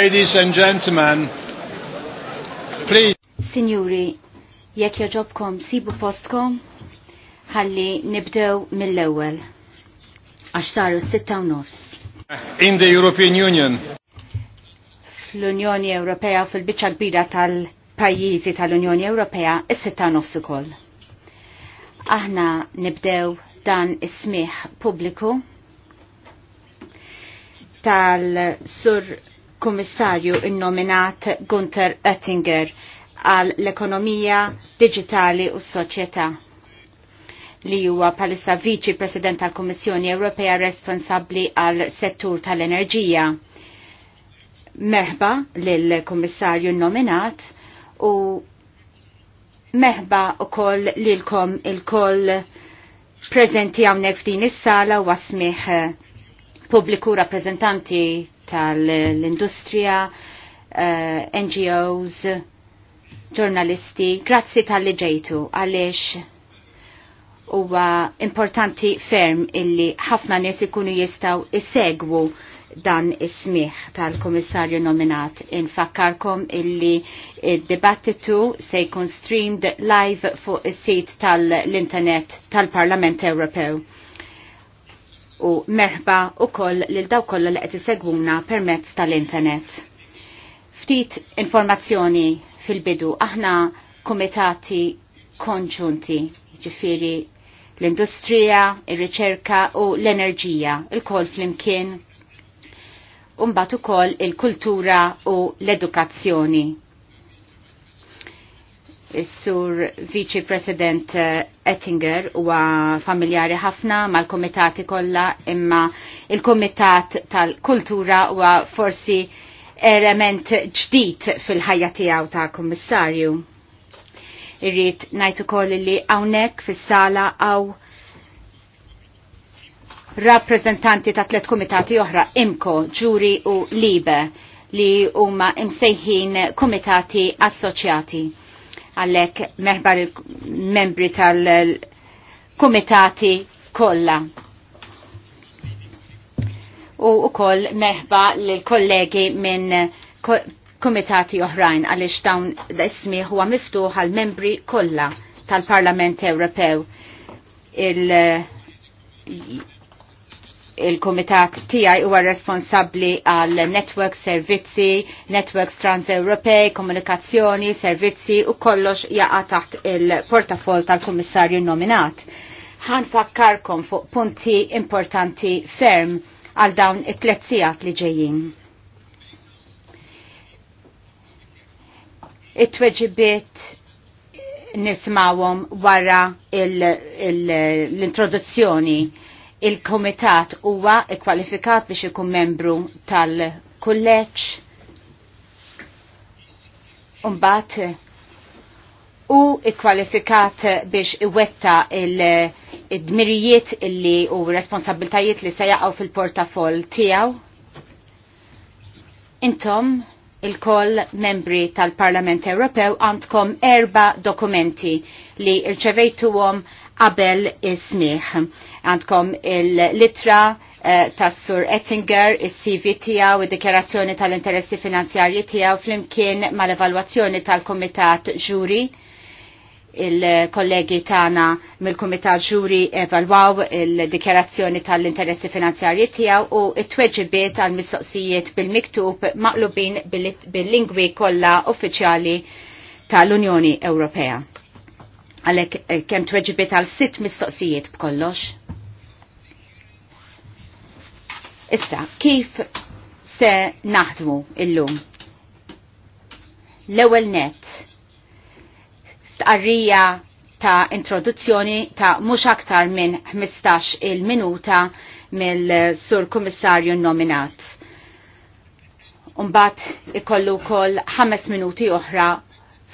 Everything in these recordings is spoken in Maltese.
Ladies and gentlemen, please. Signori, jekk joġobkom sibu postkom, ħalli nibdew mill-ewwel. Għax saru sitta u nofs. In the European Union. Fl-Unjoni Ewropea fil-biċċa kbira tal-pajjiżi tal-Unjoni Ewropea is-sitta nofs ukoll. Aħna nibdew dan is-smieħ pubbliku tal-sur kummissarju innominat Gunther Oettinger għal l-ekonomija digitali u s-soċjetà li huwa palissa viċi President tal-Kummissjoni Ewropea responsabbli għal settur tal-enerġija. Merħba lil kummissarju nominat u merħba u koll lilkom il-koll prezenti għawnek f'din is-sala u għasmiħ pubbliku, rappresentanti tal-industrija, uh, eh, NGOs, ġurnalisti. Grazzi tal-li ġejtu għaliex huwa importanti ferm illi ħafna nies ikunu jistgħu isegwu dan ismiħ tal-komissarju nominat. Infakkarkom illi id-dibattitu se jkun streamed live fuq is-sit tal-internet tal-Parlament Ewropew u merħba u koll lil daw koll li qed segwuna permezz tal-internet. Ftit informazzjoni fil-bidu aħna komitati konġunti, ġifiri l-industrija, ir-riċerka u l-enerġija, il-koll fl-imkien, umbat ukoll il-kultura u l-edukazzjoni Is-sur Vice President eh, Ettinger huwa familjari ħafna mal-komitati kollha imma il-Kumitat tal-Kultura huwa forsi element ġdid fil-ħajja tiegħu ta' kummissarju. Irrid ngħid ukoll li hawnhekk fis-sala għaw rappresentanti ta' tliet kumitati oħra Imko, Ġuri u Libe li huma imsejħin kumitati assoċjati għallek meħbar il-membri tal-komitati kolla. U u koll meħba l-kollegi minn komitati oħrajn għalix dawn l-ismi huwa miftuħ għal membri kolla tal-Parlament Ewropew. Il- il-komitat tijaj huwa responsabli għal network servizzi, networks trans europej komunikazzjoni, servizzi u kollox jaqa taħt il-portafol tal-komissarju nominat. Ħan fakkarkom fuq punti importanti ferm għal dawn it-tletzijat li ġejjin. It-tweġibiet nismawom wara l-introduzzjoni. Il, il, il-komitat huwa ikkwalifikat biex ikun membru tal-kulleġġ Umbat u ikkwalifikat biex iwetta il-dmirijiet illi u responsabiltajiet li se jaqgħu fil-portafol tiegħu. Intom il-koll membri tal-Parlament Ewropew għandkom erba dokumenti li rċevejtuhom qabel is-smieħ. Għandkom il-litra eh, tas Sur Ettinger, il-CV tijaw, il-dikjerazzjoni tal-interessi finanzjarji tijaw, flimkien mal-evaluazzjoni tal-komitat ġuri, il-kollegi tana mill-komitat ġuri evalwaw il-dikjerazzjoni tal-interessi finanzjarji tijaw u it-tweġibiet għal-mistoqsijiet bil-miktub maqlubin bil-lingwi kolla uffiċjali tal-Unjoni Ewropea. Għalek eh, kem tweġibiet għal sitt mistoqsijiet b'kollox Issa, kif se naħdmu illum? L-ewel net, stqarrija ta' introduzzjoni ta' mhux aktar minn 15 il-minuta mill-sur kummissarju nominat. Umbat ikollu kol 5 minuti oħra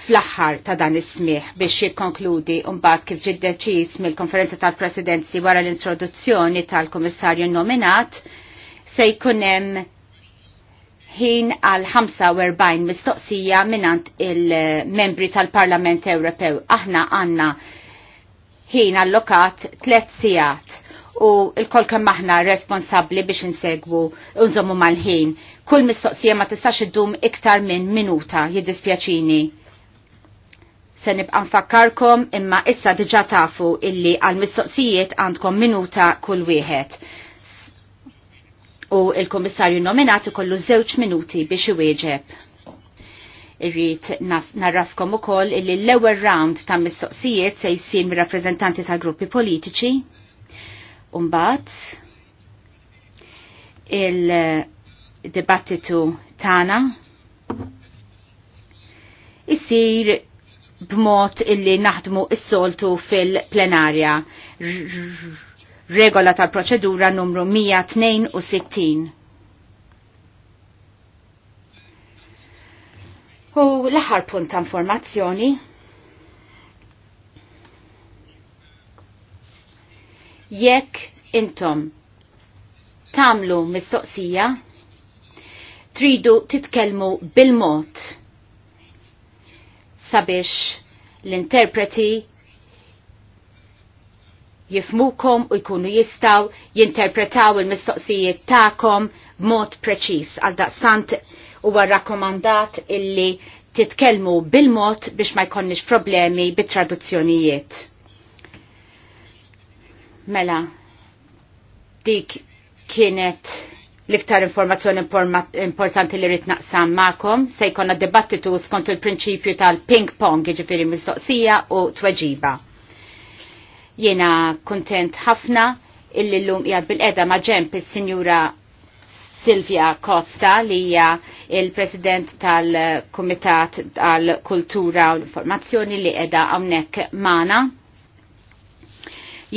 fl-axħar ta' dan ismiħ biex jikkonkludi umbat kif ġiddeċis mill-konferenza tal-presidenzi wara l-introduzzjoni tal-kummissarju nominat se jkunem ħin għal 45 mistoqsija minant il-membri tal-Parlament Ewropew. Aħna għanna ħin allokat tlet sijat u il-kol kemm aħna responsabli biex nsegwu unżommu mal-ħin. Kull mistoqsija ma tistax iddum iktar minn minuta jiddispjaċini. Se nibqa' nfakkarkom imma issa diġà tafu illi għal mistoqsijiet għandkom minuta kull wieħed u il-komissarju nominati kollu żewġ minuti biex iwieġeb. Irrid narrafkom ukoll illi l-ewwel round ta' mistoqsijiet se jsir mir-rappreżentanti ta' gruppi politiċi. Umbat, il-dibattitu tana isir b'mod illi naħdmu s-soltu fil-plenarja regola tal-proċedura numru 162. U l-aħħar punt ta' informazzjoni jekk intom tamlu mistoqsija tridu titkellmu bil-mod sabiex l-interpreti jifmukom u jkunu jistaw jinterpretaw il-mistoqsijiet ta'kom b'mod preċis għal daqsant u rakkomandat illi titkellmu bil-mod biex ma jkonniex problemi bit-traduzzjonijiet. Mela, dik kienet l-iktar informazzjoni importanti li rrit naqsam ma'kom se jkonna dibattitu skont il-prinċipju tal-ping pong iġifiri mistoqsija u tweġiba. Jena kontent ħafna illi lum jgħad bil-edha maġemp il-Sinjura Silvia Costa li hija il-President tal-Kumitat tal-Kultura u l-Informazzjoni li edha hawnhekk mana.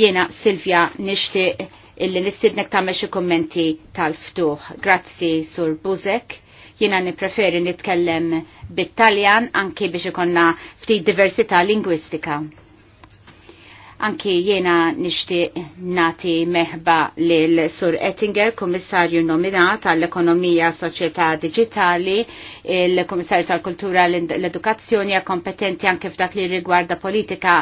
Jena Silvia nixtieq illi nistidnek ta' xi kummenti tal-ftuħ. Grazzi Sur Buzek jiena nipreferi nitkellem bit-Taljan anki biex ikonna ftit diversità lingwistika. Anki jiena nishtiq nati meħba lil Sur Ettinger, Kummissarju nominat għall-Ekonomija Soċjetà Digitali, il-Kummissarju tal-Kultura l-Edukazzjoni kompetenti anke f'dak li rigwarda politika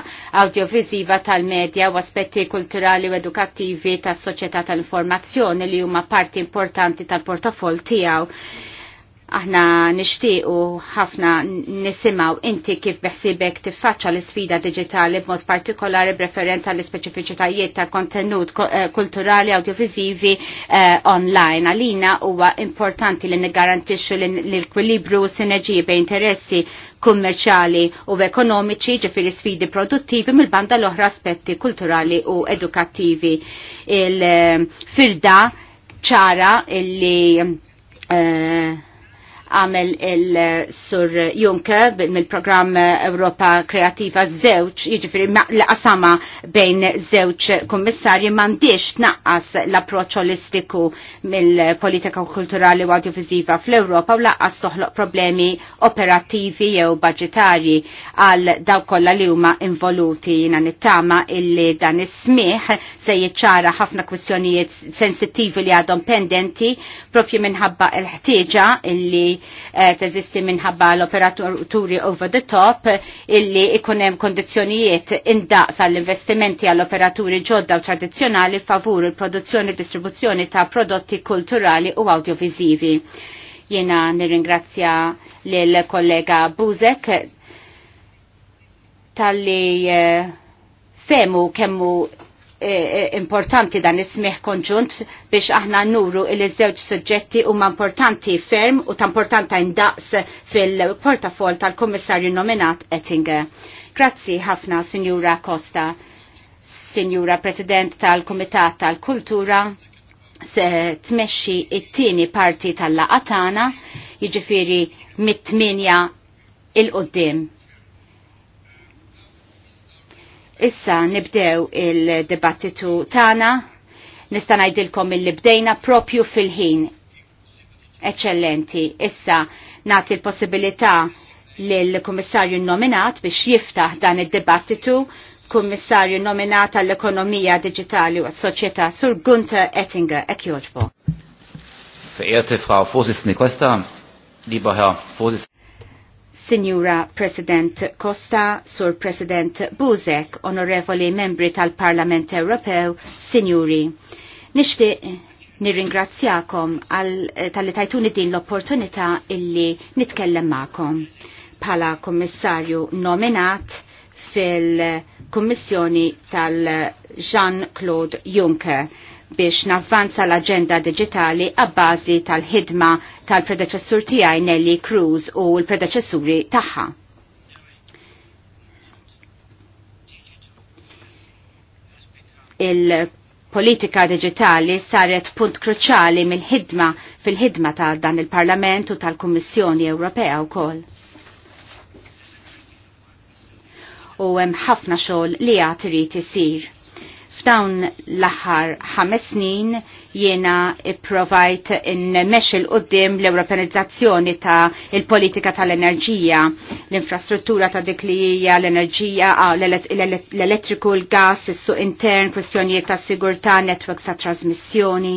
audiovisiva tal-medja u aspetti kulturali u edukattivi tas-soċjetà tal-informazzjoni li huma parti importanti tal-portafol tiegħu Aħna u ħafna nisimaw inti kif beħsibek tiffaċċa l-sfida digitali b'mod partikolari b'referenza l-ispeċifiċitajiet tal-kontenut eh, kulturali audiovisivi uh, online. Alina huwa importanti li nigarantixxu l-ekwilibru u sinerġiji bejn interessi kummerċali u ekonomiċi ġifiri sfidi produttivi mill-banda l-oħra aspetti kulturali u edukattivi. Il-firda eh, ċara illi uh, għamel il-sur Juncker mill-programm Europa Kreativa zewċ, jġifiri l-qasama bejn zewċ kommissarji mandiex tnaqqas l-approċ holistiku mill-politika kulturali u audiovisiva fl-Europa u laqqas toħloq problemi operativi jew budgetari għal daw kollha li huma involuti jina nittama illi dan is-smieħ se jiċċara ħafna kwistjonijiet sensittivi li għadhom pendenti propju minħabba l-ħtieġa illi Eh, teżisti minħabba l-operaturi over the top illi ikunem kondizjonijiet indaqs għall-investimenti għall-operaturi ġodda u tradizjonali favur il-produzzjoni e distribuzzjoni ta' prodotti kulturali u audiovisivi. Jena nirringrazzja l-kollega Buzek tal-li eh, femu kemmu E, e, importanti dan ismiħ konġunt biex aħna nuru il żewġ suġġetti huma importanti ferm u ta' importanta indaqs fil-portafol tal-Kummissarju nominat Ettinger. Grazzi ħafna, Signora Costa, Signora President tal-Kumitat tal-Kultura, se tmexxi it-tieni parti tal-laqatana, jiġifieri mit-tminja il-qoddim Issa nibdew il debattitu tana, nista' ngħidilkom li bdejna propju fil-ħin. Eccellenti, issa nagħti l-possibilità lill-Kummissarju nominat biex jiftaħ dan id debattitu kummissarju nominat għall-ekonomija digitali u s soċjetà Sur Gunther Ettinger ek joġbo. Verehrte Frau Vorsitzende Costa, lieber Herr Signora President Costa, Sur President Buzek, onorevoli membri tal-Parlament Ewropew, Signori. Nishtiq nirringrazzjakom eh, tal-li tajtuni din l-opportunità illi nitkellem ma'kom. Pala kommissarju nominat fil-Kommissjoni tal-Jean-Claude Juncker biex navvanza l-agenda digitali għabbażi tal-ħidma tal-predeċessur tiegħi Nelly Cruz u l-predeċessuri tagħha. Il-politika digitali saret punt kruċali mill-ħidma fil-ħidma tal dan il-Parlament u tal-Kummissjoni Ewropea wkoll. U hemm ħafna xogħol li għad irid isir F'dawn l-aħħar ħames snin jiena ipprovajt inmex il qudiem l-Europenizzazzjoni ta' il-politika tal-enerġija, l-infrastruttura ta' dik li hija l-enerġija, l-elettriku, l-gas, is-suq intern, kwestjonijiet ta' sigurtà, netwerks ta' trasmissjoni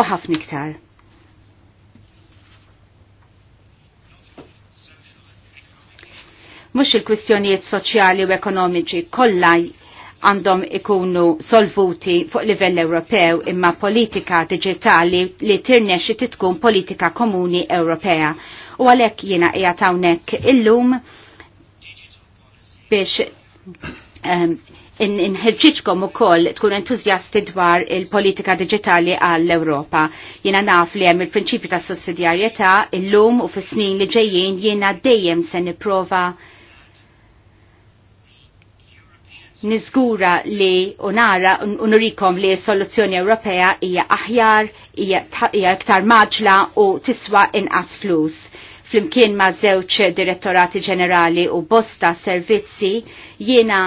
u ħafna iktar. Mhux il-kwistjonijiet soċjali u ekonomiċi kollha għandhom ikunu solvuti fuq livell Ewropew imma politika digitali li tirnex titkun politika komuni Ewropea. U għalhekk jiena qiegħed hawnhekk illum biex inħedġiċkom in u koll tkun entuzjasti dwar il-politika digitali għall-Europa. Jena naf li hemm il-prinċipju ta' sussidjarjetà illum u fis-snin li ġejjin jena dejjem se nipprova prova niżgura li unara unurikom li s-soluzzjoni Ewropea hija aħjar, hija iktar maġla u tiswa inqas flus flimkien ma' żewġ direttorati ġenerali u bosta servizzi jiena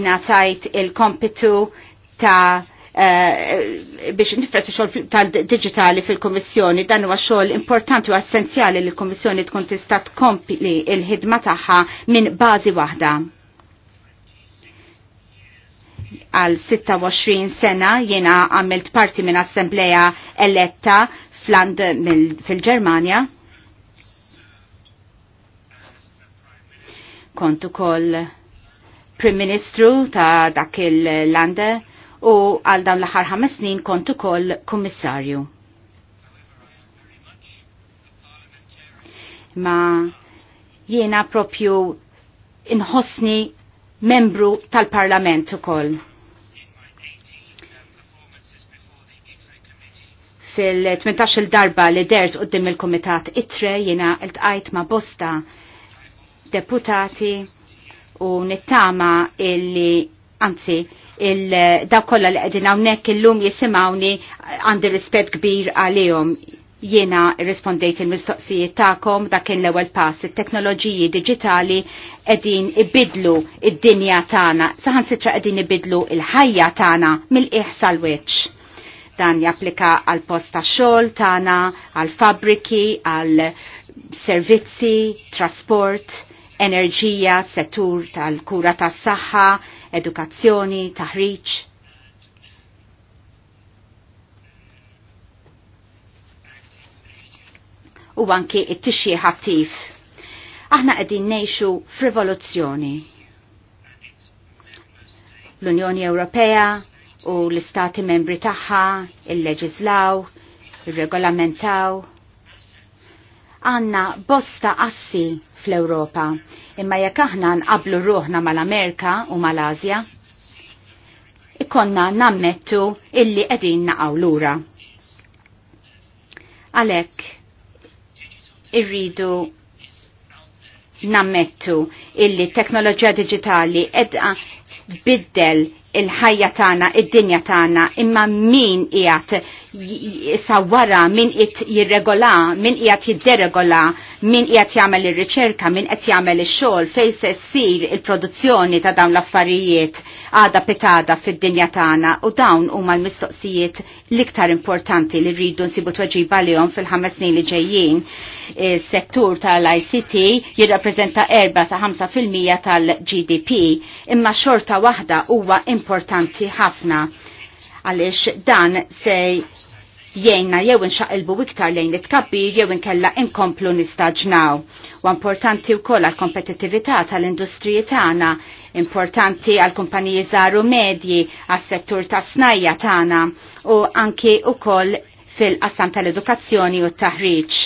inatajt il-kompitu ta' uh, biex nifretta xogħol tal-digitali fil komissjoni dan huwa xogħol importanti u essenzjali li l-Kommissjoni tkun tista' tkompli il-ħidma tagħha minn bażi waħda għal 26 sena jiena għamilt parti minn assembleja eletta fland fil-Germania. Kontu kol Prim Ministru ta' dak il-lande u għal dawn l-aħħar ħames snin kontu kol kummissarju. Ma jiena propju inħossni membru tal-parlament ukoll. fil-18 darba li dert qoddim il-Komitat ITRE jina il-tqajt ma' bosta deputati u nittama illi anzi il-daw kolla li għedin għawnek il-lum jisimawni għandi rispet kbir għalihom jiena rispondejt il-mistoqsijiet ta'kom da kien l-ewwel pass it-teknoloġiji digitali qegħdin ibidlu id-dinja tagħna saħansitra qegħdin ibidlu il-ħajja tagħna mill-qiegħ sal Dan japplika għal posta xogħol tagħna, għal fabriki, għal servizzi, trasport, enerġija, settur tal-kura tas-saħħa, edukazzjoni, taħriġ. u anki it-tixjie ħattif. Aħna qegħdin ngħixu f'rivoluzzjoni. L-Unjoni Ewropea u l-istati membri tagħha il leġizlaw il-regolamentaw. Għanna bosta assi fl-Europa, imma jekk aħna nqablu ruħna mal-Amerika u mal-Azja, ikonna nammettu illi qegħdin naqgħu lura. Għalhekk irridu nammettu illi teknoloġija digitali edqa biddel il-ħajja tagħna, id-dinja tagħna, imma min qiegħed issa wara min qed jirregola, min qiegħed jidderegola, min qiegħed jagħmel ir-riċerka, min qed jagħmel ix-xogħol fejn se ssir il-produzzjoni ta' dawn l-affarijiet għada petada fid-dinja tagħna u dawn huma l-mistoqsijiet l-iktar importanti li rridu nsibu tweġiba lihom fil-ħames snin li ġejjin. Is-settur tal-ICT jirrappreżenta 4 sa 5% tal-GDP imma xorta waħda huwa importanti ħafna għaliex dan se jgħinna jew inxaqilbu iktar lejn it-kabbir jew inkella inkomplu nistaġnaw. U importanti wkoll għal kompetitivita tal-industriji tagħna, importanti għal kumpaniji żaru medji, għas-settur tas-snajja tagħna u anki wkoll fil-qassam tal-edukazzjoni u t-taħriġ.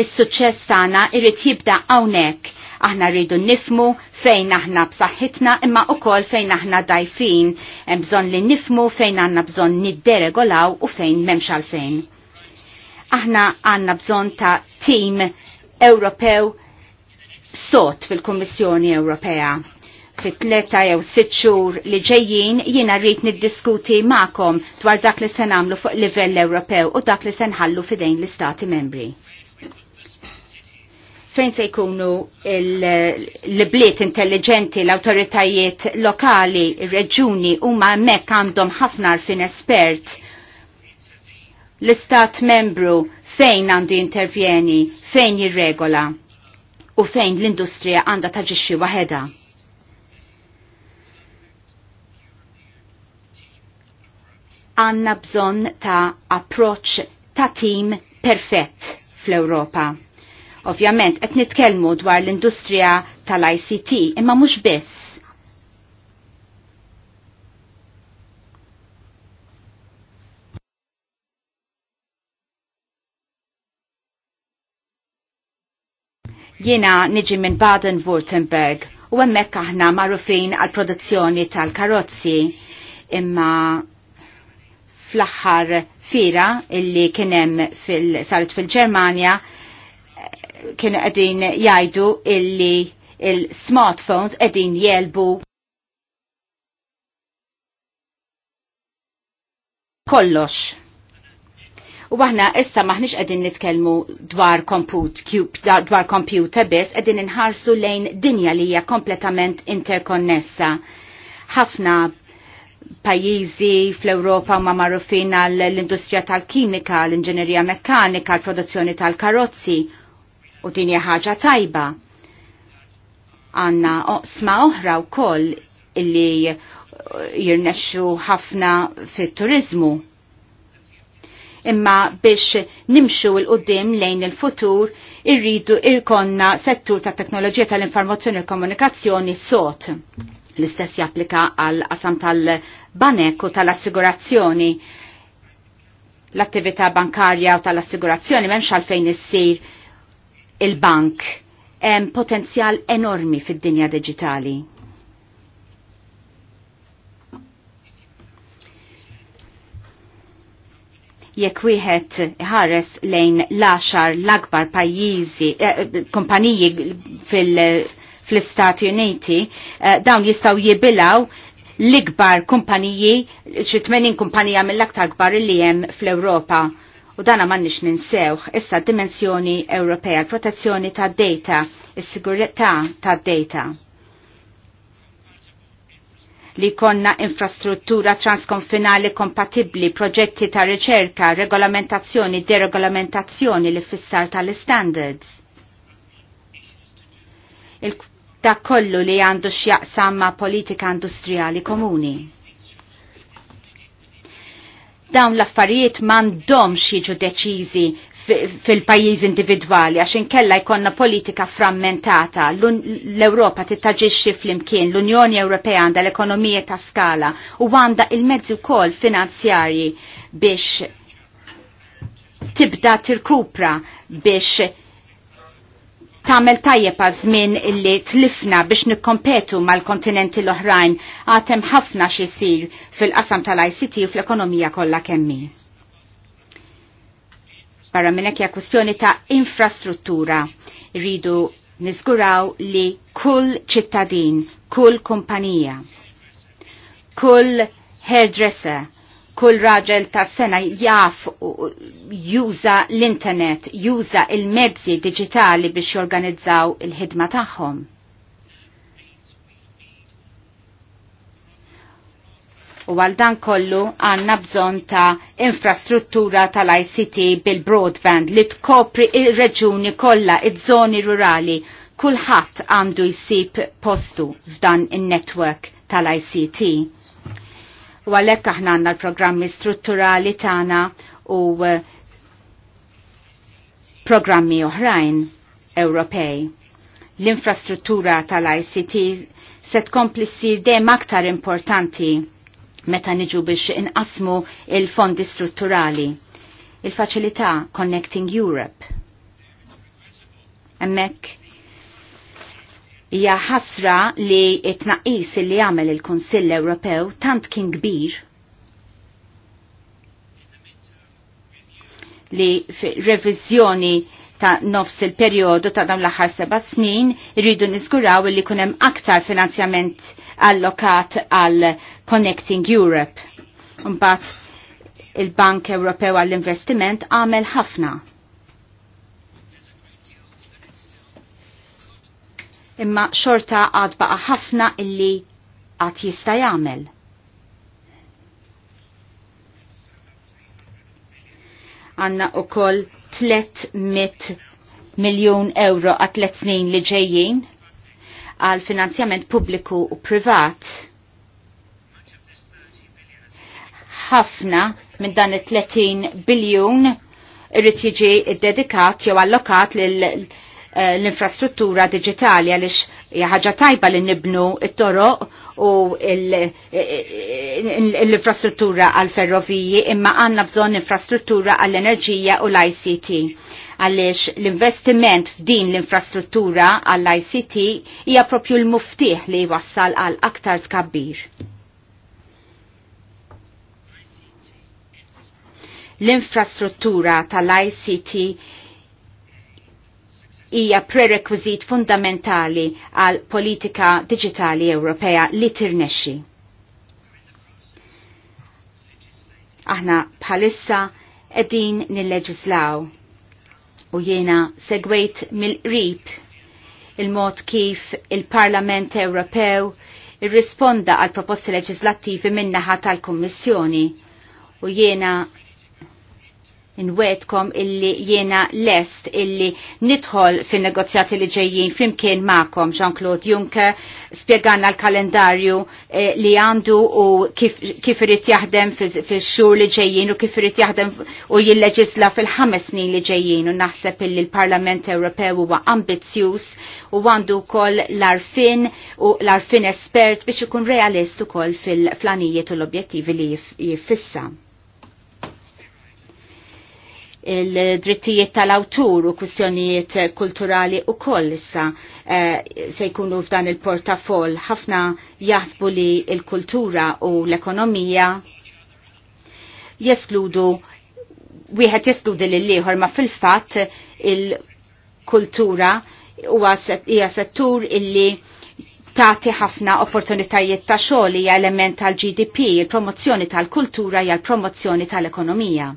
Is-suċċess tagħna irid jibda hawnhekk Aħna rridu nifmu fejn aħna b'saħħitna imma ukoll fejn aħna dajfin, hemm bżonn li nifmu fejn għandna bżonn nidderegolaw u fejn m'hemmx għalfejn. Aħna għandna bżonn ta' tim Ewropew sot fil-Kummissjoni Ewropea fit tleta jew sitt xhur li ġejjin jiena rrid niddiskuti magħkom dwar dak li se nagħmlu fuq livell Ewropew u dak li se nħallu fidejn l-Istati membri fejn se jkunu l-bliet intelligenti, l-autoritajiet lokali, reġuni, huma hemmhekk għandhom ħafna fin espert. L-istat membru fejn għandu intervjeni, fejn jirregola u fejn l-industrija għandha taġixxi waħedha. Għanna bżonn ta' approċ ta' tim perfett fl-Europa Ovvjament, qed nitkellmu dwar l-industrija tal-ICT, imma mhux biss. Jiena niġi minn Baden-Württemberg u hemmhekk aħna magħrufin għal produzzjoni tal-karozzi imma fl-aħħar fira illi kien hemm fil saret fil-Ġermanja kienu qegħdin jgħidu illi il-smartphones qegħdin jelbu kollox. U aħna issa maħniex qegħdin nitkellmu dwar computer, dwar computer biss, qegħdin inħarsu lejn dinja li hija kompletament interkonnessa. Ħafna pajjiżi fl-Ewropa huma marufin għall industrija tal-kimika, l-inġinerija mekkanika, l-produzzjoni tal-karozzi u din hija ħaġa tajba. Għanna oqsma oħra wkoll illi uh, jirnexxu ħafna fit-turizmu imma biex nimxu l-qoddim lejn il-futur irridu irkonna settur ta' teknoloġija tal-informazzjoni u komunikazzjoni sot. L-istess japplika għal qasam tal-banek u tal-assigurazzjoni. L-attività bankarja u tal-assigurazzjoni memx għalfejn issir il-bank hemm potenzjal enormi fid-dinja digitali. jekk wieħed ħares lejn l-axar l-akbar pajjiżi eh, kumpaniji fl-Istati Uniti, eh, dawn jistgħu jibilaw l-ikbar kumpaniji, xi 80 kumpanija mill-aktar kbar li hemm fl-Ewropa U dana mannix ninsew issa dimensjoni Ewropea, protezzjoni ta' data, is sigurità ta' data. Li konna infrastruttura transkonfinali kompatibli, proġetti ta' riċerka, regolamentazzjoni, deregolamentazzjoni li fissar tal-standards. Dak kollu li għandu x'jaqsam ma' politika industrijali komuni dawn l-affarijiet m'għandhomx jiġu deċiżi fil-pajjiż individwali għax inkella jkollna politika frammentata. L-Ewropa tittaġixxi flimkien, l-Unjoni Ewropea għandha l-ekonomija ta' skala u għandha il-mezzi wkoll finanzjarji biex tibda tirkupra biex tamel tajjeb zmin li tlifna biex nikkompetu mal-kontinenti l-oħrajn għatem ħafna xisir fil-qasam tal-ICT u fl-ekonomija kollha kemmi. Barra minnek hija kwestjoni ta' infrastruttura. Ridu niżguraw li kull ċittadin, kull kumpanija, kull hairdresser, kull raġel ta' sena jaf juża l-internet, juża il-mezzi digitali biex jorganizzaw il-ħidma tagħhom. U għal dan kollu għanna bżon ta' infrastruttura tal-ICT bil-broadband li tkopri il-reġuni kollha iż-żoni rurali. Kulħadd għandu jsib postu f'dan in-network tal-ICT U għalhekk aħna għandna l-programmi strutturali tagħna u eh, programmi oħrajn Ewropej. L-infrastruttura tal-ICT se tkompli ssir dejjem aktar importanti meta niġu biex inqasmu il-fondi strutturali. Il-faċilità Connecting Europe. Emmek Hija ħasra li t tnaqqis li għamel il-Kunsill Ewropew tant kien kbir li revizjoni ta' nofs il-periodu ta' dawn l-aħħar seba' snin irridu niżguraw li kunem aktar finanzjament allokat għal Connecting Europe. Mbagħad il-Bank Ewropew għall-Investiment għamel ħafna imma xorta għad baqa ħafna illi għad jista' jagħmel. Għanna u koll 300 miljon euro għat tlet snin li ġejjin għal finanzjament pubbliku u privat. Ħafna minn dan it-30 biljun irrid jiġi dedikat jew allokat lil Eh, l-infrastruttura digitali għaliex ħaġa tajba li nibnu it-toroq u eh, eh, l-infrastruttura għal-ferroviji imma għanna bżon infrastruttura għall-enerġija u l-ICT għaliex l-investiment f'din l-infrastruttura għall-ICT hija propju l-muftiħ li jwassal għal aktar tkabbir. L-infrastruttura tal-ICT hija prerequisit fundamentali għal politika digitali Ewropea li tirnexxi. Aħna bħalissa qegħdin nilleġislaw u jiena segwejt mill-qrib il-mod kif il-Parlament Ewropew irrisponda għal proposti leġislattivi minnaħa tal-Kummissjoni u jena inwedkom illi jiena lest illi nidħol fin negozjati li ġejjin flimkien ma'kom Jean-Claude Juncker spiegħanna l-kalendarju eh, li għandu u kif, kif irrit jaħdem fil-xur li ġejjin u kif irrit jaħdem u jilleġisla fil-ħames snin li ġejjin u naħseb illi l-Parlament Ewropew huwa ambizzjuż u għandu kol l-arfin u l-arfin espert biex ikun realist u kol fil-flanijiet u l-objettivi li jiffissa. Jif il-drittijiet tal-awtur u kwistjonijiet kulturali u koll issa eh, se jkunu f'dan il-portafol ħafna jaħsbu li il-kultura u l-ekonomija jeskludu wieħed jeskludi lil ieħor ma fil-fatt il-kultura huwa hija settur illi tagħti ħafna opportunitajiet ta' xogħol hija element tal-GDP, il-promozzjoni tal-kultura hija l-promozzjoni tal-ekonomija.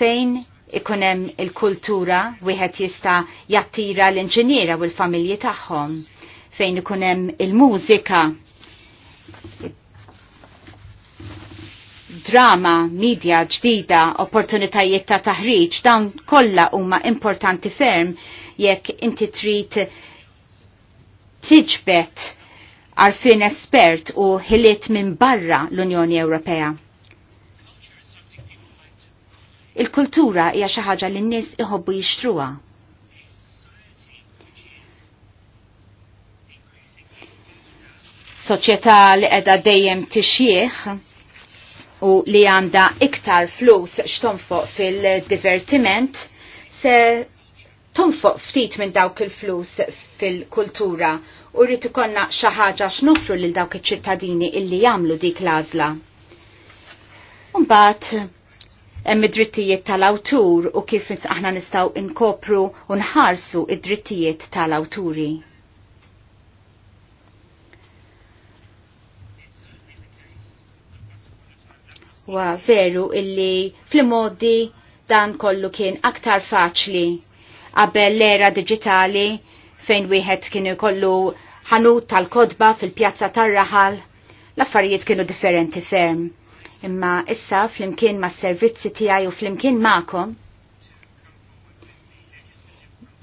fejn ikunem il-kultura wieħed jista' jattira l-inġiniera u l-familji tagħhom fejn ikunem il-mużika drama, media ġdida, opportunitajiet ta' taħriġ, dawn kollha huma importanti ferm jekk inti trid tiġbet għarfien espert u ħiliet minn barra l-Unjoni Ewropea. Il-kultura hija xi ħaġa li n-nies iħobbu jixtruha. Soċjetà li qiegħda dejjem tixjieħ u li għandha iktar flus x'tonfoq fil-divertiment se tonfoq ftit minn dawk il-flus fil-kultura u rrid ikollna xi ħaġa x'nofru lil dawk iċ-ċittadini illi jagħmlu dik l-għażla. Mbagħad hemm id-drittijiet tal-awtur u kif aħna nistgħu inkopru u nħarsu id-drittijiet tal-awturi. Wa veru illi fl-modi dan kollu kien aktar faċli qabel l-era digitali fejn wieħed kien kollu ħanut tal-kodba fil-pjazza tar-raħal, l-affarijiet kienu differenti ferm Imma issa flimkien ma' servizzi tiegħi u flimkien ma'kom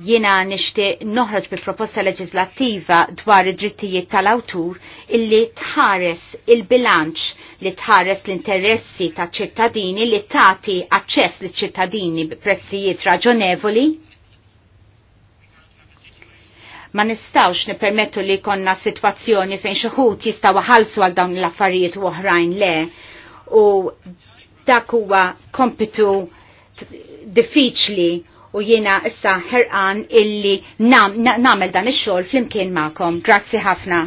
jiena nixtieq noħroġ bi proposta leġislattiva dwar id-drittijiet tal-awtur illi tħares il-bilanċ li tħares l-interessi ta' ċittadini li tagħti aċċess li ċittadini b'prezzijiet raġonevoli ma nistawx nipermettu li konna situazzjoni fejn xuħut jistaw ħalsu għal dawn l-affarijiet u oħrajn le u dak huwa kompitu diffiċli u jiena issa ħerqan illi namel dan ix-xogħol flimkien magħkom. Grazzi ħafna.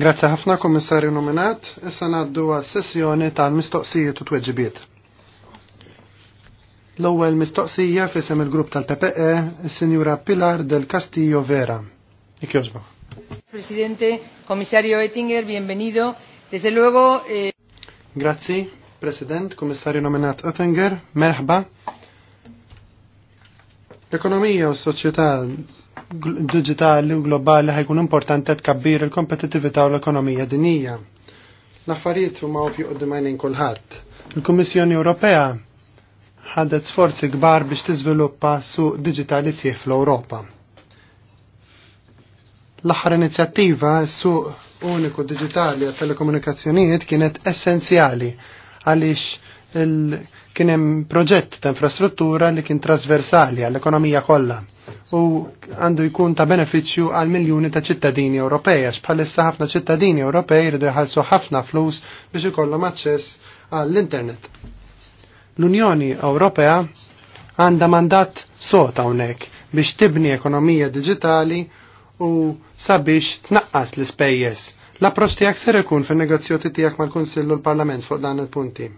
Grazzi ħafna kummissarju nominat, issa ngħaddu sessjoni tal-mistoqsijiet u tweġibiet. L-ewwel mistoqsija f'isem il-grupp tal-PPE, is-Sinjura Pilar del Castillo Vera. Ikjożba. Presidente, Komissario Ettinger, bienvenido. Desde luego, eh, Grazzi, President, Kummissarju nominat Oettinger, merħba. L-ekonomija u s-soċjetà digitali u globali ħajkun importanti tkabbir il-kompetitività u l-ekonomija dinija. L-affarijiet huma ovvju qudiemajn kulħadd. Il-Kummissjoni Ewropea ħadet sforzi kbar biex tiżviluppa suq digitali sieħ fl-Ewropa. L-aħħar inizjattiva suq uniku digitali għat telekomunikazzjonijiet kienet essenzjali għaliex kien hemm proġett ta' infrastruttura li kien trasversali għall-ekonomija kollha u għandu jkun ta' beneficju għal miljoni ta' ċittadini Ewropej, għax bħalissa ħafna ċittadini Ewropej jridu jħallsu ħafna flus biex ikollhom aċċess għall-internet. L-Unjoni Ewropea għandha mandat sota hawnhekk biex tibni ekonomija diġitali u sabiex tnaqqas l-ispejjeż. L-approċċ tiegħek ser ikun fin negozjoti tiegħek mal-Kunsill u l-Parlament fuq dan il-punti.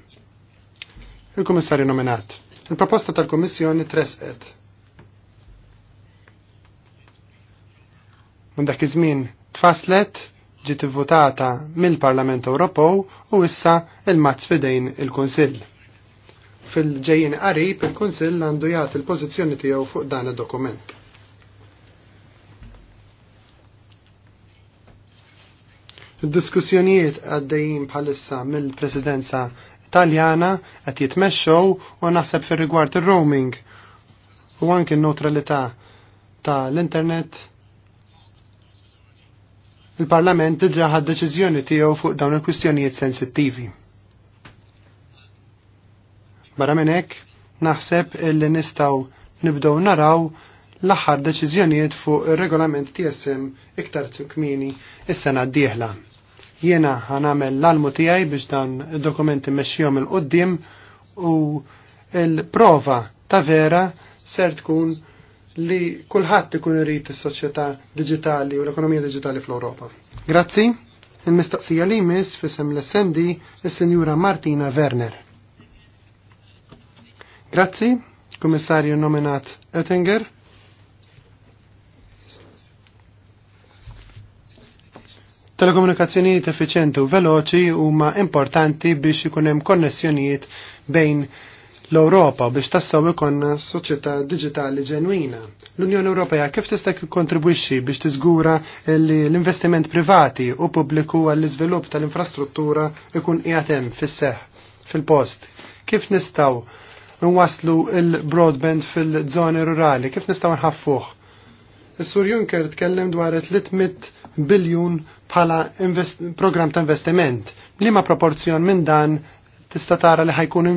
Il-Kummissarju nominat. Il-proposta tal-Kummissjoni tresqet. Minn dak iż-żmien tfaslet ġiet ivvutata mill-Parlament Ewropew u issa il-mazz fidejn il-Kunsill fil-ġejjin qarib il-Kunsill għandu jagħti il-pożizzjoni tiegħu fuq dan id-dokument. diskussjonijiet għaddejjin bħalissa mill-Presidenza Taljana qed jitmexxew u naħseb fir-rigward ir-roaming u anke n-neutralità tal-internet. Il-Parlament diġà ħad deċiżjoni tiegħu fuq dawn il-kwistjonijiet sensittivi. Barra minn hekk naħseb illi nistgħu nibdew naraw l-aħħar deċiżjonijiet fuq ir-regolament TSM iktar kmini is-sena d-dieħla. Jiena ħanamel l-almu tiegħi biex dan id-dokumenti mexxihom il-qoddim u l-prova ta' vera ser tkun li kulħadd ikun irrit is-soċjetà digitali u l-ekonomija digitali fl-Ewropa. Grazzi, il-mistaqsija li jmiss fissem l-essendi il sinjura Martina Werner. Grazzi, komissarju nominat Oettinger. Telekomunikazzjonijiet effiċenti u veloċi huma importanti biex ikun hemm konnessjonijiet bejn l-Europa biex tassaw ikonna soċjetà digitali ġenwina. L-Unjoni Ewropea kif tista' kontribwixxi biex tiżgura li l-investiment privati u pubbliku għall-iżvilupp tal-infrastruttura ikun qiegħed hemm fis-seħ fil-post. Kif nistgħu nwaslu l-broadband fil-żoni rurali, kif nistgħu nħaffuh? Is-Sur Juncker tkellem dwar 300 biljun bħala program ta' investiment. Liema proporzjon minn dan tista' tara li ħajkun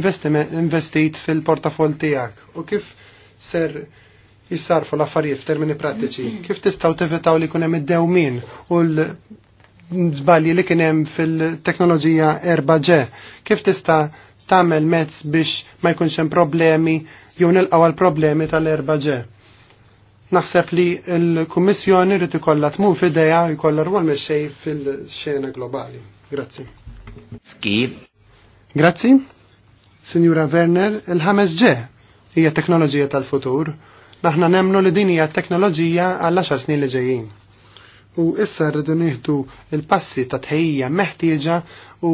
investit fil-portafol tiegħek u kif ser jissarfu l-affarijiet f'termini prattiċi. Kif tistaw tivetaw li jkun hemm id-dewmin u l zbalji li kien hemm fil-teknoloġija 4G? Kif tista' tagħmel mezz biex ma jkunx hemm problemi jew nilqgħu għal problemi tal-4G? Naħseb li l-Kummissjoni rrid ikollha tmun f'idea jkollha rwol mexxej fil-xena globali. Grazzi. Skib. Grazzi. Sinjura Werner, il-ħames ġe hija teknoloġija tal-futur. Naħna nemnu li din hija teknoloġija għal 10 snin li ġejjin. U issa rridu nieħdu l passi ta' tħejja meħtieġa u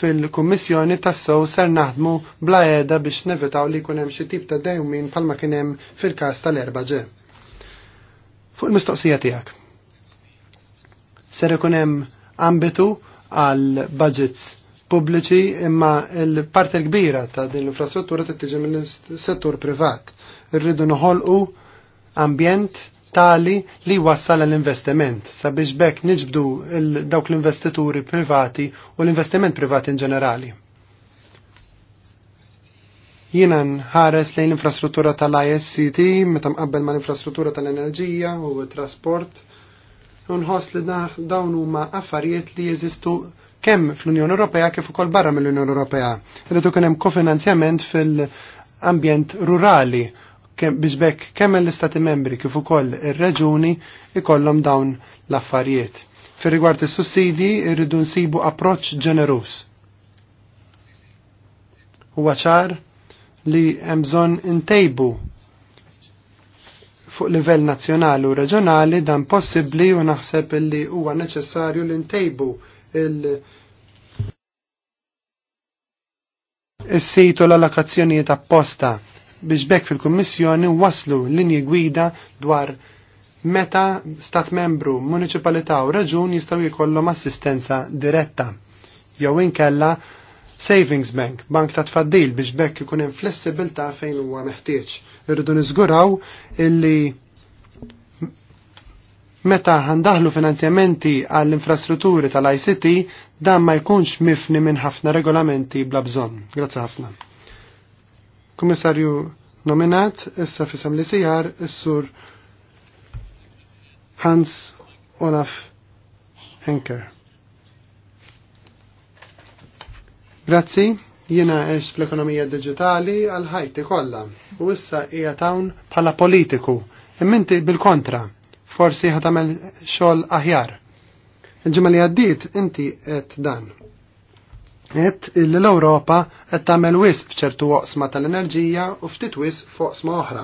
fil-Kummissjoni tassew ser naħdmu bla biex nevitaw li jkun hemm xi tip ta' dewmin bħalma kien hemm fil-każ tal-erba' ġe. Fuq il-mistoqsija tiegħek. Ser ikun hemm ambitu għal budgets pubbliċi imma l-parti l-kbira ta' din l-infrastruttura tittiġi mill-settur privat. Irridu noħolqu ambjent tali li wassal l-investiment sabiex bekk niġbdu dawk l-investituri privati u l-investiment privati in ġenerali. Jiena nħares lejn infrastruttura tal-ISCT meta mqabbel ma' l-infrastruttura tal-enerġija u trasport. unħos li dawn huma affarijiet li jeżistu kemm fl-Unjoni Ewropea kif ukoll barra mill-Unjoni Ewropea. Irid ukoll hemm kofinanzjament fil-ambjent rurali biex bekk kemm l-istati membri kif ukoll ir-reġuni ikollhom dawn l-affarijiet. Fir rigward is-sussidi irridu nsibu approċċ ġenerus. Huwa ċar li hemm bżonn intejbu fuq livell nazzjonali u reġjonali dan possibbli u naħseb li huwa neċessarju li ntejbu il- is-sejtu l-allokazzjonijiet apposta biex bekk fil-Kummissjoni waslu linji gwida dwar meta stat membru, municipalità u raġun jistgħu jkollhom assistenza diretta jew inkella Savings Bank, bank ta' tfaddil biex bekk ikun hemm flessibilità fejn huwa meħtieġ. Irridu niżguraw illi meta ħandaħlu finanzjamenti għall infrastrutturi tal-ICT dan ma jkunx mifni minn ħafna regolamenti bla bżonn. Grazzi ħafna. Kummissarju nominat issa fisem li sijar is-sur Hans Olaf Henker. Grazzi, jiena għex fl-ekonomija digitali għal ħajti kollha u issa hija tawn bħala politiku. Imminti bil-kontra, forsi ħad tagħmel xogħol aħjar. Il-ġimgħa li għaddiet inti qed dan. Qed l-Ewropa qed tagħmel wisq f'ċertu oqsma tal-enerġija u ftit wisq f'oqsma oħra.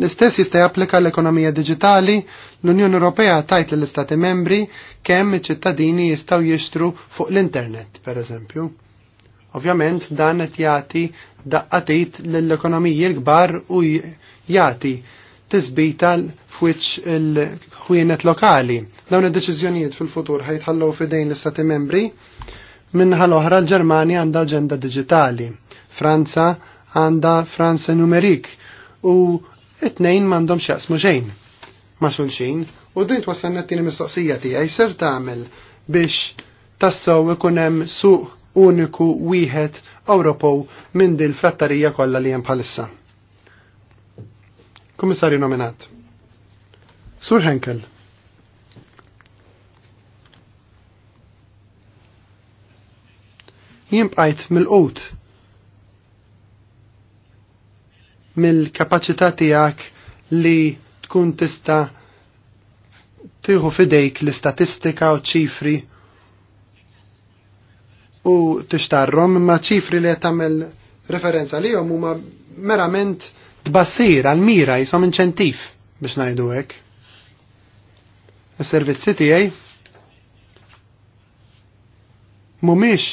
L-istess jista' japplika l-ekonomija diġitali, l-Unjoni Ewropea tajt lill istati membri kemm iċ-ċittadini jistgħu jixtru fuq l-internet, pereżempju. Ovvjament dan qed jagħti daqqatit lill-ekonomiji l-kbar u jagħti tiżbita f'wiċċ il-ħwienet lokali. Dawn id-deċiżjonijiet fil-futur ħajtħallew f'idejn l-Istati membri minħa l-oħra l-Ġermanja għandha aġenda diġitali, Franza għandha Franza numerik u it-tnejn m'għandhom x'jaqsmu xejn ma' xulxin u din twassalna t-tieni mistoqsija tiegħi ser tagħmel biex tassaw ikun hemm suq uniku wieħed Ewropew minn din frattarija kollha li hemm bħalissa. Kummissarju nominat. Sur Henkel. Jien bqajt mill-qut mill-kapaċità tiegħek li tkun tista' tieħu fidejk l-istatistika u ċifri u tixtarrom imma ċifri li referenza tagħmel referenza lihom huma merament tbassir għal-mira jisom inċentif biex ngħidu hekk. Is-servizzi tiegħi mhumiex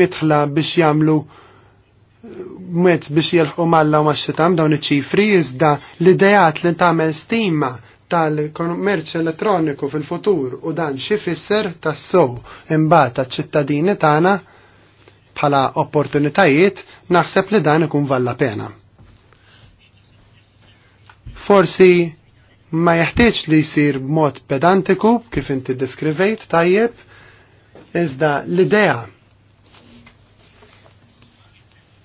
mitħla biex jagħmlu eh, mezz biex jelħu malla u maċċetam dawn iċ-ċifri iżda l-idejat li tagħmel stima tal-kommerċ elettroniku fil-futur u dan xi fisser tas sew imbagħad taċ-ċittadini tagħna bħala opportunitajiet naħseb li dan ikun valla pena. Forsi ma jeħtieġ li jsir b'mod pedantiku kif inti deskrivejt tajjeb, iżda l-idea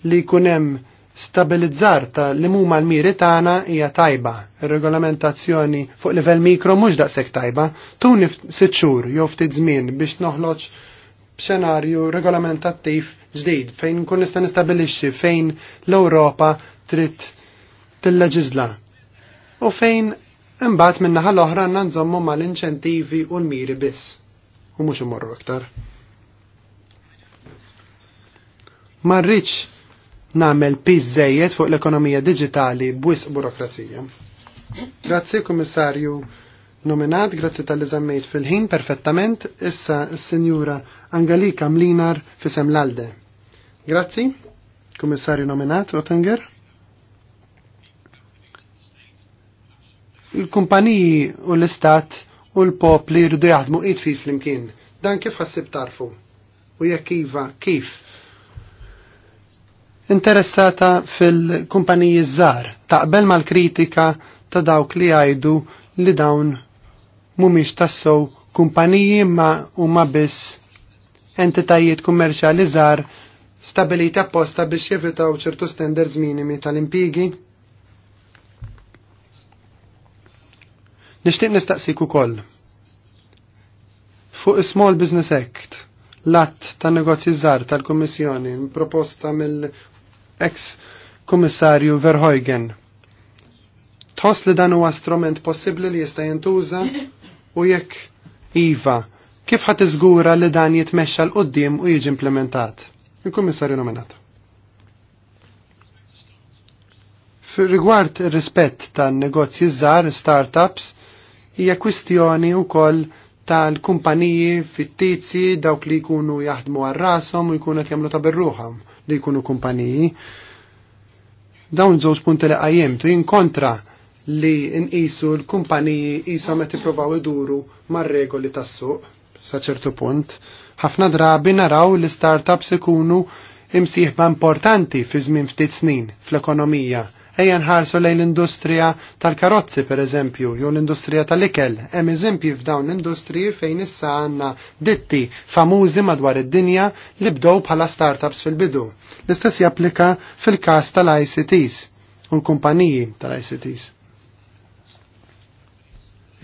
li kunem hemm stabilizzar ta' li muma l-miri tagħna hija tajba. il regolamentazzjoni fuq livell mikro mhux daqshekk tajba, tuni sitt xhur jew ftit żmien biex noħloġ b'xenarju regolamentattiv ġdid fejn kun nista' nistabilixxi fejn l-Ewropa trid tilleġiżla. U fejn imbagħad min-naħa l-oħra għandna nżommu mal-inċentivi u l-miri biss. U mhux imorru iktar. Ma rridx namel pizzejiet fuq l-ekonomija digitali bwis burokrazija. Grazzi komissarju nominat, grazzi tal-eżammejt fil-ħin perfettament, issa s-senjura Angalika Mlinar fisem l-alde. Grazzi, komissarju nominat Ottinger. Il-kumpaniji u l-istat u l-popli rridu jaħdmu id l flimkien. Dan kif ħassib tarfu? U jekk iva, kif? interessata fil-kumpaniji żgħar taqbel mal-kritika ta' dawk li jgħidu li dawn mhumiex tassew kumpaniji ma huma biss entitajiet kummerċjali żgħar stabiliti apposta biex jevitaw ċertu standards minimi tal-impigi? Nishtiq nistaqsik ukoll. Fuq Small Business Act, l-att ta' negozji żgħar tal-Kummissjoni proposta mill ex kummissarju Verheugen, Tħoss li dan huwa strument possibbli li jista' jintuża u jekk iva, kif ħadd iżgura li dan jitmexxa l qudiem u jiġi implementat? Il-Kummissarju nominat. Rigward ir-rispett tan-negozji żgħar, startups, hija kwistjoni wkoll tal-kumpaniji fittizji dawk li jkunu jaħdmu għal rashom u jkunu qed jagħmlu ta' berruħam li jkunu kumpaniji. Dawn żewġ punti li tu jinkontra li nqisu l-kumpaniji qishom qed jippruvaw iduru mar-regoli tas-suq sa ċertu punt. Ħafna drabi naraw li startups ikunu imsieħba importanti fi żmien ftit snin fl-ekonomija Ejja nħarsu lejn l-industrija tal-karozzi per eżempju, jew l-industrija tal-ikel. Hemm eżempji f'dawn l-industriji fejn issa għandna ditti famużi madwar id-dinja li bdew bħala startups fil-bidu. L-istess japplika fil-każ tal-ICTs u l-kumpaniji tal-ICTs.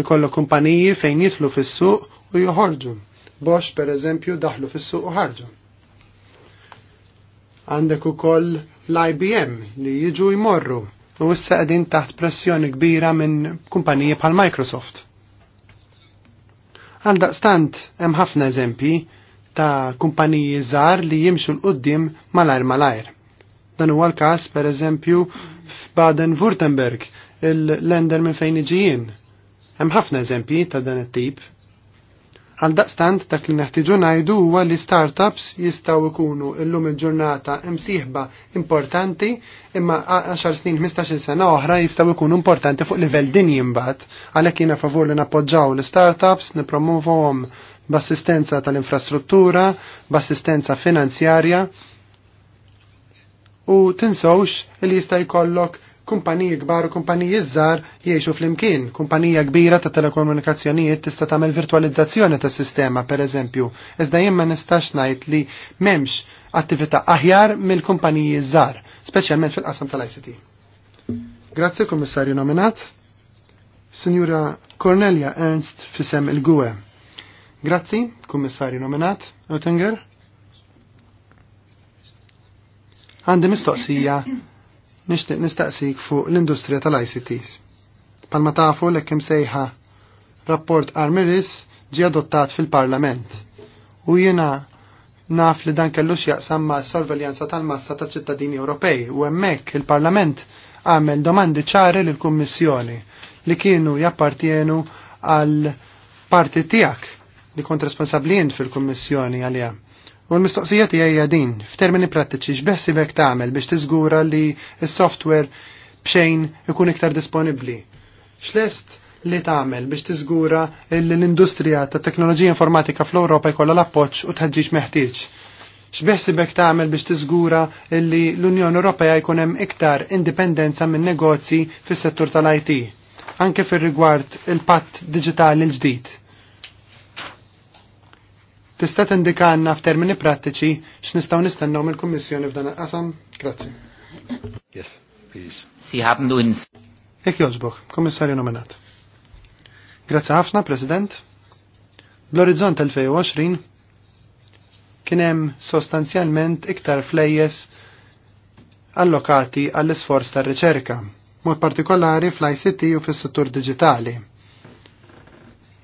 Ikollu kumpaniji fejn jitlu fis-suq u joħorġu. Bosch per eżempju daħlu fis-suq u ħarġu għandek ukoll l-IBM li jiġu jmorru u issa qegħdin taħt pressjoni kbira minn kumpaniji bħal Microsoft. Għal daqstant hemm ħafna eżempji ta' kumpaniji żgħar li jimxu l-qudiem malajr malajr. Dan huwa l-każ pereżempju f'Baden-Württemberg, il-lender minn fejn iġijien. Hemm ħafna eżempji ta' dan it-tip Għal daqstant dak li neħtiġu najdu huwa li startups jistgħu jkunu llum il-ġurnata imsieħba importanti imma 10 snin 15 sena oħra jistgħu jkunu importanti fuq livell dinji mbagħad għalhekk jiena favur li nappoġġaw l-startups, nippromovhom b'assistenza tal-infrastruttura, b'assistenza finanzjarja u tinsawx li jista' jkollok kumpaniji kbar u kumpaniji żgħar jgħixu flimkien. Kumpanija kbira ta' telekomunikazzjonijiet tista' tagħmel virtualizzazzjoni tas sistema pereżempju. Iżda jien ma nistax ngħid li m'hemmx attività aħjar mill-kumpaniji żgħar, speċjalment fil-qasam tal-ICT. Grazzi Kummissarju nominat. Sinjura Cornelia Ernst fisem il-Gwe. Grazzi, Kummissarju nominat, Oettinger. Għandi mistoqsija nixtieq nistaqsik fuq l-industrija tal-ICTs. Palma tafu l kem sejħa rapport Armiris ġie adottat fil-Parlament u jiena naf li dan kellu x'jaqsam ma' sorveljanza tal-massa ta' ċittadini Ewropej u hemmhekk il-Parlament għamel domandi ċari lill-Kummissjoni li kienu jappartienu għal parti tiegħek li kont responsabbli fil-Kummissjoni għalija U l-mistoqsija tiegħi din, f'termini prattiċi x'beħsibek tagħmel biex tiżgura li s-software bxejn ikun iktar disponibbli. X'lest li tagħmel biex tiżgura li l-industrija tat teknoloġija informatika fl-Ewropa jkollha l-appoġġ u tħaġġiġ meħtieġ. X'beħsibek tagħmel biex tiżgura li l-Unjoni Ewropea jkun hemm iktar indipendenza minn negozji fis-settur tal-IT, anke fir-rigward il-patt diġitali l-ġdid Tista' tindikanna f'termini prattiċi x'nistgħu nistennew mill-Kummissjoni f'dan il-qasam? Grazzi. Yes, please. Si du ins. Ek joġbok, Kummissarju nominat. Grazzi ħafna, President. L-orizzont 2020 kien hemm sostanzjalment iktar flejjes allokati għall-isforz tar-riċerka, mod partikolari fl-ICT u fis-settur diġitali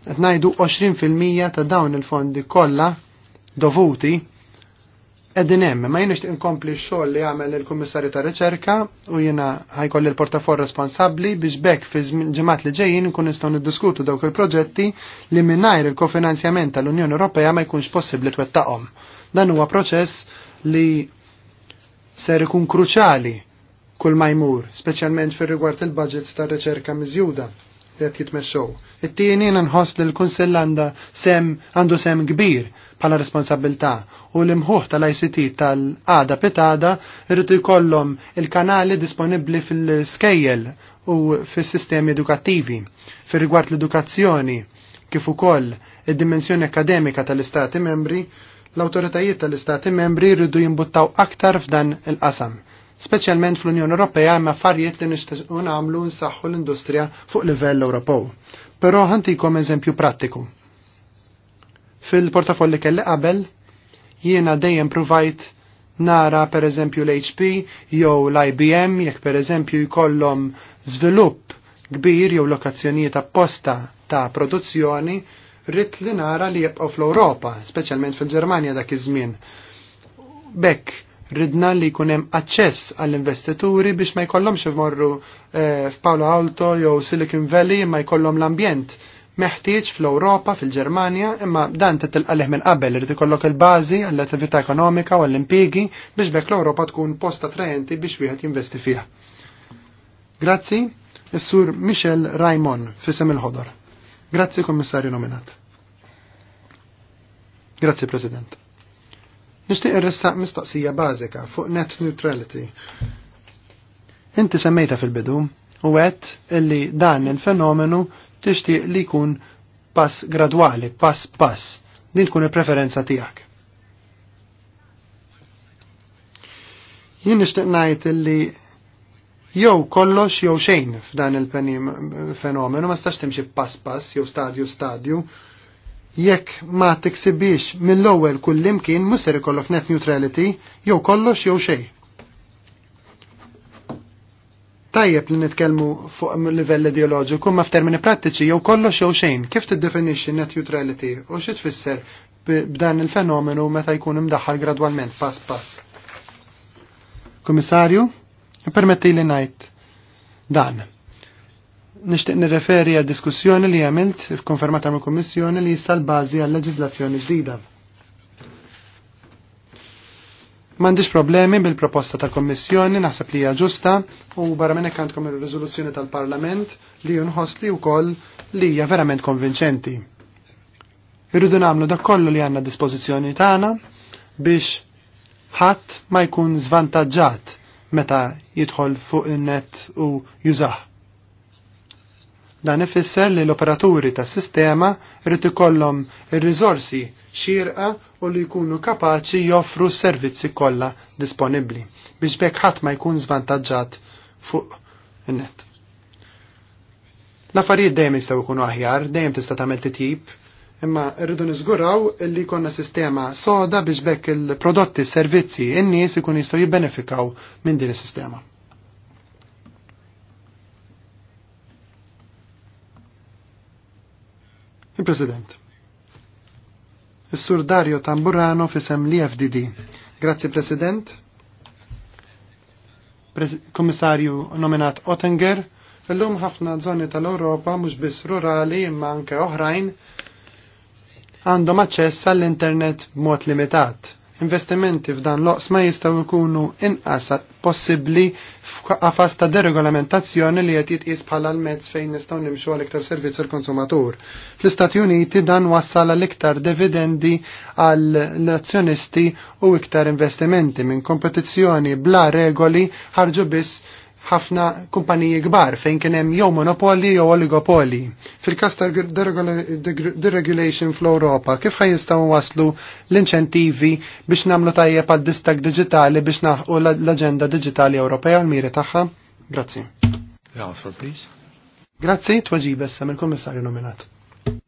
qed ngħidu 20% ta' dawn il-fondi kollha dovuti qegħdin hemm, ma jenix inkompli x-xogħol li jagħmel il-Kummissarju ta' Riċerka u jiena ħajkolli l portafor responsabbli biex bekk fi ġimgħat li ġejjin nkun nistgħu niddiskutu dawk il-proġetti li mingħajr il-kofinanzjament tal-Unjoni Ewropea ma jkunx possibbli twettaqhom. Dan huwa proċess li ser ikun kruċali kull ma jmur, speċjalment fir rigward il-budgets tar riċerka miżjuda jett qed jitmexxew. It-tieni nħoss li l-Kunsill għandha sem għandu sem kbir bħala responsabilità u l-imħuħ tal-ICT tal-għada pitada irritu jkollhom il-kanali disponibbli fil-skejjel u fis-sistemi edukattivi fir-rigward l-edukazzjoni kif ukoll id-dimensjoni akademika tal-Istati membri, l-awtoritajiet tal-Istati membri rridu jimbuttaw aktar f'dan il-qasam. Speċjalment fl-Unjoni Ewropea hemm affarijiet li nistgħu nagħmlu nsaħħu l-industrija fuq livell Ewropew. Però ħantikom eżempju prattiku. Fil-portafolli kelli qabel jiena dejjem provajt nara per eżempju l-HP jew l-IBM jekk per eżempju jkollhom żvilupp kbir jew lokazzjonijiet apposta ta' produzzjoni rrit li nara li jibqgħu fl-Ewropa, speċjalment fil-Ġermanja dak iż-żmien. Bekk Ridna li jkun hemm aċċess għall-investituri biex ma jkollhomx imorru eh, f'Palo Alto jew Silicon Valley imma jkollhom l-ambjent meħtieġ fl-Ewropa, fil-Ġermanja, imma dan leħ minn qabel irid ikollok il-bażi għall-attività ekonomika u għall-impjiegi biex bekk l europa tkun post attrajenti biex wieħed jinvesti fiha. Grazzi, is-sur Michel Raimon fisem il-ħodor. Grazzi Kommissarju nominat. Grazzi President. Nixtieq irressaq mistoqsija bażika fuq net neutrality. Inti semmejta fil-bidu u għedt illi dan il-fenomenu tixtieq li jkun pass gradwali, pass pass, din tkun il-preferenza tiegħek. Jien nixtieq ngħid illi jew kollox jew xejn f'dan il-fenomenu ma stax timxi pass pass jew stadju stadju jekk ma tiksibix mill-ewwel kull imkien musser ikollok net neutrality jew kollox jew xejn. Tajjeb li nitkellmu fuq livell ideoloġiku ma f'termini prattiċi jew kollox jew xejn. Kif tiddefinixxi net neutrality u xi tfisser b'dan il-fenomenu meta jkun imdaħħal gradwalment pass pass. Komissarju, permetti li ngħid dan nishtiq nirreferi għad diskussjoni li għamilt konfermata mill kommissjoni li jissal bazi għal leġizlazzjoni ġdida. Mandiġ problemi bil-proposta tal-Kommissjoni naħseb li hija ġusta u barra minn kant għandkom ir-riżoluzzjoni tal-Parlament li nħoss li wkoll li hija verament konvinċenti. Irridu nagħmlu dak kollu li għandna dispożizzjoni tagħna biex ħadd ma jkun żvantaġġat meta jidħol fuq in-net u jużah. Dan ifisser li l-operaturi tas sistema rrid ikollhom ir-riżorsi xirqa u li jkunu kapaċi joffru s-servizzi kollha disponibbli biex bekk ħadd ma jkun żvantaġġat fuq in-net. L-affarijiet dejjem jistgħu jkunu aħjar, dejjem tista' tagħmel titjib, imma rridu niżguraw li konna sistema soda biex bekk il-prodotti, s servizzi, in-nies ikun jistgħu jibbenefikaw minn din is-sistema. Il-President. Is-Sur Dario Tamburano fisem li FDD. Grazie President. Kommissarju Komissarju nominat Ottinger. Illum ħafna żoni tal europa mhux biss rurali imma anke oħrajn għandhom aċċess għall-internet mod limitat investimenti f'dan l ma jistaw ikunu inqas possibbli f'qafas ta' deregolamentazzjoni li qed jitqies bħala l-mezz fejn nistgħu nimxu għal iktar servizz il konsumatur Fl-Istati Uniti dan wassal għal iktar dividendi għal azzjonisti u iktar investimenti minn kompetizzjoni bla regoli ħarġu biss ħafna kumpaniji kbar fejn kien hemm jew monopoli jew oligopoli. Fil-każ ta' deregulation fl-Ewropa, kif ħaj jistgħu waslu l-inċentivi biex nagħmlu tajjeb għad distak diġitali biex naħqu l-aġenda diġitali Ewropea l-miri tagħha? Grazzi. Grazzi, tweġib bessa mill-Kummissarju nominat.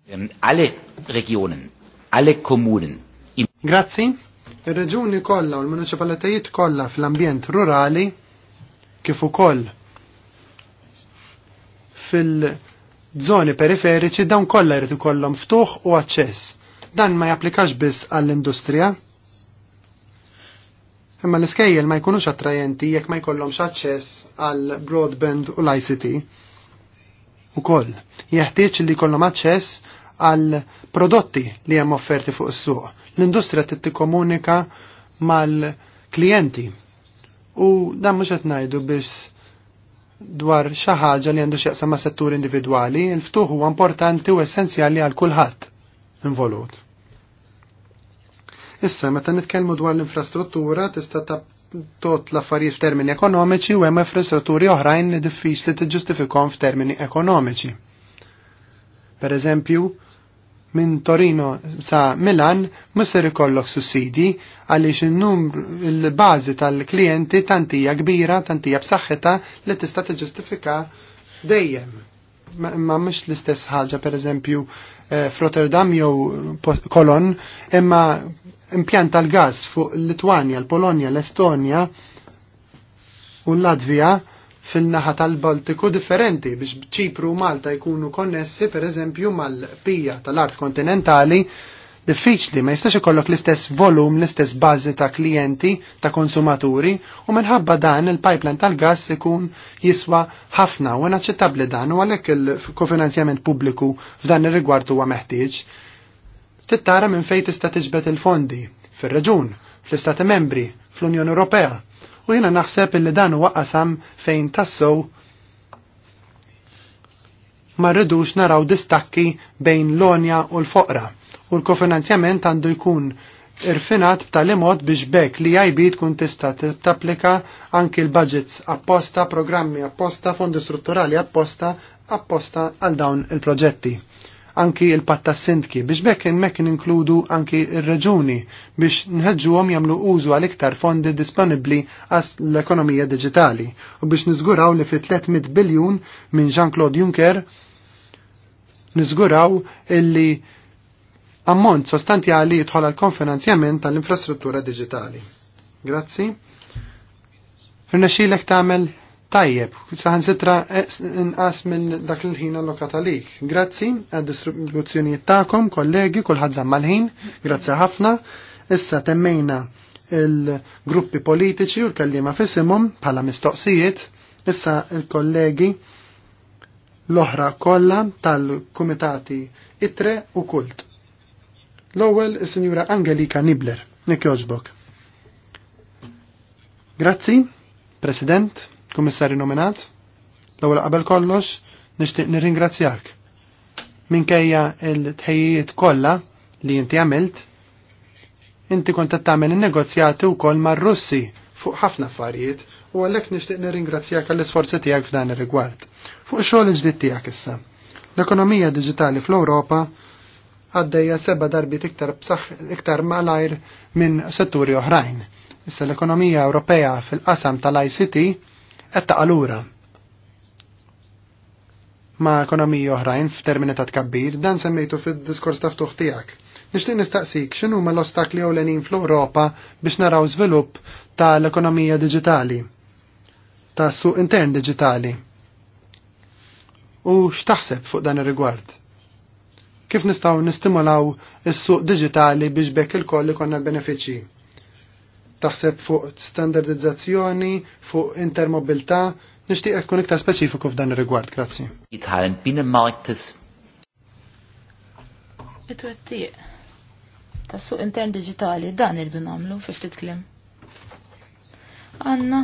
Għale regionen, għale komunen. Grazzi. Ir-reġuni kollha u l-municipalitajiet kollha fl-ambjent rurali kif ukoll fil-żoni periferiċi dawn kollha jrid ikollhom ftuħ u aċċess. Dan ma japplikax biss għall-industrija. Imma l-iskejjel ma jkunux attrajenti jekk ma jkollhomx aċċess għall broadband u l-ICT ukoll. Jeħtieġ li jkollhom aċċess għal prodotti li hemm offerti fuq is-suq. L-industrija trid tikkomunika mal-klijenti U dan mhux qed ngħidu biss dwar xi ħaġa li għandu x'jaqsam ma' settur individwali, il-ftuħ huwa importanti u essenzjali għal kulħadd involut. Issa, meta nitkellmu dwar l-infrastruttura, tista' tot l-affarijiet f'termini ekonomiċi u hemm infrastrutturi oħrajn li diffiċli tiġġustifikhom f'termini ekonomiċi. Per eżempju, minn Torino sa Milan musser ikollok sussidi għaliex il-numru il-bażi tal-klijenti tantija kbira, tantija b'saħħita li tista' tiġġustifika dejjem. Ma mhux l-istess ħaġa pereżempju f'Rotterdam eh, jew Kolon, imma impjant tal-gas fuq Litwanja, l-Polonja, l-Estonja u l-Latvija fil-naħa tal-Baltiku differenti biex ċipru u Malta jkunu konnessi per eżempju mal-pija tal-art kontinentali diffiċli ma jistax ikollok l-istess volum, l-istess bażi ta' klijenti, ta' konsumaturi u minħabba dan il-pipeline tal-gas ikun jiswa ħafna u inaċċettabbli dan u għalhekk il-kofinanzjament pubbliku f'dan ir-rigward huwa meħtieġ. Tittara minn fejn tista' tiġbed il-fondi fir-reġun, fl-Istati Membri, fl-Unjoni Ewropea u jina naħseb illi dan huwa qasam fejn tassow ma rridux naraw distakki bejn l-onja u l-foqra u l-kofinanzjament għandu jkun irfinat b'tali mod biex bekk li jajbit tkun tista' tapplika anki l-budgets apposta, programmi apposta, fondi strutturali apposta, apposta għal dawn il-proġetti anki il-patta sindki biex bekk hemmhekk ninkludu anki il reġuni biex għom jagħmlu użu għal iktar fondi disponibbli għas l-ekonomija diġitali u biex niżguraw li fi 300 biljun minn Jean-Claude Juncker niżguraw illi ammont sostanzjali jidħol għal konfinanzjament tal-infrastruttura digitali. Grazzi. Rnexxilek tagħmel Tajjeb, saħan sitra inqas eh, minn dak il-ħin allokat għalik. Grazzi għad-distribuzzjonijiet ta'kom, kollegi, kullħad mal-ħin, grazzi ħafna. Issa temmejna il-gruppi politiċi u l-kallima fissimum bħala mistoqsijiet. Issa il-kollegi l-oħra kollha tal-kumitati itre u kult. L-ewwel is-Sinjura Angelika Nibler, Nick Grazzi, President. Kummissarju nominat, l-ewwel qabel kollox nixtieq nirringrazzjak. Minkejja l-tħejjiet kollha li inti għamilt, inti kont qed tagħmel in-negozjati wkoll mar-Russi fuq ħafna affarijiet u għalhekk nixtieq nirringrazzjak għall-isforzi tiegħek f'dan ir-rigward. Fuq ix-xogħol il-ġdid tiegħek issa. L-ekonomija diġitali fl-Ewropa għaddejja seba darbit iktar b'saħ iktar malajr minn setturi oħrajn. Issa l-ekonomija Ewropea fil-qasam tal-ICT etta għalura. ma' ekonomiji oħrajn f'termini ta' tkabbir, dan semmejtu fid-diskors ta' ftuħ tiegħek. Nixtieq nistaqsik x'inhu ma l-ostakli ewlenin fl-Ewropa biex naraw żvilupp tal-ekonomija diġitali, ta' suq intern diġitali. U x'taħseb fuq dan ir-rigward? Kif nistgħu nistimulaw is-suq diġitali biex bekk il-koll l benefiċċji? taħseb fuq standardizzazzjoni, fuq intermobilità, nixtieq kun iktar speċifiku f'dan ir-rigward, grazzi. Jitħallem bin marktis It-twettiq, ta' suq intern digitali, dan irdu namlu fi ftit klim. Għanna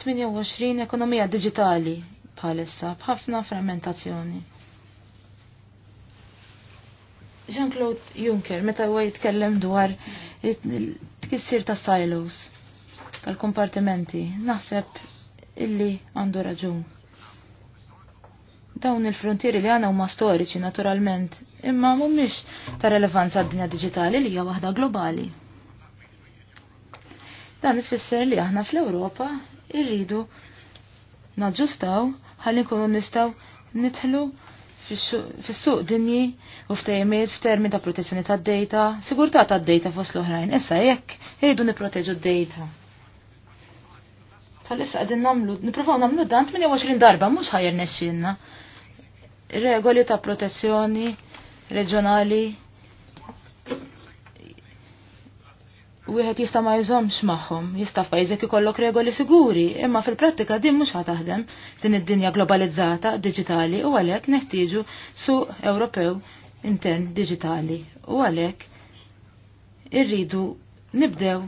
28 ekonomija digitali bħalissa bħafna frammentazzjoni. Jean-Claude Juncker, meta huwa jitkellem dwar tkissir ta' silos tal-kompartimenti, naħseb illi għandu raġun. Dawn il-frontieri li għana huma storiċi naturalment, imma mhumiex ta' relevanza għad-dinja diġitali li hija waħda globali. Dan ifisser li aħna fl-Ewropa irridu naġġustaw ħalli nkunu nistgħu nidħlu fis-suq dinji u ftejmiet f'termin ta' protezzjoni ta' data, sigurtà ta' data fost l-oħrajn. Issa jekk iridu nipproteġu d-data. Bħalissa qegħdin nagħmlu, nippruvaw nagħmlu dan 28 darba mhux ħajr nexxinna. Regoli ta' protezzjoni reġjonali wieħed jista' ma jżomx magħhom, jista' f'pajjiżek ikollok regoli siguri, imma fil-prattika din mhux taħdem din id-dinja globalizzata, diġitali u għalhekk neħtieġu suq Ewropew intern diġitali u għalhekk irridu nibdew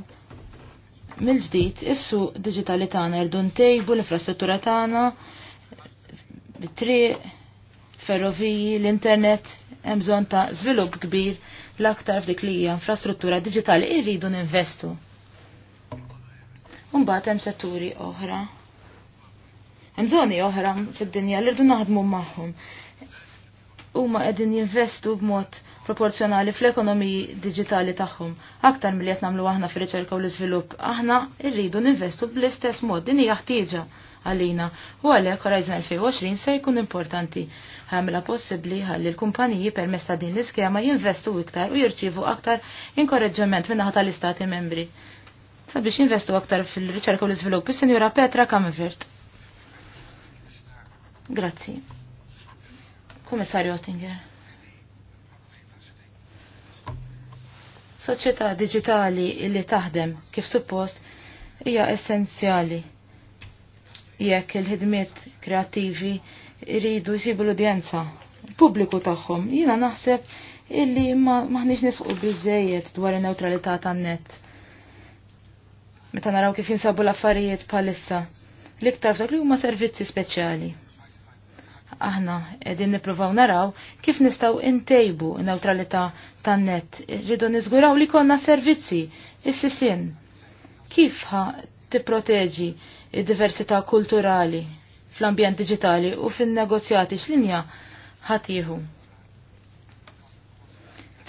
mill-ġdid is-suq diġitali tagħna rdu ntejbu l-infrastruttura tagħna bit-triq, ferroviji, l-internet, hemm bżonn ta' żvilupp kbir l-aktar f'dik li hija infrastruttura diġitali irridu ninvestu. Mbagħad hemm setturi oħra. Hemm żoni oħra fid-dinja li rridu naħdmu magħhom. Huma qegħdin jinvestu b'mod proporzjonali fl-ekonomiji diġitali tagħhom. Aktar milli qed nagħmlu aħna fir-riċerka u l-iżvilupp, aħna rridu ninvestu bl-istess mod din hija ħtieġa għalina u għalhekk Horizon 2020 se jkun importanti. Għamla possibbli ħalli l-kumpaniji per ta' din l-iskema jinvestu iktar u jirċievu aktar inkorreġġament minna naħa tal-istati membri. Sabiex jinvestu aktar fil-riċerka u l-iżvilupp, is Petra Kamvert. Grazzi. Kummissarju Ottinger. soċjetà digitali li taħdem kif suppost hija essenzjali jekk il-ħidmiet kreattivi jridu jsibu l-udjenza pubbliku tagħhom. Jiena naħseb illi maħniex nisqu biżejjed dwar in-neutralità tan-net. Meta naraw kif jinsabu l-affarijiet bħalissa. L-iktar f'dak li huma servizzi speċjali. Aħna qegħdin nippruvaw naraw kif nistgħu intejbu n-neutralità tan-net. Irridu niżguraw li konna servizzi, is-sisin. Kif ħa tipproteġi id-diversità kulturali fl-ambjent digitali u fin-negozjati x'linja ħatiħu.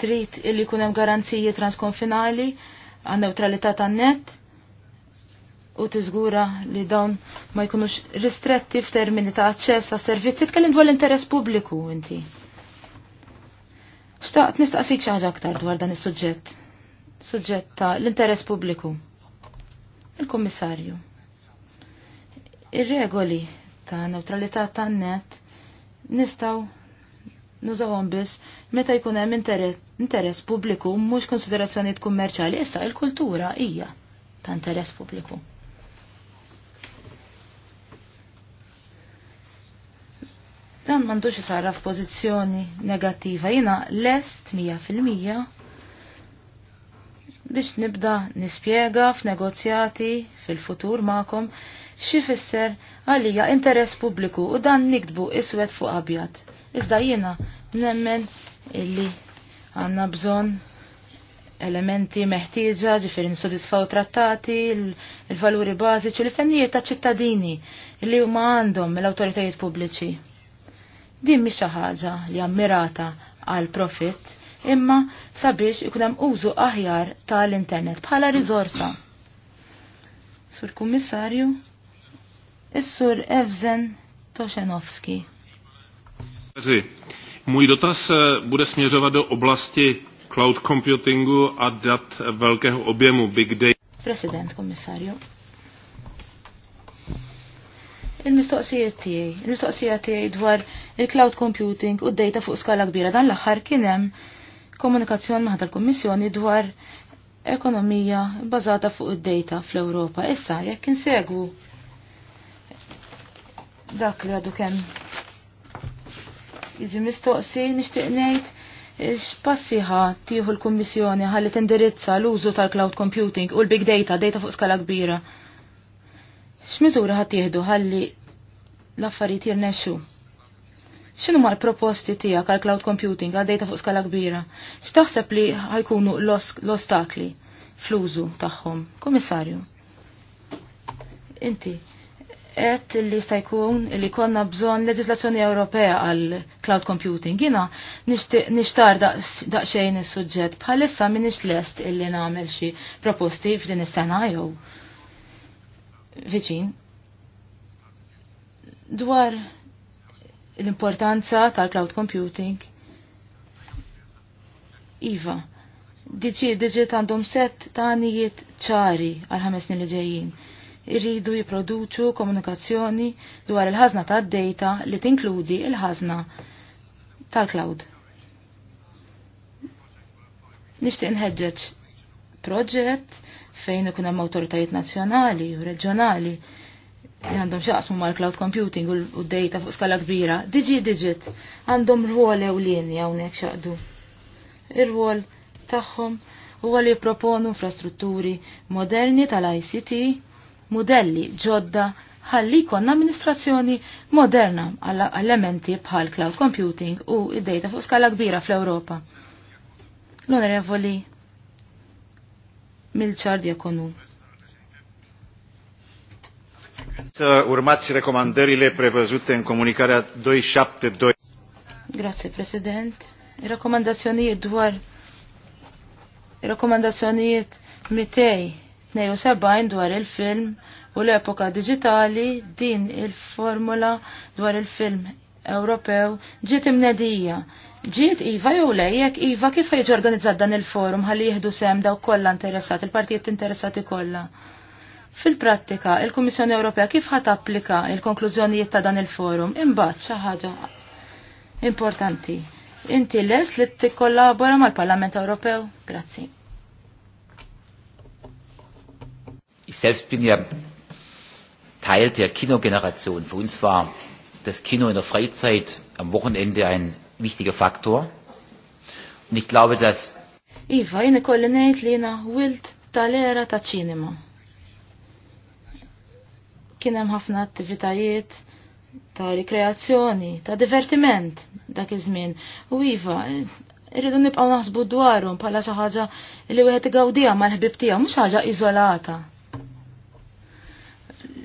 Trid illi jkun hemm garanziji transkonfinali għan neutralità tan-net u tiżgura li dawn ma jkunux ristretti f'termini ta' aċċess għas servizzi tkellim dwar l-interess pubbliku inti. Xtaqt nistaqsik xi aktar dwar dan is-suġġett. Suġġett ta' l-interess pubbliku il-Kommissarju. Ir-regoli ta' neutralità tan-net nistaw nużawhom biss meta jkun hemm interess pubbliku mhux konsiderazzjonijiet kummerċjali issa il-kultura hija ta' interess pubbliku. Dan m'għandux isara f'pożizzjoni negattiva jiena lest 100 fil-mija biex nibda nispjega f'negozjati fil-futur ma'kom xi fisser għalija interess pubbliku u dan nikdbu iswed fuq abjad. Iżda jiena nemmen illi għandna bżonn elementi meħtieġa ġifieri nsodisfaw trattati, il-valuri bażiċi u l-istennijiet ta' ċittadini li huma għandhom mill-awtoritajiet pubbliċi. Din mhix xi ħaġa li ammirata għal profitt imma sabiex ikun hemm użu aħjar tal-internet bħala rizorsa. Sur Kummissarju, is-Sur Evzen Toszenowski. Můj dotaz eh, bude směřovat do oblasti cloud computingu a dat velkého objemu Big Data. President, komisarju. Il-mistoqsijiet tiegħi, il-mistoqsijiet tiegħi dwar il-cloud computing u d-data fuq skala kbira dan l-aħħar kien hemm komunikazzjoni maħta l-Kommissjoni dwar ekonomija bazata fuq id-data fl-Ewropa. Issa, jekk insegwu dak li għadu kemm jiġi mistoqsi nixtieq ngħid x'passiħa tieħu l-Kummissjoni ħalli tindirizza l-użu tal-cloud computing u l-big data, data fuq skala kbira. X'miżura mizura tieħdu ħalli l-affarijiet jirnexxu? xinu ma l-proposti tiegħek għal cloud computing għal data fuq skala kbira? X'taħseb li ħajkunu l-ostakli fl-użu tagħhom? Kummissarju. Inti qed li sta jkun li konna bżonn leġislazzjoni Ewropea għal cloud computing. Jiena nixtar daqsxejn is-suġġett bħalissa m'iniex lest illi nagħmel xi proposti f'din is-sena jew viċin. Dwar l-importanza tal-cloud computing. Iva, diġi diġiet għandhom set tanijiet ċari għal ħames li ġejjin. Irridu jiproduċu komunikazzjoni dwar il-ħazna tad-data li tinkludi il-ħazna tal-cloud. Nixtieq nħedġeċ proġett fejn ikun hemm awtoritajiet nazzjonali u reġjonali li għandhom xaqsmu mal-cloud computing u d-data fuq skala kbira, Digi Digit għandhom rwol ewlieni hawnhekk xaqdu. Ir-rwol tagħhom u li proponu infrastrutturi moderni tal-ICT, modelli ġodda ħalli kon amministrazzjoni moderna għall elementi bħal cloud computing u id-data fuq skala kbira fl-Ewropa. L-onorevoli Milchard konu. Să urmați recomandările prevăzute în comunicarea 272. Grazie, President. Rekomandazzjonijiet dwar rekomandazzjonijiet 272 dwar il-film u l-epoka digitali din il-formula dwar il-film Ewropew ġiet imnedija. Ġiet Iva jew lejjek Iva kif ħajġi organizzat dan il-forum ħalli jieħdu sem daw kollha interessati, il-partijiet interessati kollha. Fil-prattika, il kommissjoni Ewropea kif ħat applika il-konklużjonijiet ta' dan il-forum? Imbagħad xi ħaġa importanti. Inti les li tikkollabora mal-Parlament Ewropew? Grazzi. Ich selbst bin ja Teil der Kinogeneration. Für uns war das Kino in der Freizeit am Wochenende ein wichtiger Faktor. Und ich glaube, dass... Iva, jene kolli nejt li jena wilt tal-era ta' cinema. Kien hemm ħafna attivitajiet ta' rikreazzjoni, ta' divertiment dak iż-żmien. U iva, irridu nibqgħu naħsbu dwarhom bħala xi ħaġa li wieħed igawdiha mal-ħbib tiegħu, mhux ħaġa iżolata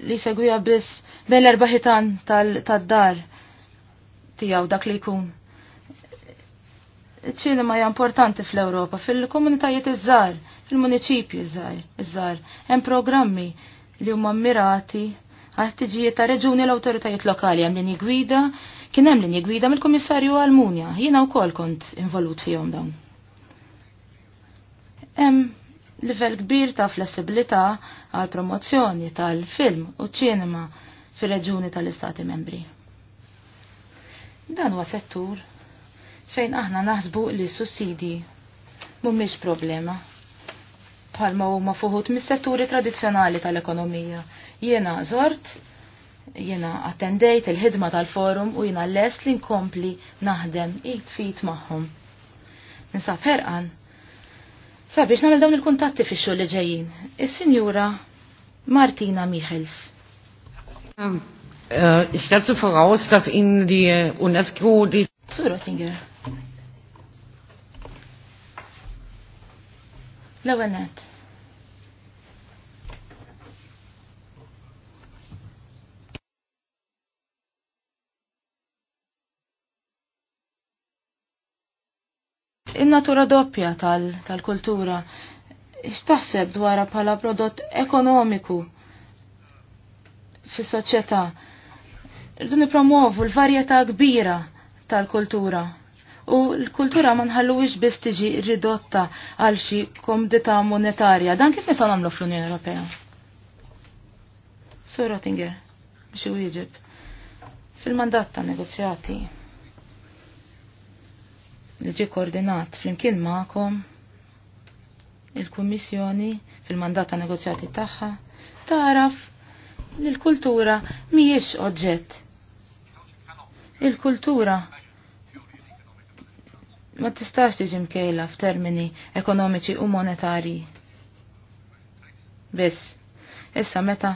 li segwija biss bejn l erbaħitan tad-dar tiegħu dak li jkun. Iċ-ċinema hija importanti fl-Ewropa, fil-komunitajiet iż-żgħar, fil-muniċipji iż-żgħar, iż-żgħar, hemm programmi li huma mirati għattiġijiet ħtiġijiet ta' reġuni l-autoritajiet lokali hemm linji gwida, kien hemm linji gwida mill-Kummissarju Almunja, jiena wkoll kont involut fihom dawn. Hemm livell kbir ta' flessibilità għal promozzjoni tal-film u ċinema fir-reġuni tal-Istati Membri. Dan huwa settur fejn aħna naħsbu li s-sussidi mhumiex problema bħalma huma fuħut mis-setturi tradizzjonali tal-ekonomija. Jiena żort, jiena attendejt il-ħidma tal-forum u jiena lest li nkompli naħdem it-tfit magħhom. Ninsab ħerqan. Sabiex nagħmel dawn il-kuntatti fix-xogħol li ġejjin. Is-Sinjura Martina Michels. Ähm, äh, ich setze voraus, dass Ihnen die UNESCO die... Zu Rottinger, L-ewwel il In-natura doppja tal-kultura tal x'taħseb dwar bħala prodott ekonomiku fis-soċjetà. Irdu nipromuovu l-varjetà kbira tal-kultura u l-kultura ma nħalluwix biss tiġi ridotta għal xi komodità monetarja. Dan kif nisa nagħmlu fl-Unjoni Ewropea? Sur Rottinger, biex u jieġib. Fil-mandat ta' negozjati li ġie koordinat flimkien magħkom il-Kummissjoni fil-mandat ta' negozjati tagħha taraf li l-kultura mhijiex oġġett. Il-kultura ma tistax tiġi mkejla f'termini ekonomiċi u monetari. Biss, issa meta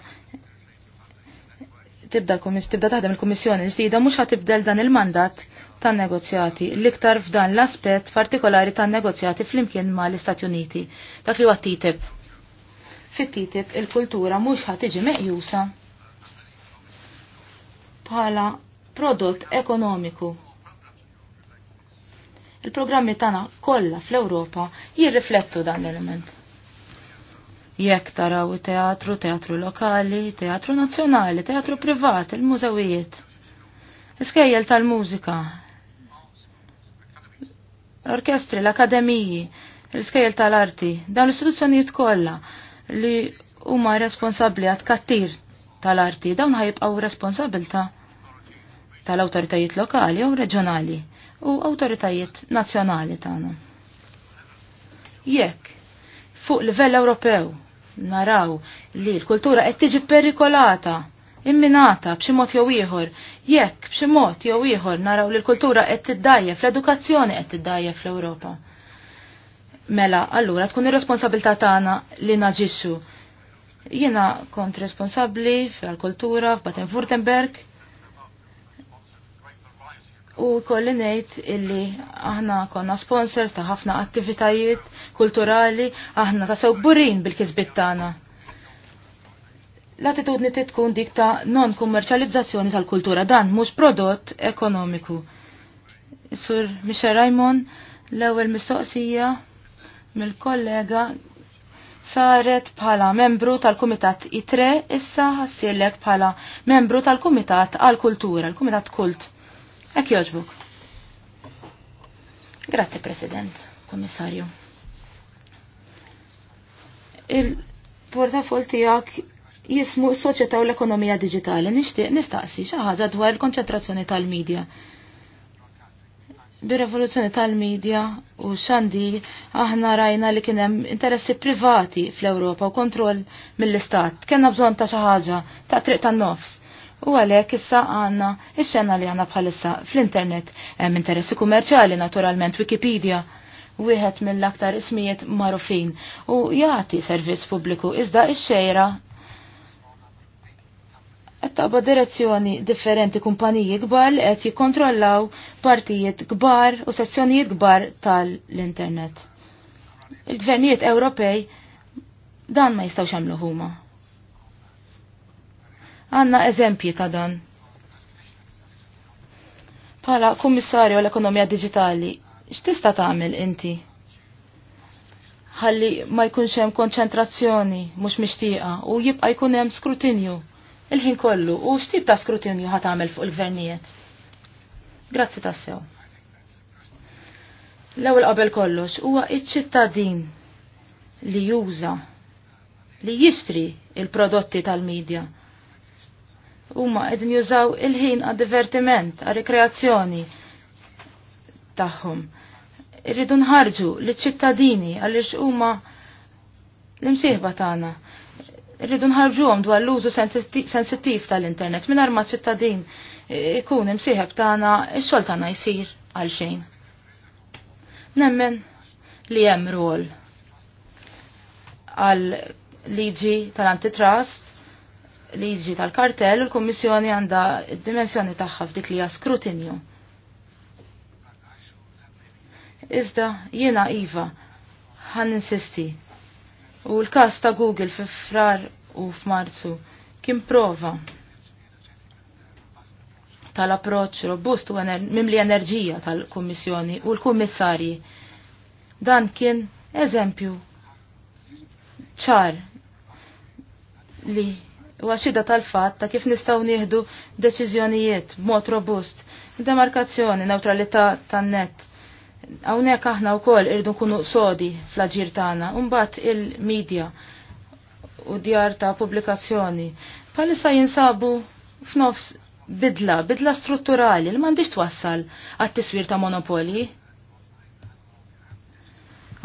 tibda l tibda taħdem il-Kummissjoni ġdida mhux ħatibdel dan il-mandat tan negozjati l-iktar f'dan l-aspett partikolari tan negozjati flimkien ma l-Istati Uniti. Dak li huwa TTIP. Fit-TTIP il-kultura mhux ħatiġi meqjusa bħala prodott ekonomiku Il-programmi tagħna kollha fl-Ewropa jirriflettu dan l-element. Jekk taraw teatru, teatru lokali, teatru nazzjonali, teatru privat, il-mużewijiet. Iskejjel tal-mużika, l-orkestri, l-akademiji, l-iskejjel tal-arti, dan l-istituzzjonijiet kollha li huma responsabbli għad kattir tal-arti, dawn ħajibqgħu responsabilta tal-awtoritajiet lokali u reġjonali u awtoritajiet nazzjonali tagħna. Jekk fuq livell Ewropew naraw li l-kultura qed tiġi perikolata imminata b'xi mod jew ieħor, jekk b'xi mod jew ieħor naraw li l-kultura qed tiddajjef, l-edukazzjoni qed tiddajjef fl-Ewropa. Mela, allura tkun ir-responsabilità tagħna li naġixxu. Jiena kont responsabbli fil-kultura f'Baden-Württemberg u kolli ngħid illi aħna konna sponsors ta' ħafna attivitajiet kulturali, aħna ta' burin bil kizbit tagħna. L-attitudni tkun dik ta' non-kummerċalizzazzjoni tal-kultura dan mhux prodott ekonomiku. Sur Michel Raymond, l-ewwel mistoqsija mill-kollega saret bħala membru tal-Kumitat ITRE issa ħassirlek bħala membru tal-Kumitat għal-Kultura, l-Kumitat Kult. Ek joġbuk. Grazie, President, Komissarju. Il-portafol tijak jismu s-soċieta u l-ekonomija digitali. Nishtiq nistaqsi xaħġa dwar il-konċentrazzjoni tal-medja. Bir-revoluzzjoni tal-medja u xandi aħna rajna li kienem interessi privati fl-Ewropa u kontroll mill-istat. Kenna bżon ta' xaħġa ta' triq tan nofs U għalek issa għanna is-sena li għanna bħalissa fl-internet hemm interessi kummerċjali naturalment Wikipedia wieħed mill-aktar ismijiet marufin u jagħti servizz pubbliku iżda x-xejra qed taqba direzzjoni differenti kumpaniji kbar li qed jikkontrollaw partijiet kbar u sessjonijiet kbar tal-internet. Il-gvernijiet Ewropej dan ma jistgħux jagħmlu huma. Għanna eżempji ta' dan. Pala kummissarju l-ekonomija digitali, x'tista' tagħmel inti? Ħalli ma jkunx hemm konċentrazzjoni mhux mixtieqa u jibqa' jkun hemm skrutinju il-ħin kollu u x'tib ta' skrutinju ħat tagħmel fuq il-gvernijiet. Grazzi tassew. L-ewwel qabel kollox huwa iċ-ċittadin li juża li jistri il-prodotti tal-medja huma qegħdin jużaw il-ħin għad divertiment, għad rekreazzjoni tagħhom. Irridu nħarġu liċ-ċittadini għaliex huma l-imsieħba tagħna. Irridu nħarġuhom dwar l-użu sensittiv tal-internet mingħajr ma ċittadin ikun imsieħeb tagħna x-xogħol tagħna jsir għal xejn. Nemmen li hemm rwol għal liġi tal-antitrust li liġi tal-kartell, il-Kommissjoni għandha dimensjoni tagħha f'dik li jaskrutinju. skrutinju. Iżda jiena iva ħan insisti. U l-każ ta' Google fi frar u f'Marzu kien prova tal-approċċ robust u mimli enerġija tal-Kummissjoni u l-Kummissarji. Dan kien eżempju ċar li u għaxida tal-fatt ta' kif nistaw nieħdu deċiżjonijiet b'mod robust. Demarkazzjoni, neutralità tan-net. Hawnhekk aħna wkoll irdu nkunu sodi fl-aġir tagħna, mbagħad il-medja u djar ta' pubblikazzjoni. Palissa jinsabu f'nofs bidla, bidla strutturali li m'għandix twassal għat-tiswir ta' monopoli.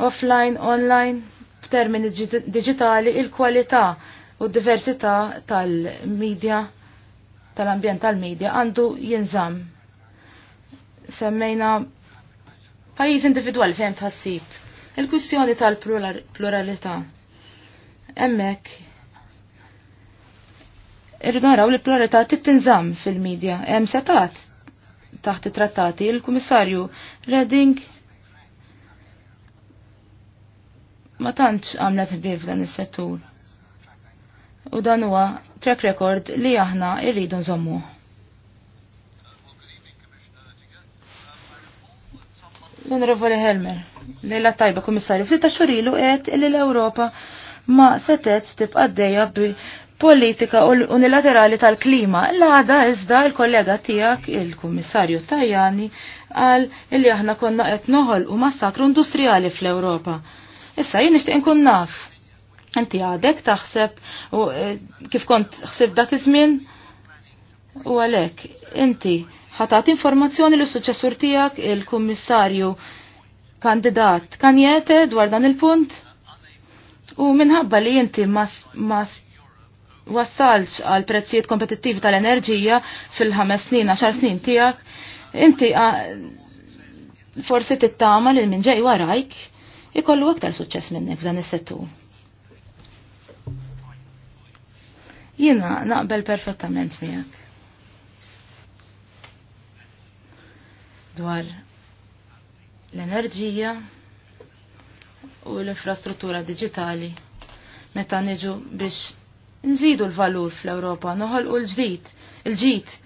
Offline, online, b'termini digitali, il-kwalità u d-diversità tal-medja tal-ambjent tal-medja għandu jinżam. Semmejna pajjiż individwali fejn tħassib. Il-kwistjoni tal-pluralità. Hemmhekk irridu naraw li pluralità tittinżam fil-medja. Hemm setat taħt it-trattati, il-Kummissarju Reding ma tantx għamlet bif dan is-settur. U dan huwa track record li aħna irridu nżommu. L-Onorevoli Helmer, lejla tajba komissarju, f'sitta xurilu qed li l-Ewropa ma setgħetx tibqa' bi politika unilaterali tal-klima. L-għada iżda il-kollega tijak, il-kummissarju Tajani, għal li aħna konna qed noħol u massakru industrijali fl-Ewropa. Issa jien nixtieq nkun naf Inti għadek taħseb u eh, kif kont ħsib dak iż-żmien u għalek inti ħatat informazzjoni l suċessur tiegħek il-kummissarju kandidat kan jete dwar dan il-punt u minħabba li inti ma wassalx għal prezzijiet kompetittivi tal-enerġija fil-ħames snin, għaxar snin tijak, inti forsi tittama li minn warajk ikollu aktar suċċess minnek f'dan is-settur. Jiena naqbel perfettament miegħek. Dwar l-enerġija u l-infrastruttura digitali. Meta niġu biex nżidu l-valur fl-Ewropa, noħolqu l-ġdid, il-ġid,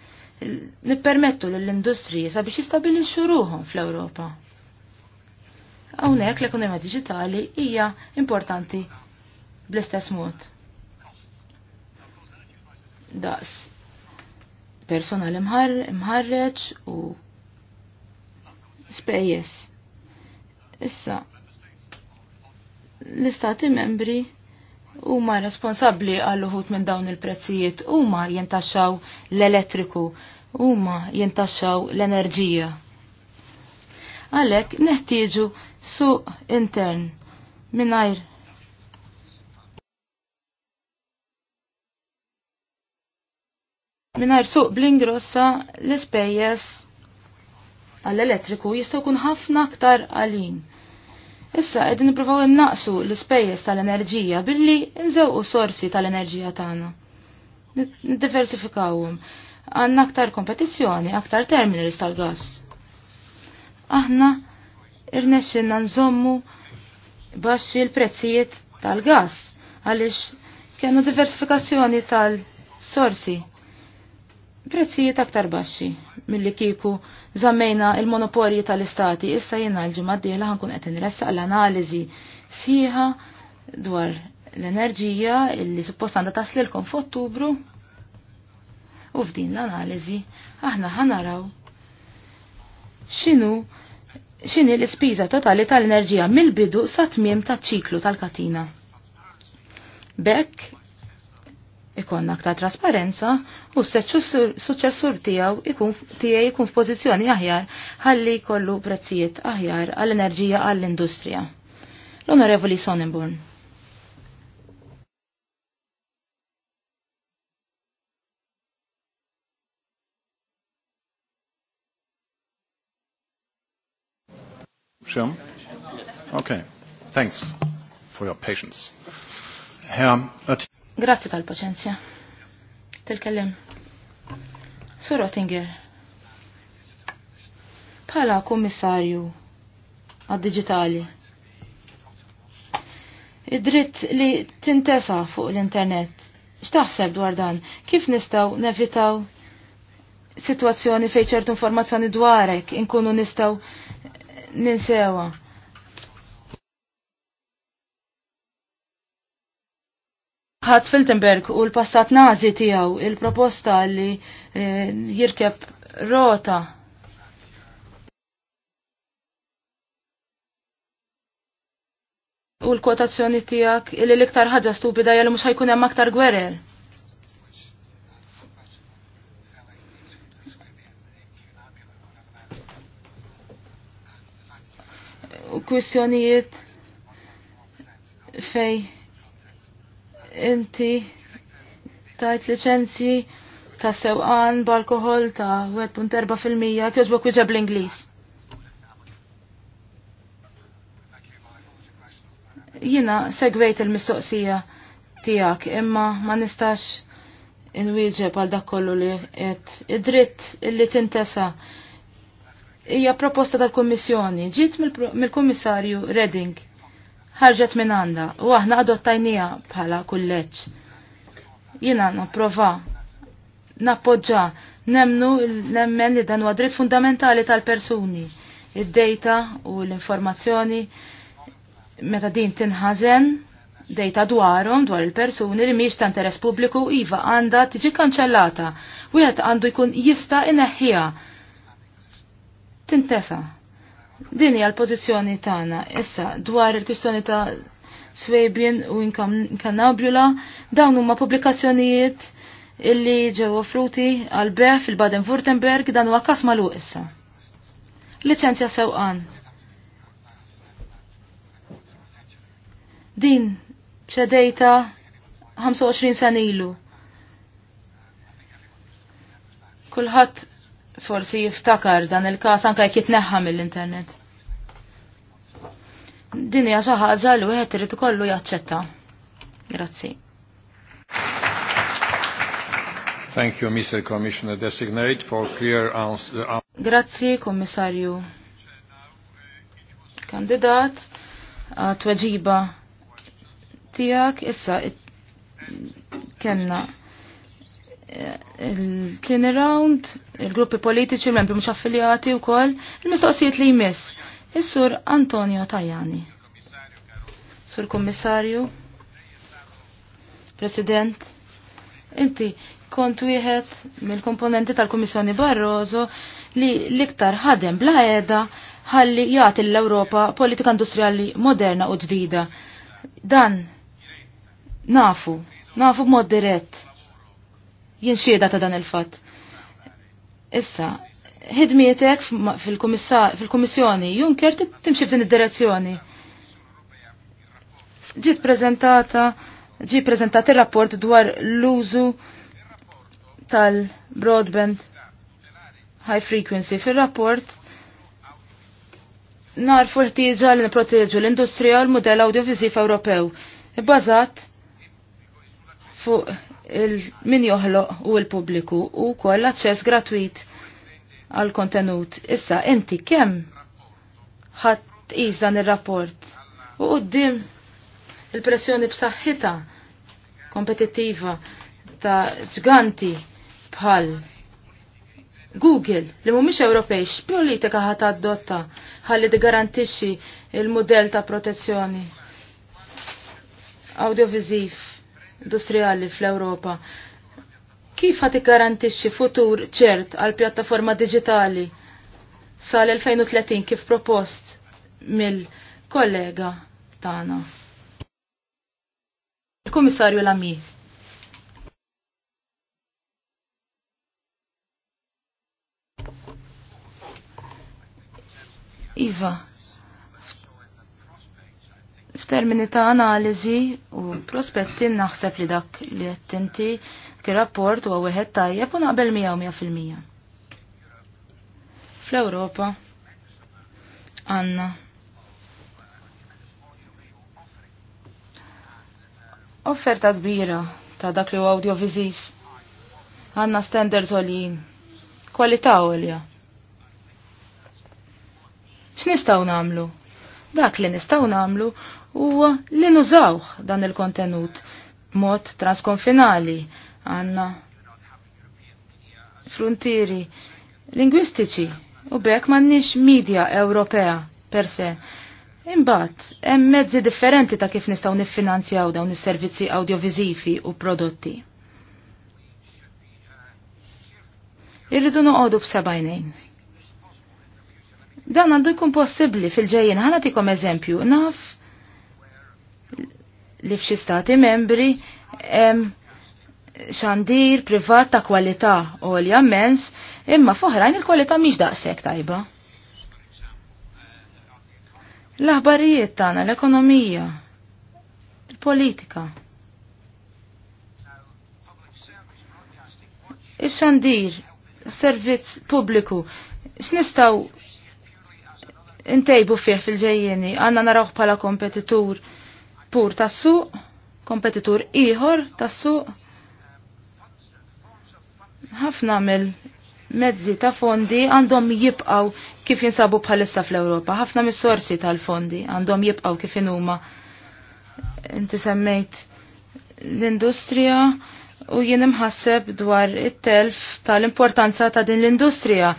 nippermettu l-industriji sabiex jistabilixxu ruhom fl-Ewropa. Hawnhekk l-ekonomija digitali hija importanti bl-istess mod daqs personal imħarreġ u spejjes. Issa, l-istati membri huma responsabbli għall uħut minn dawn il-prezzijiet, huma jintaxxaw l-elettriku, huma jintaxxaw l-enerġija. Għalhekk neħtieġu suq intern mingħajr Minar suq bl-ingrossa l-spejjes għall-elettriku jistaw kun ħafna aktar għalin. Issa qegħdin nippruvaw innaqsu l-ispejjeż tal-enerġija billi nżewqu sorsi tal-enerġija tagħna. Niddiversifikawhom. Għandna aktar kompetizjoni, aktar terminals tal-gas. Aħna irnexxinna nżommu baxxi l-prezzijiet tal-gas għaliex kienu diversifikazzjoni tal-sorsi prezzijiet aktar baxxi milli kieku żammejna il-monopolji tal-istati issa jiena l-ġimgħa dieħla ħankun qed inressaq l-analiżi sħiħa dwar l-enerġija illi suppost għandha taslilkom f'Ottubru u f'din l-analiżi aħna ħanaraw x'inhu x'inhi l-ispiża totali tal-enerġija mill-bidu sa tmiem taċ-ċiklu tal-katina. Bekk ikon aktar trasparenza u s-suċessur tijaw ikun tijaj ikun f-pozizjoni aħjar ħalli kollu prezzijiet aħjar għall-enerġija għall-industrija. L-Onorevoli Sonnenborn. Sure? Okay. Thanks for your patience. Herr Oettinger. Grazzi tal-paċenzja. Tilkellim. Sur Ottinger. Pala kummissarju għad-digitali. Id-dritt li tintesa fuq l-internet x'taħseb dwar dan? Kif nistgħu nevitaw sitwazzjoni fejn ċertu informazzjoni dwarek inkunu nistgħu ninsewa? ħadd Filtenberg u l-passat nazi tiegħu il-proposta li eh, jirkeb rota u l-kwotazzjoni tijak illi l-iktar ħaġa stupida jgħal mux ħajkun hemm aktar gwerer. U kwistjonijiet fej inti tajt licenzi ta' sewqan b'alkohol ta' 1.4% kjożbok wieġeb l-Ingliż. Jina segwejt il-mistoqsija tijak imma ma nistax inwieġeb għal dak kollu li qed id-dritt illi tintesa hija proposta tal-Kummissjoni. Ġiet mill-Kummissarju Reding ħarġet minn għandha u aħna għadottajnija bħala kulleġġ. Jiena napprova nappoġġa nemnu nemmen li dan huwa dritt fundamentali tal-persuni. Id-dejta u l-informazzjoni meta din tinħazen dejta dwarhom dwar il-persuni li miex ta' interess pubbliku iva għandha tiġi kanċellata. Wieħed għandu jkun jista' ineħħiha. Tintesa' Din hija l-pożizzjoni tagħna. Issa dwar il-kwistjoni ta' Swabian u Inkanabula dawn huma pubblikazzjonijiet illi ġew offruti għal beħ fil-Baden-Württemberg dan huwa kas magħluq issa. Liċenzja sewqan. Din ċedejta 25 sanilu. ilu. Kulħadd forsi jiftakar dan il-każ anke jekk jitneħħa mill-internet. Din hija xi ħaġa li wieħed irid ikollu jaċċetta. Grazzi. Thank you, Mr. Commissioner Designate, for clear answer. Uh, Grazzi, Kommissarju. Kandidat, uh, tweġiba tijak, issa, kenna il-clean around, il-gruppi politiċi, il-membri mux affiljati u kol, il-mistoqsijiet li jmiss. Is-sur Antonio Tajani. Sur Kommissarju, President, inti kont wieħed mill-komponenti tal-Kummissjoni Barroso li l-iktar ħadem bla edha ħalli jagħti l-Ewropa politika industrijali moderna u ġdida. Dan nafu, nafu b'mod dirett jinxieda ta' dan il-fatt. Issa, hidmietek fil-Kummissjoni Juncker timxi f'din id-direzzjoni. Ġiet prezentata, ġi preżentat ir-rapport dwar l-użu tal-broadband high frequency fil-rapport nar fortiġa li niproteġu l-industrija l-modell audiovisiv Ewropew, bbażat fuq min joħloq u l-pubbliku u koll aċċess gratuit għal kontenut. Issa, inti kemm ħadd tqis dan ir-rapport u qudiem il-pressjoni b'saħħita kompetittiva ta' ġganti bħal Google li mhumiex Ewropej x'politika ħat adotta ħalli tigarantixxi il-mudell ta' protezzjoni audiovisiv industrijali fl-Ewropa. Kif għati garantisċi futur ċert għal pjattaforma digitali sal-2030 kif propost mill-kollega tana? Il-Kummissarju Lami. Iva, Termini ta' analiżi u prospetti naħseb li dak li qed inti rapport huwa wieħed tajjeb u naqbel miegħu mija fil-mija. Fl-Ewropa Anna. offerta kbira ta' dak li huwa audiovisiv. Għandna standards għolin, kwalità għolja. X'nistgħu nagħmlu? Dak li nistgħu nagħmlu huwa li nużawh dan il-kontenut b'mod transkonfinali għandna frontieri lingwistiċi u bekk m'għandniex media Ewropea per se. Imbagħad hemm mezzi differenti ta' kif nistgħu niffinanzjaw dawn is-servizzi audiovizifi u prodotti. Irridu noqogħdu b'sebajnejn. Dan għandu jkun possibbli fil-ġejjin ħana tikom eżempju naf li f'xi stati membri hemm xandir privat ta' kwalità għolja mens, imma foħrajn il-kwalità mhix daqshekk tajba. L-aħbarijiet tagħna, l-ekonomija, il-politika. Ix-xandir, servizz pubbliku, x'nistgħu intejbu fih fil-ġejjeni, għandna narawh bħala kompetitur pur tassu, kompetitur ieħor tassu, Ħafna mill-mezzi ta' fondi għandhom jibqaw kif jinsabu bħalissa fl-Ewropa. Ħafna mis-sorsi tal-fondi għandhom jibqaw kif inhuma. Inti semmejt l-industrija, u jien imħasseb dwar it-telf tal-importanza ta' din l-industrija.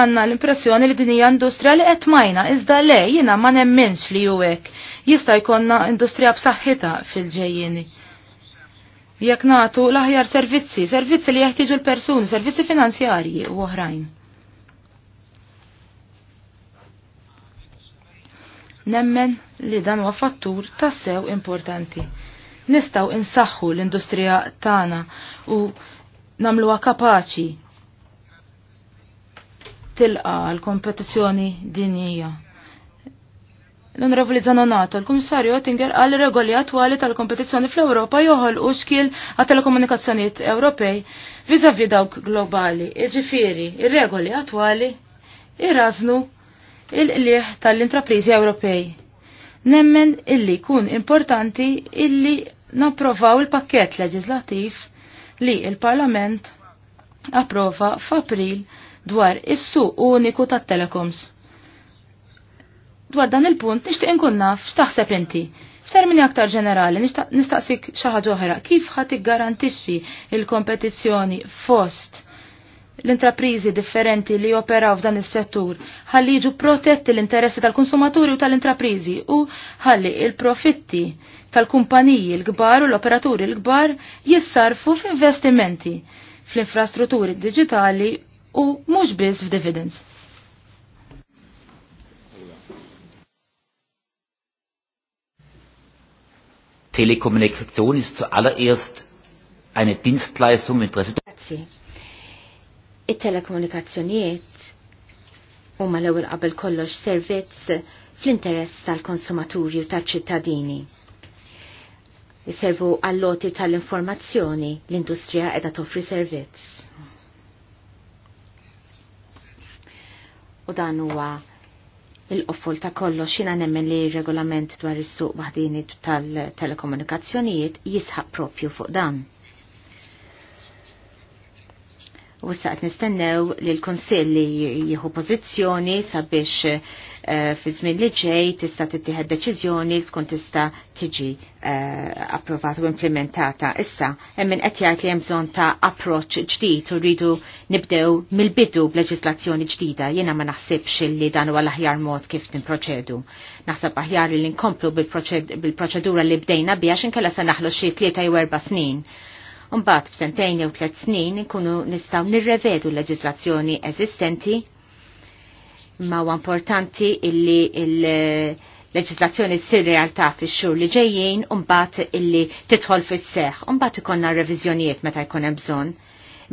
Għanna l-impressjoni li din hija industrija li qed majna, iżda le jiena ma nemminx li juwek. Jista' jkollna industrija b'saħħitha fil-ġejjieni. Jekk nagħtu l-aħjar servizzi, servizzi li jeħtieġu l-persuni, servizzi finanzjarji u oħrajn. Nemmen li dan huwa fattur tassew importanti nistaw insaħħu l-industrija tagħna u nagħmluha kapaċi tilqa l-kompetizzjoni dinija. L-Onorevoli Zanonato, l-Kummissarju Oettinger għal regoli attwali tal-kompetizzjoni fl-Ewropa joħol u xkil għat telekomunikazzjonijiet Ewropej vizavi dawk globali, iġifieri, il regoli attwali irraznu il lieħ tal-intrapriżi Ewropej Nemmen illi kun importanti illi napprovaw il-pakket leġislattiv li il-Parlament approva f'April dwar is-suq uniku tat-telecoms. Dwar dan il-punt nixtieq inkun naf x'taħseb inti. F'termini aktar ġenerali nistaqsik xi ħaġa oħra kif ħadd iggarantixxi l kompetizzjoni fost l-intraprizi differenti li operaw f'dan is-settur ħalli jiġu protetti l-interessi tal-konsumaturi u tal-intraprizi u ħalli il-profitti tal-kumpaniji l-kbar u l-operaturi l-kbar jissarfu f'investimenti fl-infrastrutturi digitali u mhux biss f'dividends. Telekommunikation ist zuallererst eine Dienstleistung mit Interesse it-telekomunikazzjonijiet huma l-ewwel qabel kollox servizz fl-interess tal-konsumaturi u tal-ċittadini. Iservu għalloti tal-informazzjoni l-industrija edha toffri servizz. U dan huwa il-qoffol ta' kollox xina nemmen li regolament dwar is-suq waħdini tal-telekomunikazzjonijiet jisħaq propju fuq dan. U saqt nistennew li l konsil li jieħu pożizzjoni sabiex eh, fi żmien li ġej tista' tittieħed deċiżjoni tkun tista' tiġi eh, approvata u implementata. Issa hemm min qed jgħid li hemm bżonn ta' approċċ ġdid u rridu nibdew mill-bidu b'leġislazzjoni ġdida. Jiena ma naħsibx li dan huwa l-aħjar mod kif nimproċedu. Naħseb aħjar li nkomplu bil-proċedura li bdejna biha x'inkella se naħlu xi tlieta jew erba' snin Umbat b'sentejn jew tliet snin ikunu nistgħu nirrevedu l-leġislazzjoni eżistenti ma huwa importanti illi il-leġislazzjoni tsir realtà fix-xhur li ġejjin u mbagħad illi tidħol fis-seħħ u mbagħad ikollna reviżjonijiet meta jkun hemm bżonn.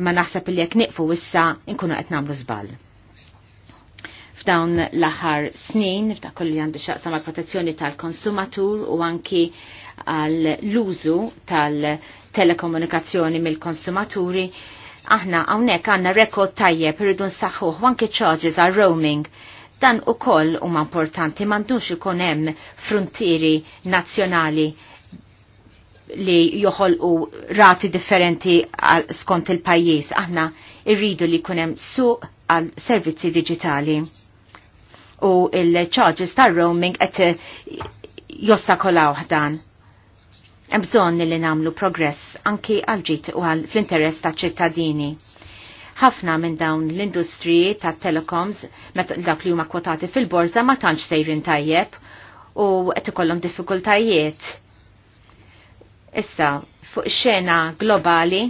Ma naħseb li jekk nieqfu issa nkunu qed nagħmlu żball f'dawn l-aħħar snin, f'ta' kollu li għandu xaqsam għal protezzjoni tal-konsumatur u anki għal l-użu tal-telekomunikazzjoni mill-konsumaturi, aħna hawnhekk għandna rekord tajjeb irridu nsaħħuh anki charges għal roaming. Dan u koll huma importanti m'għandux ikun hemm frontieri nazzjonali li joħolqu rati differenti skont il-pajjiż. Aħna irridu li kunem suq għal servizzi digitali u il-charges ta' roaming qed eh, jostakolaw dan. Hemm bżonn li nagħmlu progress anki għal ġit u għal fl-interess ta' ċittadini. Ħafna minn dawn l-industriji ta' telecoms dak li huma kwotati fil-borza ma tantx sejrin tajjeb u qed ikollhom diffikultajiet. Issa, fuq xena globali,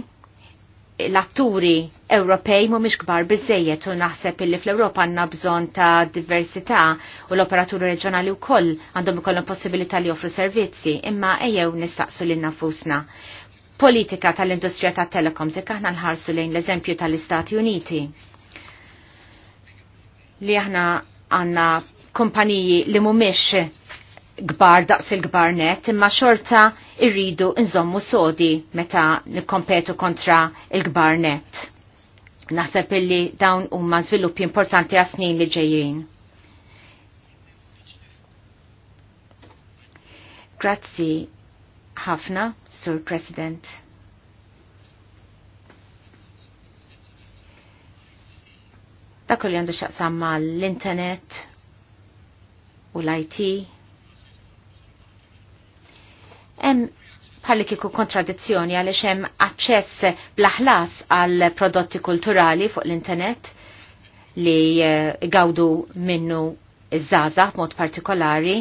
l-atturi Ewropej mhumiex kbar biżejjed u naħseb illi fl-Ewropa għandna bżonn ta' diversità u l-operaturi reġjonali wkoll għandhom ikollhom possibilità li joffru servizzi, imma ejjew nistaqsu lil nafusna. Politika tal-industrija tat-telekom se aħna nħarsu lejn l-eżempju tal-Istati Uniti li aħna għanna kumpaniji li mhumiex kbar daqs il kbar net, imma xorta irridu nżommu sodi meta nikkompetu kontra il-gbar net. Naħseb illi dawn huma żviluppi importanti għasnin li ġejjin. Grazzi ħafna, Sur President. Dak jandu għandu xaqsam mal l-internet u l-IT Hemm bħalli kiku kontradizzjoni għaliex hemm aċċess blaħlas għal prodotti kulturali fuq l-internet li eh, gawdu minnu iż-żaza b'mod partikolari.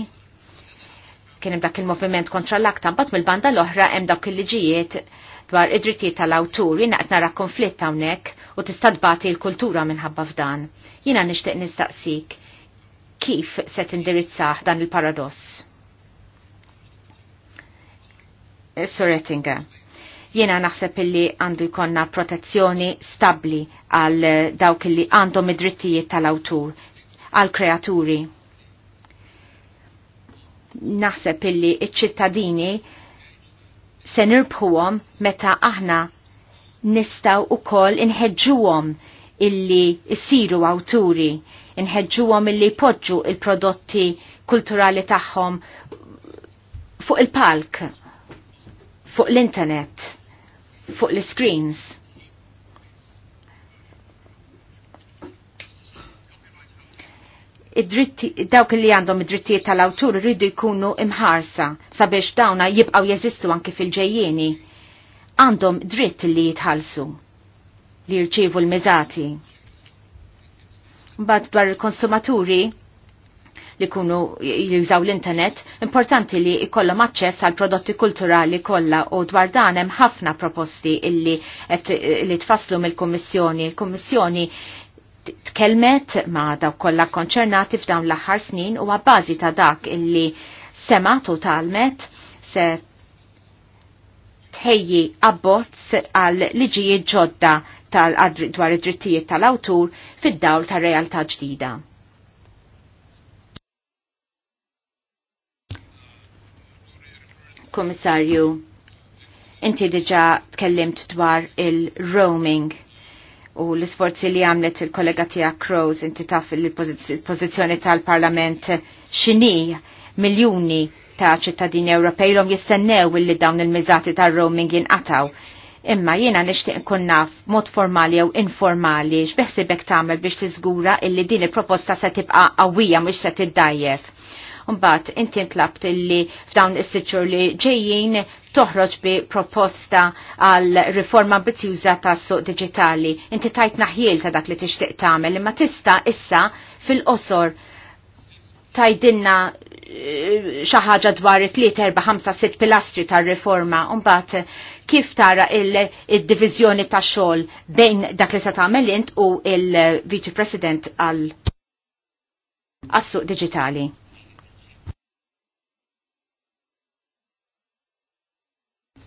Kien hemm dak il-moviment kontra l aktar bat mill-banda l-oħra hemm dawk il-liġijiet dwar id-drittijiet tal-awturi qed nara konflitt hawnhekk u tista' tbagħti l-kultura minħabba f'dan. Jiena nixtieq nistaqsik kif se tindirizzah dan il-paradoss. Eh, Sorettinga. Jiena naħseb illi għandu jkonna protezzjoni stabli għal eh, dawk illi għandhom id-drittijiet tal-awtur, għal kreaturi. Naħseb illi iċ-ċittadini se nirbħuhom meta aħna nistaw ukoll inħeġġuhom illi jsiru awturi, inħeġġuhom illi jpoġġu il-prodotti kulturali tagħhom fuq il-palk fuq l-internet, fuq l-screens. dawk li għandhom id-drittijiet tal-awtur rridu jkunu imħarsa sabiex dawna jibqaw jeżistu anki fil ġejjieni Għandhom dritt li jitħalsu li jirċivu l-mizati. Mbagħad dwar il-konsumaturi li kunu jużaw l-internet, importanti li jkollhom aċċess għal prodotti kulturali kollha u dwar dan hemm ħafna proposti illi li tfasslu mill-Kummissjoni. Il-Kummissjoni tkellmet ma' daw kollha konċernati f'dawn l-aħħar snin u għabbażi ta' dak illi sema u talmet se tħejji abbozz għal liġijiet ġodda tal dwar id-drittijiet tal-awtur fid-dawl tar-realtà ġdida. Komissarju, inti diġa tkellimt dwar il-roaming u l-isforzi li għamlet il-kollega tija Kroos inti taf il-pozizjoni tal-parlament xini miljoni ta' ċittadini Ewropej l-om jistennew illi dawn il-mizati tal roaming jinqataw. Imma jiena nixtieq nkun naf mod formali jew informali x'beħsibek tagħmel biex tiżgura illi din il-proposta se tibqa' qawwija mhux se tiddajjef. Umbat, inti ntlabt illi f'dawn is-sitxur li ġejjin toħroġ bi proposta għal riforma ambizjuża tas suq digitali. Inti tajt naħjel ta' dak li tixtieq tagħmel imma tista' issa fil-qosor tajdinna eh, xaħġa dwar 3, 4, 5, 6 pilastri tar riforma unbat kif tara il-divizjoni ta' xol bejn dak li se tagħmel int u il viċi President għal assuq digitali.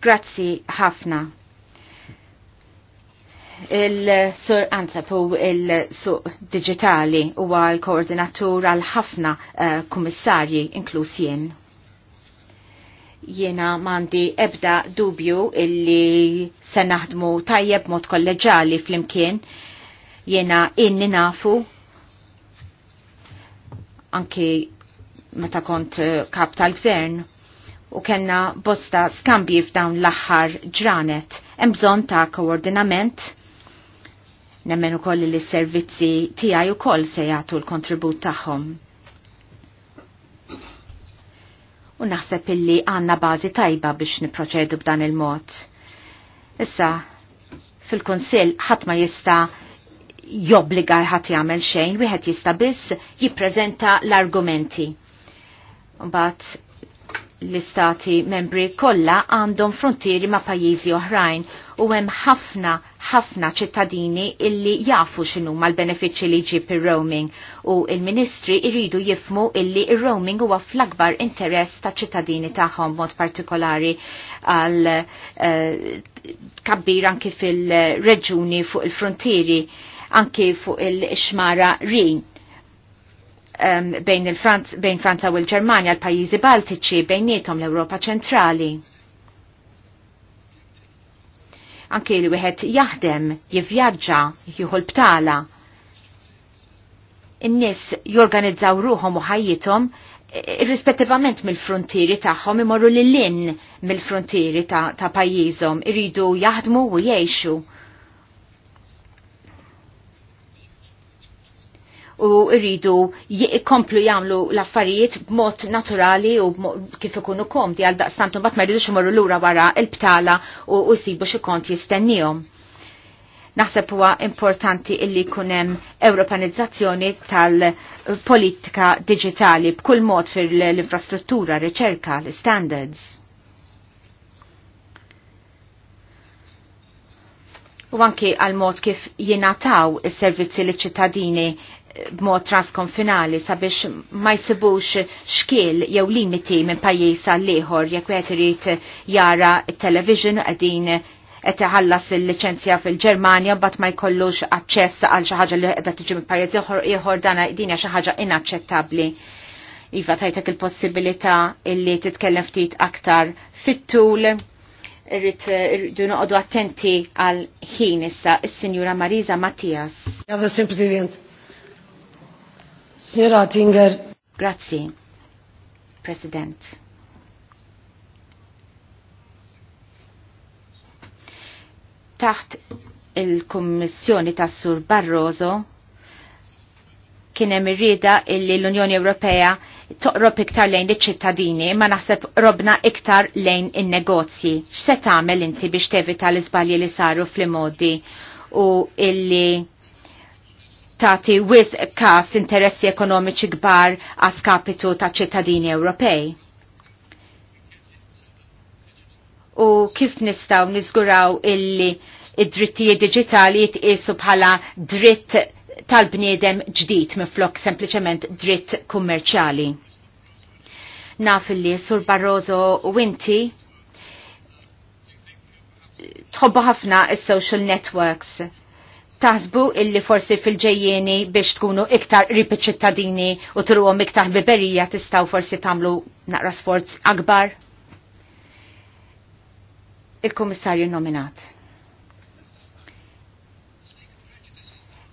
Grazzi ħafna. Il-sur Anza pu il-suq digitali u għal-koordinatur għal-ħafna eh, kummissarji inklus jien. Jiena mandi ebda dubju illi se naħdmu tajjeb mod kolleġali fl-imkien jena inni nafu anki meta kont eh, kap tal-gvern u kenna bosta skambji f'dawn l-aħħar ġranet. Hemm bżonn ta' koordinament nemmen ukoll li s-servizzi tiegħi ukoll se jagħtu l-kontribut tagħhom. U naħseb illi għandna bażi tajba biex niproċedu b'dan il-mod. Issa, fil-Kunsill ħadd ma jista' jobbliga ħadd jagħmel xejn, wieħed jista' biss jippreżenta l-argumenti. Mbagħad l-istati membri kollha għandhom frontieri ma' pajjiżi oħrajn u hemm ħafna ħafna ċittadini illi jafu x'inhu mal-benefiċċji li jġib ir-roaming u il-ministri jridu jifmu illi ir-roaming huwa fl-akbar interess ta' ċittadini tagħhom mod partikolari għal eh, kabbir anki fil-reġuni fuq il-frontieri anki fuq il-xmara rin um, bejn, -Franz, bejn Franza u l-Ġermanja, l-pajjiżi Baltiċi, nietom l-Ewropa ċentrali. Anki li wieħed jaħdem, jivvjaġġa, jieħu l-btala. In-nies jorganizzaw ruhom u ħajjithom irrispettivament mill-frontieri tagħhom imorru lil lin mill-frontieri ta', ta pajjiżhom, iridu jaħdmu u jgħixu u rridu jikomplu jamlu l-affarijiet b'mod naturali u kif ikunu komdi għal daqstantu bat ma rridux l lura wara il-btala u jsibu xi kont jistennihom. Naħseb huwa importanti illi kunem europanizzazzjoni tal-politika digitali b'kull mod fir l infrastruttura riċerka, l-standards. U anki għal mod kif jenataw is-servizzi li ċittadini b'mod transkonfinali sabiex ma jsibux xkiel jew limiti minn pajjiż għal ieħor jekk qed irid jara t-television qegħdin qed iħallas il-liċenzja fil-Ġermanja bat ma jkollux aċċess għal xi ħaġa li qiegħda tiġi minn pajjiż ieħor dan din hija xi ħaġa inaċċettabbli. Iva tajtek il-possibilità illi titkellem ftit aktar fit-tul irrit irridu noqogħdu attenti għal ħin issa is-Sinjura Mariza Mattias. Grazzi President. Signora Tinger. Grazzi, President. Taħt il-Kommissjoni ta' Sur Barroso kienem irrida illi l-Unjoni Ewropea toqrob iktar lejn iċ-ċittadini ma naħseb robna iktar lejn in-negozji. X'se tagħmel inti biex tevita l-iżbalji li saru fl-modi u illi tati wis kas interessi ekonomiċi gbar kapitu ta' ċittadini Ewropej. U kif nistaw nizguraw illi id-drittijiet digitali jitqisu bħala dritt tal-bniedem ġdid miflok sempliċement dritt kummerċjali. Naf illi Sur Barroso u inti tħobbu ħafna is-social networks taħsbu illi forsi fil-ġejjeni biex tkunu iktar ripi ċittadini u turuhom iktar biberija tistaw forsi tamlu naqra sforz akbar? Il-komissarju nominat.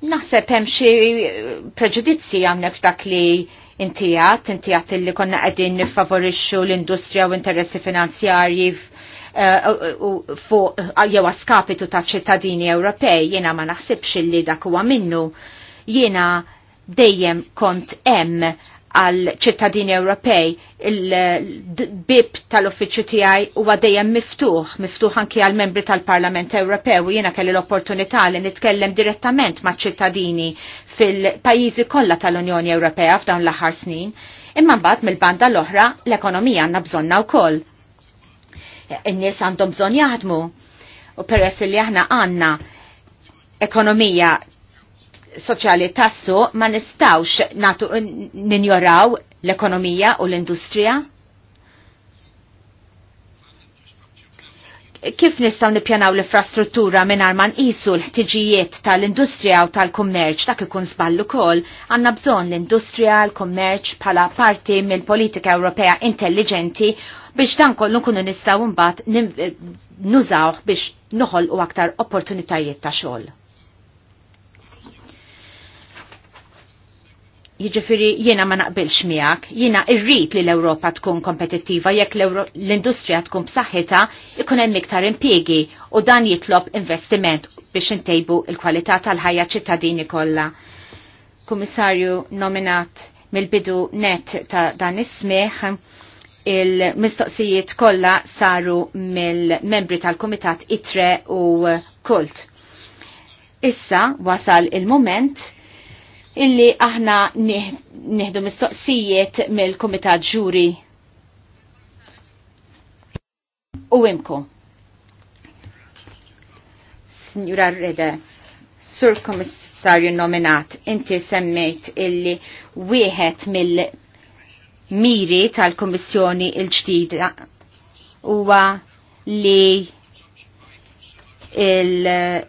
Naħseb hemm xi preġudizzi hawnhekk dak li intijat, intijat illi konna qegħdin nifavorixxu l-industrija u interessi finanzjarji Uh, uh, uh, fuq jew għaskapitu ta' ċittadini Ewropej, jiena ma naħsibx li dak huwa minnu, jiena dejjem kont hemm għal ċittadini Ewropej il-bib tal-uffiċċju tiegħi huwa dejjem miftuħ, miftuħ anki għal membri tal-Parlament Ewropew u jiena kelli l-opportunità li nitkellem direttament ma' ċittadini fil-pajjiżi kollha tal-Unjoni Ewropea f'dawn l-aħħar snin. Imma mbagħad mill-banda l-oħra l-ekonomija għandna bżonna wkoll n-nies għandhom bżonn jaħdmu. U peress li aħna għandna ekonomija soċjali tassu ma nistawx ninjoraw l-ekonomija u l-industrija. kif nistaw nippjanaw l-infrastruttura minn arman isu l-ħtiġijiet tal-industrija u tal-kummerċ dak ikun sballu kol, għanna bżon l-industrija, l-kummerċ pala parti mill-politika Ewropea intelligenti biex dan kollu kunu nistaw mbagħad eh, nużaw biex u aktar opportunitajiet ta' xogħol. Jiġifieri jiena ma naqbilx miegħek, jiena rrid li l-Ewropa tkun kompetittiva jekk l-industrija tkun b'saħħitha ikun hemm iktar impjiegi u dan jitlob investiment biex intejbu il-kwalità tal-ħajja ċittadini kollha. Kummissarju nominat mill-bidu net ta' dan ismeħ il-mistoqsijiet kollha saru mill-membri tal-Kumitat ITRE u Kult. Issa wasal il-moment illi aħna nieħdu mistoqsijiet mill-Kumitat Ġuri u imku. Signora Rede, Sur Komissarju nominat, inti semmejt illi wieħed mill-miri tal-Kommissjoni il-ġdida huwa li il-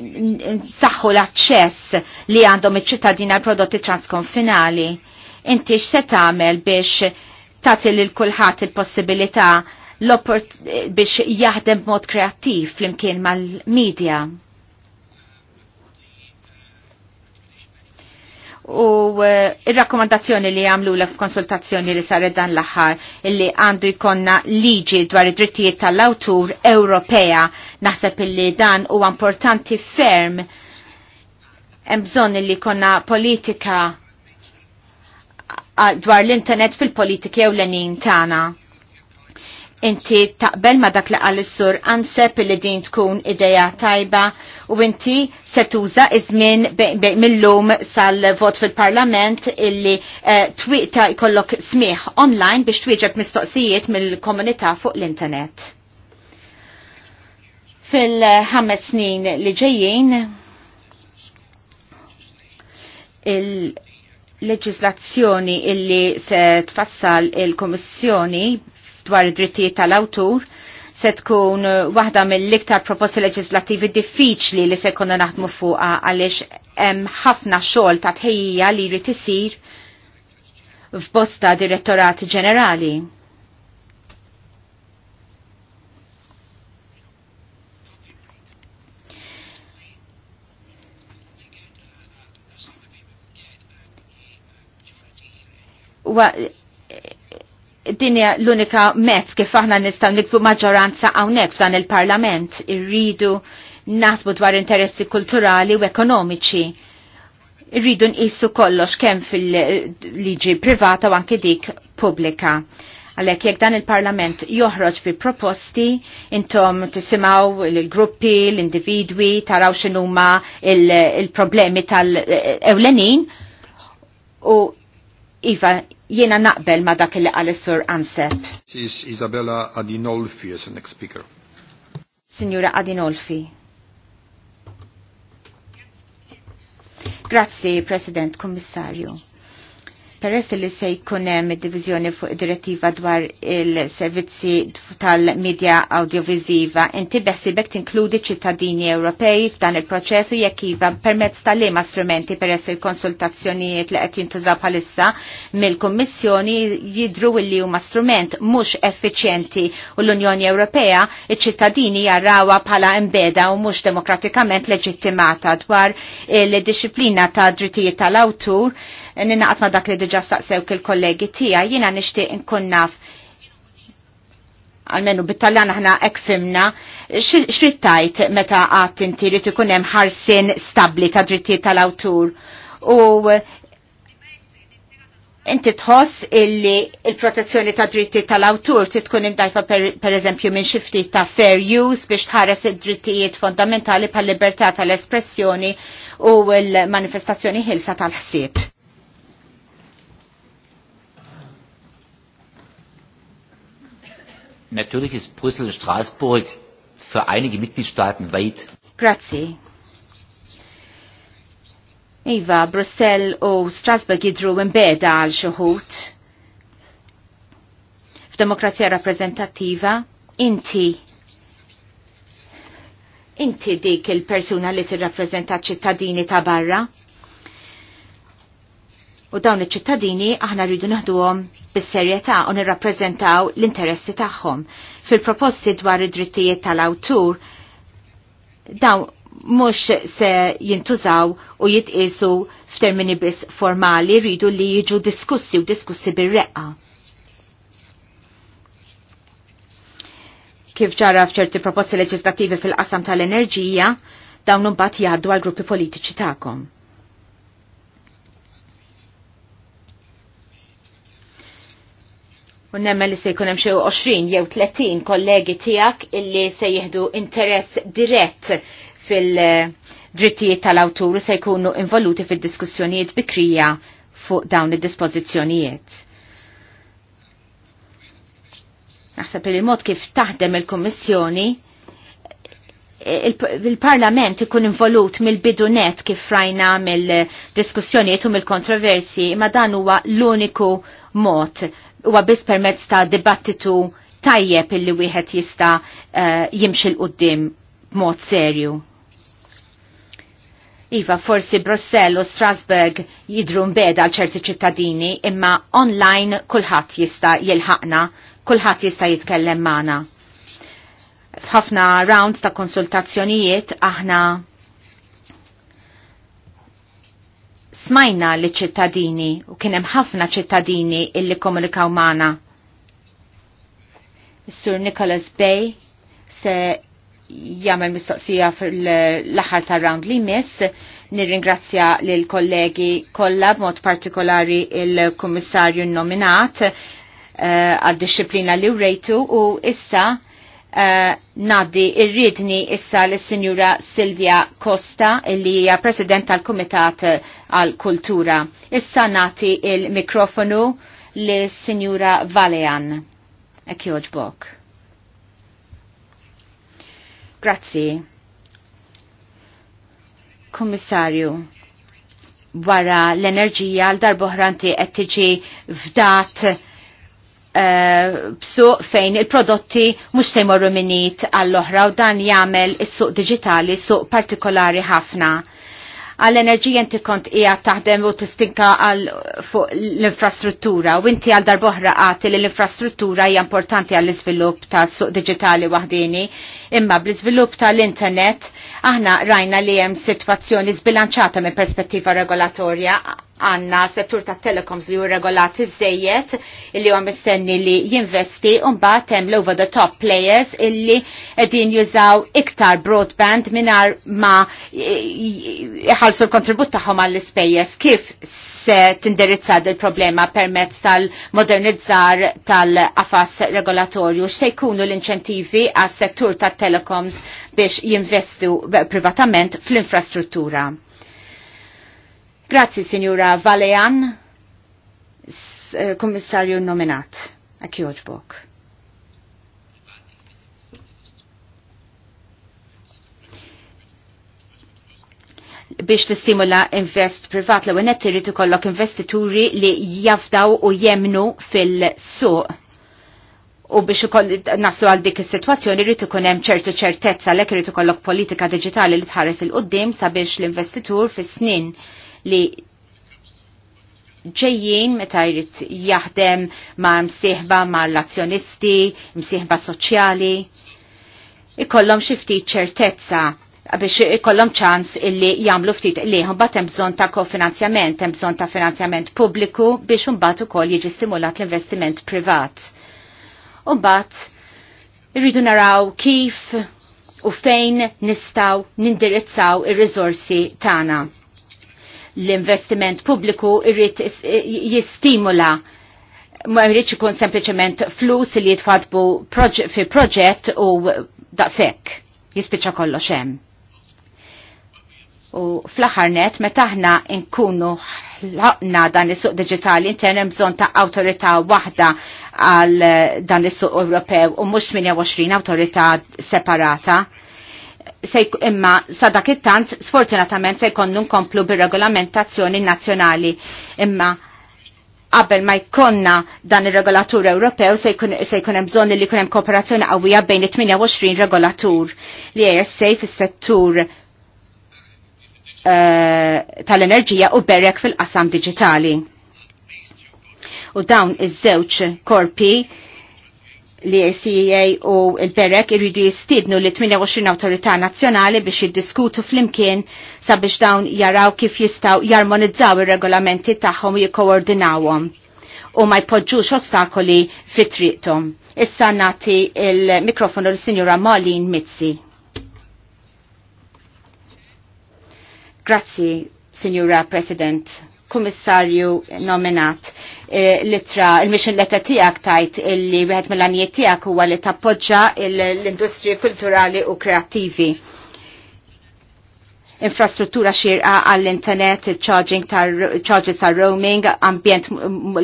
saħħu l-aċċess li għandhom iċ-ċittadina l-prodotti transkonfinali. Inti x'se tagħmel biex tagħti lil kulħadd il-possibilità biex jaħdem b'mod kreattiv flimkien mal-medja? u eh, il-rakkomandazzjoni li għamlu l konsultazzjoni li saret dan l-axar illi għandu jkonna liġi dwar id-drittijiet tal-awtur Ewropea naħseb illi dan u importanti ferm bżon illi konna politika dwar l-internet fil-politika jew l-enin tana inti taqbel ma dak li għal-sur Anseb li din tkun ideja tajba u inti se tuża iż-żmien mill sal-vot fil-parlament illi eh, twiqta jkollok smieħ online biex twieġeb mistoqsijiet mill-komunità fuq l-internet. Fil-ħames snin li ġejjin il-leġislazzjoni illi se tfassal il-Komissjoni dwar id-drittijiet tal-awtur se tkun uh, waħda mill-iktar proposti leġislattivi diffiċli li se konna naħdmu fuqa għaliex hemm ħafna xogħol ta' tħejjija li jrid isir f'bosta direttorati ġenerali. Well, din l-unika mezz kif aħna nistgħu niksbu maġġoranza hawnhekk f'dan il-Parlament irridu naħsbu dwar interessi kulturali u ekonomiċi. Irridu nqisu kollox kemm fil-liġi privata u anke dik pubblika għalek jek dan il-parlament joħroġ bi proposti, intom tisimaw il-gruppi, l-individwi, taraw xinuma il-problemi il problemi tal ewlenin u Iva, Jiena naqbel ma dak li għal sur Ansep. Is Isabella Adinolfi as next speaker. Signora Adinolfi. Grazie, President, Commissario. Peress li se jkun hemm id-diviżjoni fuq direttiva dwar il-servizzi tal-medja audiovisiva, inti beħsibek tinkludi ċittadini Ewropej f'dan il proċessu jekk iva permezz tal-liema strumenti peress il-konsultazzjonijiet li qed jintużaw bħalissa mill-Kummissjoni jidru li huma strument mhux effiċjenti u l-Unjoni Ewropea iċ-ċittadini jarrawa bħala embeda u mhux demokratikament leġittimata dwar il-disciplina ta' drittijiet tal-awtur ninaqat ma dak li diġa staqsew kil-kollegi tija, jina nishtiq nkun naf għalmenu bit-taljan aħna ekfimna, xrittajt meta għat inti li tikunem ħarsin stabli ta' drittijiet tal-awtur. U inti tħoss illi il-protezzjoni ta' drittijiet tal-awtur ti tkun imdajfa per eżempju minn xifti ta' fair use biex tħares id-drittijiet fondamentali pal libertà tal-espressjoni u l-manifestazzjoni ħilsa tal-ħsieb. Natürlich ist Brüssel und Straßburg für einige Mitgliedstaaten weit. Grazie. Iva, Brüssel u Strasburg jidru beda għal xuħut. F'demokrazija rappresentativa, inti inti dik il-persuna li tirrappreżenta ċittadini ta' barra? U dawn iċ-ċittadini aħna rridu naħduhom bis-serjetà u nirrappreżentaw l-interessi tagħhom. Fil-proposti dwar id-drittijiet tal-awtur, dawn mhux se jintużaw u jitqisu f'termini biss formali rridu li jiġu diskussi u diskussi bir-reqqa. Kif ġara f'ċerti proposti leġislattivi fil-qasam tal-enerġija, dawn imbagħad jgħaddu għal gruppi politiċi tagħkom. U li se jkun hemm xi 20 jew 30 kollegi tiegħek illi se jieħdu interess dirett fil-drittijiet tal-awtur u se jkunu involuti fid-diskussjonijiet bikrija fuq dawn id-dispożizzjonijiet. Naħseb li mod kif taħdem il-Kummissjoni il-parlament ikun involut mill-bidunet kif rajna mill-diskussjonijiet u mill-kontroversi, ma dan huwa l-uniku mod huwa biss permezz ta' dibattitu tajjeb illi wieħed jista' uh, jimxil qudiem b'mod serju. Iva, forsi Brussell u Strasburg jidru mbeda għal ċerti ċittadini, imma online kulħadd jista' jilħaqna, kulħadd jista' jitkellem magħna. F'ħafna rounds ta' konsultazzjonijiet aħna smajna li ċittadini u kienem ħafna ċittadini illi komunikaw maħna. Sur Nicholas Bay se jagħmel mistoqsija fl-aħħar tar round li mis, nirringrazzja l kollegi kollha b'mod partikolari il-kummissarju nominat eh, għad-disciplina li Rejtu u issa Eh, naddi irridni issa l-Sinjura Silvia Costa illi hija President tal-Kumitat eh, għal-Kultura. Issa nati il-mikrofonu l-Sinjura Valean. Ekjoġbok. Grazzi. Kommissarju, wara l-enerġija l-darbohranti qed tiġi fdat Eh, b'suq fejn il-prodotti mhux se jmorru minit għall-oħra u dan jagħmel is-suq digitali suq partikolari ħafna. Għall-enerġija inti kont ija taħdem u tistinka għal fuq l-infrastruttura u inti għal darboħra għati li l-infrastruttura hija importanti għall iżvilupp ta' suq digitali waħdini. Imma bl-iżvilupp tal-internet aħna rajna li hemm sitwazzjoni zbilanċata minn perspettiva regolatorja għanna settur ta' telecoms li u regolati zzejiet illi huwa mistenni li jinvesti u mbagħad hemm l-over the top players illi qegħdin jużaw iktar broadband minar ma jħallsu l-kontribut tagħhom għall ispejjeż kif se tindirizza il problema permezz tal-modernizzar tal afas regolatorju. X'se jkunu l-inċentivi għas settur tat-telecoms biex jinvestu privatament fl-infrastruttura. Grazzi, Signora Valean, eh, komissarju nominat. Akjoġbok. biex tistimula invest privat l għenet t ikollok investituri li jafdaw u jemnu fil-suq. U biex naslu għal dik is-sitwazzjoni rritu ikun hemm ċertu ċertezza l-ek rritu ikollok politika digitali li tħares il qudiem sabiex l-investitur fis-snin li ġejjin meta jrid jaħdem ma' msieħba ma' l-azzjonisti, msieħba soċjali. Ikollhom xi ftit ċertezza biex ikollhom ċans illi jagħmlu ftit li mbagħad hemm bżonn ta' kofinanzjament, hemm bżonn ta' finanzjament pubbliku biex imbagħad ukoll jiġi stimulat l-investiment privat. U mbagħad irridu naraw kif u fejn nistaw nindirizzaw ir-riżorsi tagħna. L-investiment pubbliku irrid jistimula ma jridx ikun sempliċement flus li jitfadbu fi proġett u daqshekk jispiċċa kollox hemm. U fl-aħħar net, meta aħna nkunu ħlaqna dan is-suq digitali intern hemm bżonn ta' awtorità waħda għal eh, dan is-suq Ewropew u mhux 28 awtorità separata. Se imma sadak it-tant sfortunatament se jkollu nkomplu bir-regolamentazzjoni nazzjonali imma qabel ma jkonna dan ir-regolatur Ewropew se jkun hemm bżonn li jkun hemm kooperazzjoni qawwija bejn it-28 regolatur li ESA fis-settur Eh, tal-enerġija u berek fil-qasam digitali. U dawn iż-żewġ korpi li ACA e u il-berek irridu jistidnu li 28 autorità nazzjonali biex jiddiskutu fl-imkien sabiex dawn jaraw kif jistaw jarmonizzaw ir-regolamenti tagħhom u jikkoordinawhom u ma jpoġġux ostakoli fit-triqtom. Issa nati il-mikrofonu l-Sinjura Malin Mizzi. Grazzi, Signora President, Kummissarju nominat. Eh, l-itra, il-mission letter tijak tajt illi wieħed mill anijiet tijak huwa li tappoġġa l-industri kulturali u kreativi. Infrastruttura xirqa għall-internet, charges tar roaming, ambjent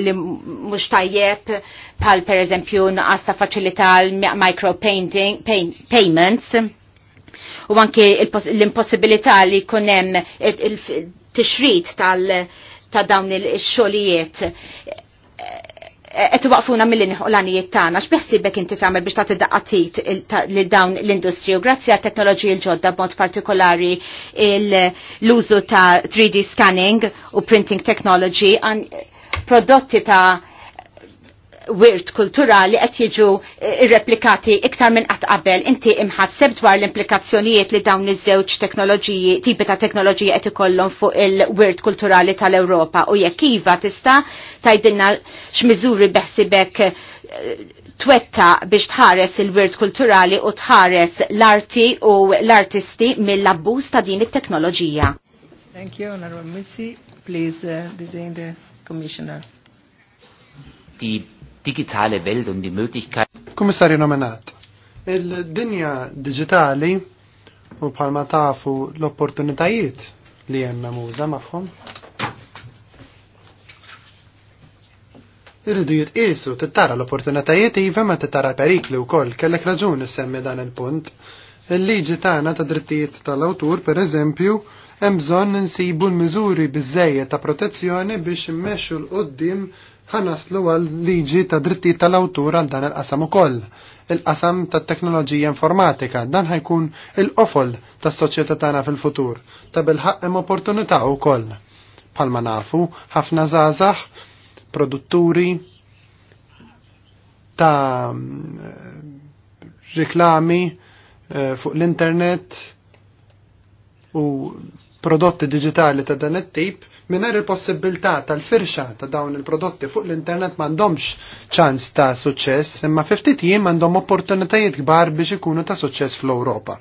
li mux tajjeb, pal per eżempju naqas ta' faċilità l-micro payments u anke l-impossibilità li kunem il-tixrit tal- ta' dawn il-xolijiet qed waqfuna mill inħolanijiet tagħna x'beħsibek inti tagħmel biex t daqqatit li dawn l-industriju grazzi għat teknoloġiji l-ġodda b'mod partikolari l-użu ta' 3D scanning u printing technology għan prodotti ta' wirt kulturali qed jiġu eh, irreplikati iktar minn qatt qabel inti imħasseb dwar l-implikazzjonijiet li dawn iż-żewġ teknoloġiji tipi ta' teknoloġija qed ikollhom fuq il-wirt kulturali tal-Ewropa u jekk iva tista' tgħidilna x'miżuri beħsibek eh, twetta biex tħares il-wirt kulturali u tħares l-arti u l-artisti mill-abbuż ta' din it-teknoloġija. Thank you, Honorable Missy. Please, uh, design the commissioner. The digitale Welt und die Möglichkeit. Kommissarju nominat, il-dinja digitali u bħalma tafu l-opportunitajiet li hemm muza magħhom. Irridu jitqisu tittara l-opportunitajiet iva ma tittara perikli wkoll kellek raġun semmi dan il-punt. Il-liġi tagħna ta' drittijiet tal-awtur, per eżempju, hemm bżonn insibu l-miżuri biżejjed ta' protezzjoni biex immexxu l qoddim ħanaslu għal liġi ta' dritti tal-awtur għal dan il-qasam ukoll. Il-qasam ta' teknoloġija informatika dan ħajkun il-qofol tas soċjetà tagħna fil-futur ta' bil-ħaq hemm opportunità wkoll. Palma nafu, ħafna żgħażagħ, produtturi ta' riklami eh, fuq l-internet u prodotti digitali ta' dan it-tip minnar il-possibilità tal-firxa ta' dawn il-prodotti fuq l-internet m'għandhomx ċans ta' suċċess, imma fiftit jiem għandhom opportunitajiet kbar biex ikunu ta' suċċess fl-Ewropa.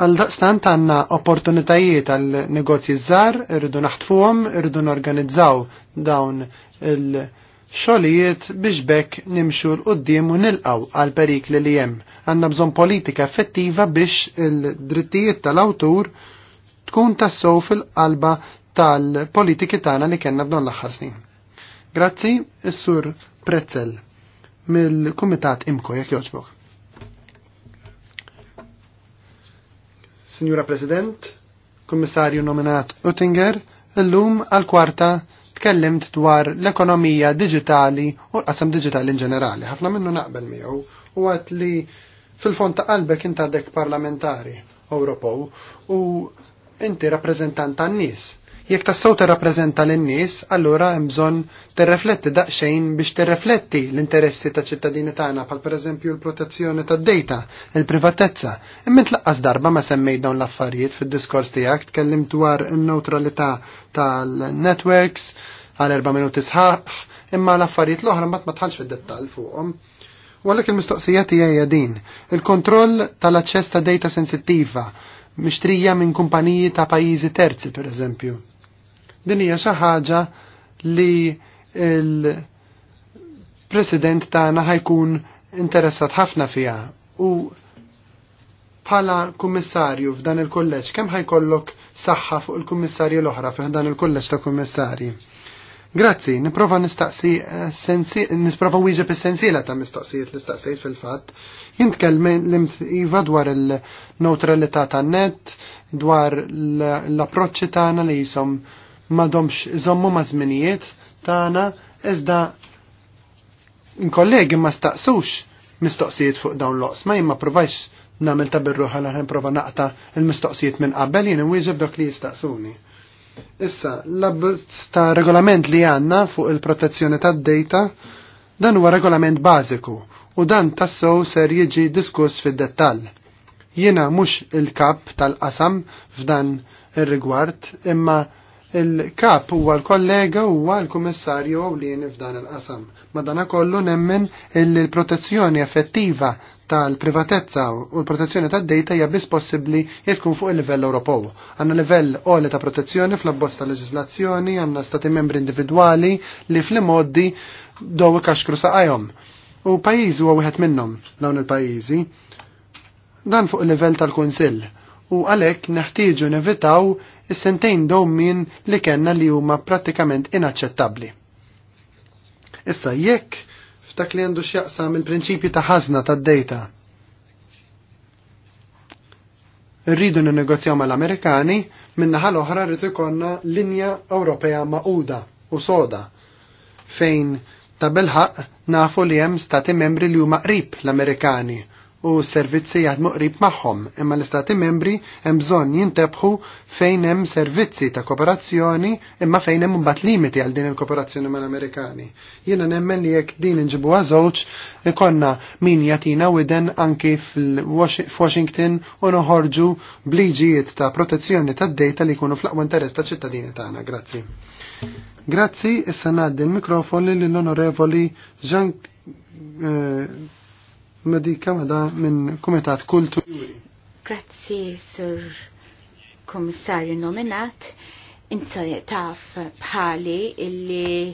Għal daqstant għanna opportunitajiet għal negozji żgħar, irridu naħtfuhom, irridu norganizzaw dawn il- xolijiet biex bekk nimxu l-qoddim u nilqaw għal perikli li jem. Għanna bżon politika effettiva biex il-drittijiet tal-awtur tkun tassow fil-qalba tal-politiki tagħna li kellna f'dan l-aħħar snin. Grazzi, is-sur Prezzel mill-Kumitat Imko jekk jogħġbok. Signora President, Kummissarju nominat Uttinger, illum għal kwarta tkellimt dwar l-ekonomija digitali u l-qasam digitali in ġenerali. Ħafna minnu naqbel miegħu u għat li fil-fond ta' qalbek inta dek parlamentari Ewropew u inti rappreżentant tan-nies Jekk tassew tirrappreżenta lin-nies, allura hemm bżonn tirrefletti daqsxejn biex tirrefletti l-interessi ta' ċittadini tagħna bħal pereżempju l-protezzjoni tad-dejta, il-privatezza. Imma tlaqqas darba ma semmej dawn l-affarijiet fid-diskors tiegħek tkellim dwar in-neutralità tal-networks għal erba' minuti sħaħ, imma l-affarijiet l-oħra mbagħad ma tħallx fid-dettall fuqhom. U il-mistoqsija hija din, il-kontroll tal-aċċess ta' data sensittiva, mixtrija minn kumpaniji ta' pajjiżi terzi, per eżempju. Din hija xi ħaġa li il-President tagħna ħajkun interessat ħafna fiha u bħala kummissarju f'dan il-kulleġġ kemm ħajkollok saħħa fuq il-kummissarju l-oħra fih dan il-kulleġġ ta' kummissarji. Grazzi, niprofa nistaqsi eh, sensi, niprofa wieġeb is-sensiela ta' mistoqsijiet li staqsejt fil-fatt. Jintkellem iva dwar il-neutralità tan-net, dwar l-approċċi tagħna li jisom madomx iżommu ma' żminijiet tagħna iżda kollegi ma staqsux mistoqsijiet fuq dawn loqs, ma jimma provajx namel ta' birruħa l prova naqta il-mistoqsijiet minn qabel jien wieġeb dok li jistaqsuni. Issa, l-abbozz ta' regolament li għanna fuq il-protezzjoni ta' data dan huwa regolament bażiku u dan tassow ser jiġi diskuss fid-dettall. Jiena mhux il-kap tal-qasam f'dan ir-rigward imma il-kap huwa l-kollega huwa l-kummissarju ewlieni f'dan il-qasam. Madanakollu nemmen il-protezzjoni effettiva tal-privatezza u l-protezzjoni tad data hija biss possibbli tkun fuq il-livell Ewropew. Għandna livell għoli ta' protezzjoni fl abbost ta' leġislazzjoni, għandna stati membri individwali li fl-imoddi dowi kaxkru saqajhom. U pajjiżi huwa wieħed minnhom dawn il-pajjiżi. Dan fuq il-livell tal-Kunsill. U għalhekk neħtieġu nevitaw is-sentejn min li kellna li huma prattikament inaċċettabbli. Issa jekk f'dak li għandu x'jaqsam il-prinċipji ta' ħażna tad-dejta. Rridu ninnegozjaw mal-Amerikani minnaħa l-oħra rrid ikollna linja Ewropea maquda u soda fejn ta' bilħaq nafu li hemm stati membri li huma qrib l-Amerikani u servizzi għad qrib magħhom, imma l-istati membri hemm bżonn jintebħu fejn hemm servizzi ta' kooperazzjoni imma fejn hemm mbagħad limiti għal din il-kooperazzjoni mal-Amerikani. Jiena nemmen li jekk din inġibuha żewġ ikonna min jatina widen anki f'Washington u noħorġu bliġijiet ta' protezzjoni tad-dejta li jkunu fl-aqwa interess ta' ċittadini tagħna. Grazzi. Grazzi, issa ngħaddi l-mikrofon lill-Onorevoli Jean eh, Medika Mada minn Kumitat Kulturi. Grazzi, Sur Komissarju nominat. Inti taf bħali illi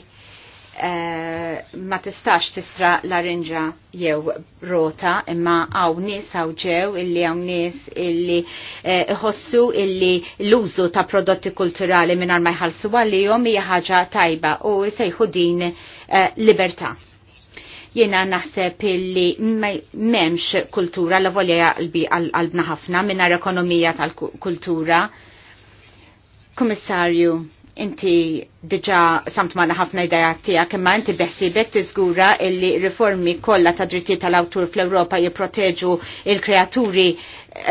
eh, ma tistax tisra l-arinġa jew rota imma għaw nis għaw ġew illi għaw nis illi eh, ħossu illi l-użu ta' prodotti kulturali minn ma jħalsu għalli hija ħaġa tajba u jsejħu din eh, libertà. Jena naħseb illi memx kultura la volja jaqlbi għalbna ħafna minna ekonomija tal-kultura. Komissarju, inti diġa samt maħna ħafna ideja tija imma inti beħsibek tiżgura illi riformi kollha ta' drittijiet tal-awtur fl-Ewropa jipproteġu il-kreaturi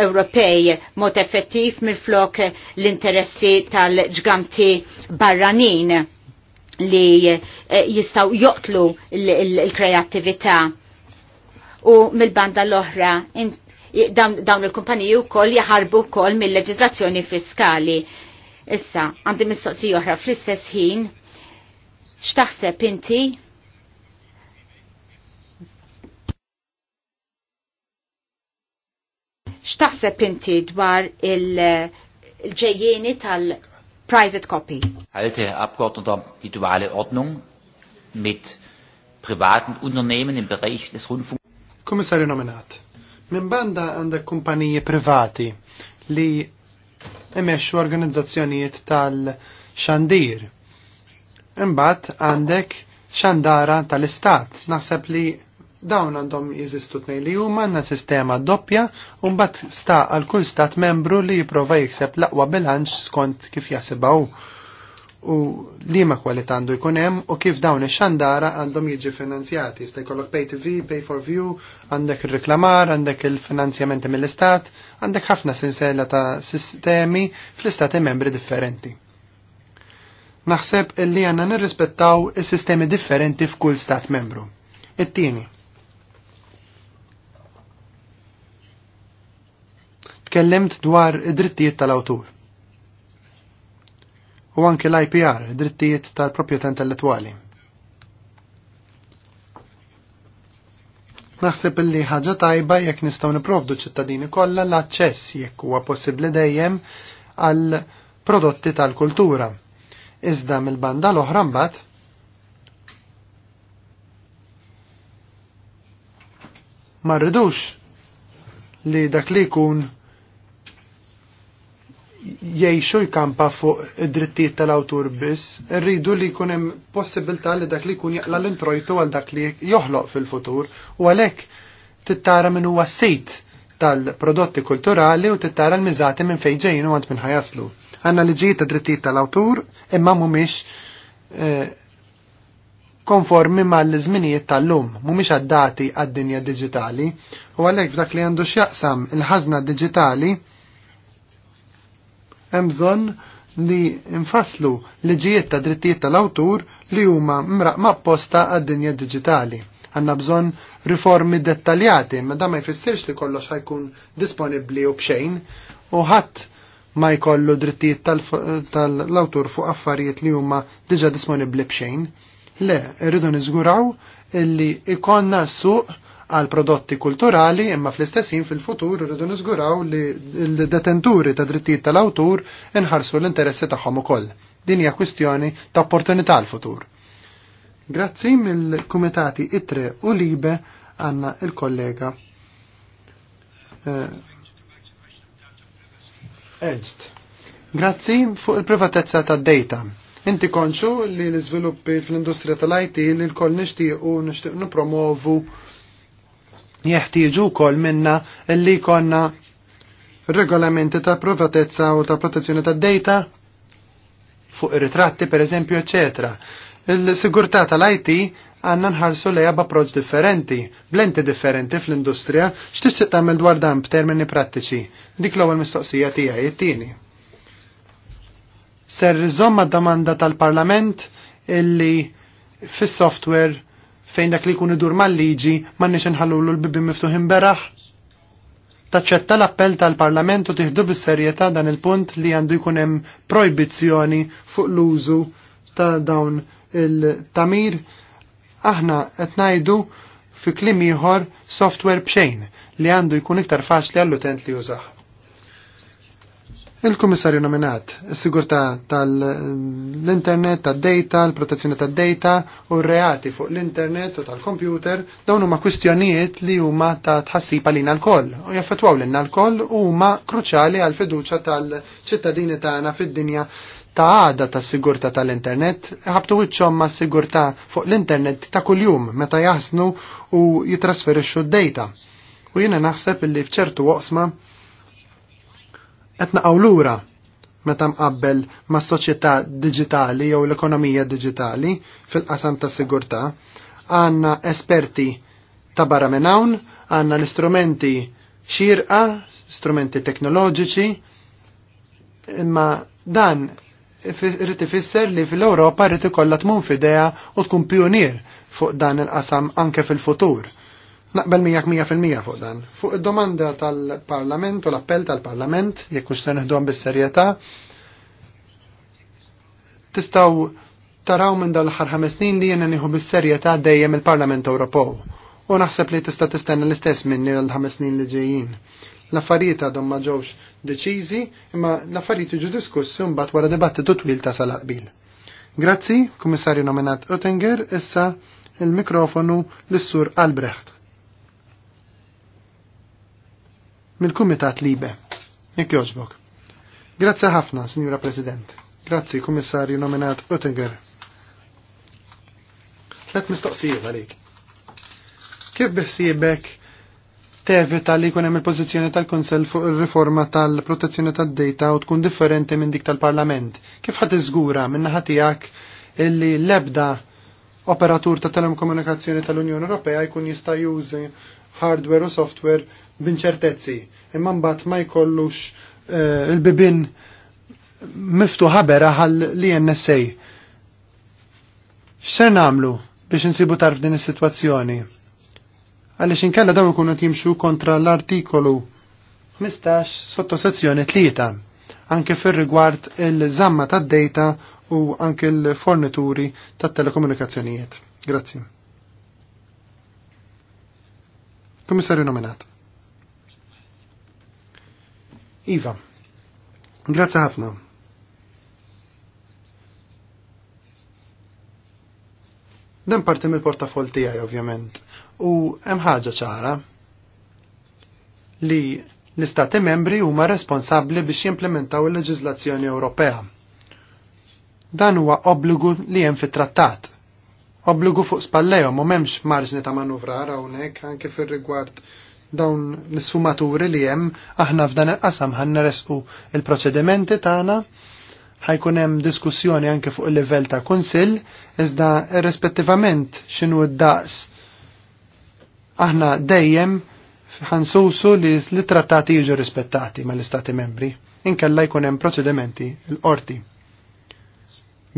Ewropej mod effettiv mill-flok l-interessi tal-ġgamti barranin li eh, jistaw joqtlu l-kreativita u mill-banda l-oħra dawn il-kumpaniji u koll jaharbu koll mill-leġizlazzjoni fiskali. Issa, għandi mistoqsi oħra fl-istess ħin, xtaħseb inti xtaħseb inti dwar il-ġejjeni tal- private copy. Alte Abgeordneter, die duale Ordnung mit privaten Unternehmen im Bereich des Rundfunk. Kommissar nominat, Min banda għandek kumpaniji privati li emesxu organizzazzjonijiet tal-xandir. Imbat għandek xandara tal-istat. Naħseb li dawn għandhom jizistu tnej li huma għandna sistema doppja u mbagħad sta għal kull stat membru li jipprova jikseb l-aqwa bilanċ skont kif jasibaw u li ma kwalità għandu jkun hemm u kif dawn ix-xandara għandhom jiġi finanzjati. Jista' jkollok pay TV, pay for view, għandek ir-reklamar, għandek il-finanzjamenti mill-istat, għandek ħafna sinsela ta' sistemi fl-istati membri differenti. Naħseb illi għandna nirrispettaw is-sistemi differenti f'kull stat membru. It-tieni, tkellimt dwar id-drittijiet tal-awtur. U anke l-IPR, drittijiet tal-proprjetà intellettwali. Naħseb illi ħaġa tajba jekk nistgħu niprovdu ċittadini kollha l-aċċess jekk huwa possibbli dejjem għal prodotti tal-kultura. Iżda mill-banda l-oħra mbagħad ma rridux li dak li jkun jiexu jkampa fuq id-drittijiet tal-awtur biss, rridu li jkun hemm possibilità li dak li jkun jaqla l-introjtu għal dak li joħloq fil-futur u għalhekk tittara minn huwa sejt tal-prodotti kulturali u tittara l-miżati minn fejn ġejjin u għand minn ħajaslu. Għandna liġijiet ta' drittijiet tal-awtur imma mhumiex eh, konformi mal-żminijiet tal-lum, mhumiex għaddati għad-dinja diġitali u għalhekk f'dak li għandu x'jaqsam il-ħażna diġitali hemm bżonn li nfasslu liġijiet ta' drittijiet tal-awtur li huma mraqma apposta għad-dinja digitali. Għanna bżonn riformi dettaljati, ma da ma jfissirx li kollox ħajkun disponibli u bxejn u ħadd ma jkollu drittijiet tal-awtur fuq affarijiet li huma diġa disponibli bxejn. Le, irridu niżguraw illi ikonna suq għal prodotti kulturali imma fl-istessin fil-futur rridu niżguraw li l-detenturi ta' drittijiet tal-awtur inħarsu l-interessi tagħhom ukoll. Din hija kwistjoni ta' opportunità l-futur. Grazzi mill-Kumitati Itre u Libe għanna il-kollega eh, Ernst. Grazzi fuq il-privatezza ta' data. Inti konċu li l-izviluppi fl-industrija tal-IT li l-koll nishtiqu nishtiq nipromovu jeħtieġu wkoll minna illi jkollna regolamenti ta' privatezza u ta' protezzjoni ta' data fuq ritratti per eżempju, eccetera. Il-sigurtà tal-IT għanna nħarsu lejha b'approċċ differenti, blenti differenti fl-industrija, x'tixtieq tagħmel dwar dan b'termini prattiċi. Dik l-ewwel mistoqsija tiegħi it-tieni. Ser riżomma domanda tal-Parlament illi fis-software fejn dak li kun idur mal-liġi m'għandniex inħallulu l-bibi miftuħin beraħ? Taċċetta l-appell tal-Parlament u tiħdu bis-serjetà dan il-punt li għandu jkun hemm projbizzjoni fuq l-użu ta' dawn il-tamir. Aħna qed ngħidu fi kliem ieħor software bxejn li għandu jkun iktar faċli għall-utent li jużaħ. Il-Kummissarju nominat, is-sigurtà tal-internet, tad-data, l-protezzjoni tad-data u r-reati fuq l-internet u tal kompjuter dawn huma kwistjonijiet li huma ta' tħassib għalina l-koll u jaffetwaw lilna l-koll u huma kruċjali għal fiduċa tal-ċittadini tagħna fid-dinja ta' għada ta' sigurtà tal-internet, ħabtu wiċċhom ma' sigurtà fuq l-internet ta' kuljum meta jaħsnu u jitrasferixxu d-data. U jiena naħseb li f'ċertu waqsma qed naqgħu lura meta mqabbel ma' soċjetà diġitali jew l-ekonomija diġitali fil-qasam ta' sigurtà għandna esperti ta' barra minn hawn, għandna l-istrumenti xirqa, strumenti teknoloġiċi, imma dan irid ifisser li fil-Ewropa rrid ikollha tmun f'idea u tkun pionier fuq dan il-qasam anke fil-futur Naqbel mijak mija fil-mija fuq dan. Fuq id-domanda tal-Parlament u l-appell tal-Parlament, jekk hux se neħduhom bis-serjetà, tistgħu taraw minn dal-ħar ħames snin li jenna niħu bis-serjetà dejjem il-Parlament Ewropew. U naħseb li tista' tistenna l-istess minni l-ħames snin li ġejjin l-affarijiet għadhom ma ġewx deċiżi, imma l-affarijiet jiġu diskussi mbagħad wara dibattitu twil ta' sala qbil. Grazzi, Kummissarju nominat Oettinger, issa il-mikrofonu lis sur Albrecht. mill-Kumitat Libe. Jekk joġbok. Grazzi ħafna, Signora President. Grazzi, Kummissarju nominat Oettinger. Tlet mistoqsijiet għalik. Kif biħsiebek tevita li jkun hemm il-pożizzjoni tal-Kunsell fuq ir-riforma tal-protezzjoni tad data u tkun differenti minn dik tal-Parlament. Kif ħadd iżgura minn ħatijak tiegħek illi l-ebda operatur ta' telekomunikazzjoni tal-Unjoni Ewropea jkun jista' jużi hardware u software b'inċertezzi, imma mbagħad ma jkollux uh, eh, il-bibin miftu ħabera għal li NSA. X'ser nagħmlu biex insibu tarf din is-sitwazzjoni? Għaliex inkella dawn ikunu jimxu kontra l-artikolu 15 sottosezzjoni 3 anke fir-rigward il-żamma tad-data u anke l-fornituri tat-telekomunikazzjonijiet. Grazzi. Komissarju nominat. Iva, grazzi ħafna. Dan parti mill-portafol tiegħi ovvjament. U hemm ħaġa ċara li l-istati membri huma responsabbli biex jimplementaw il-leġiżlazzjoni Ewropea. Dan huwa obbligu li hemm fit-trattat. Obbligu fuq spallejhom u m'hemmx marġni ta' manuvra hawnhekk anke fir-rigward dawn l-sfumaturi li hemm aħna f'dan il-qasam ħan neresqu il-proċedimenti tagħna ħajkun hemm diskussjoni anke fuq il-livell ta' kunsill iżda rispettivament x'inhu d-daqs aħna dejjem ħansusu li l-trattati jiġu rispettati mal-istati membri inkella jkun hemm proċedimenti l-qorti.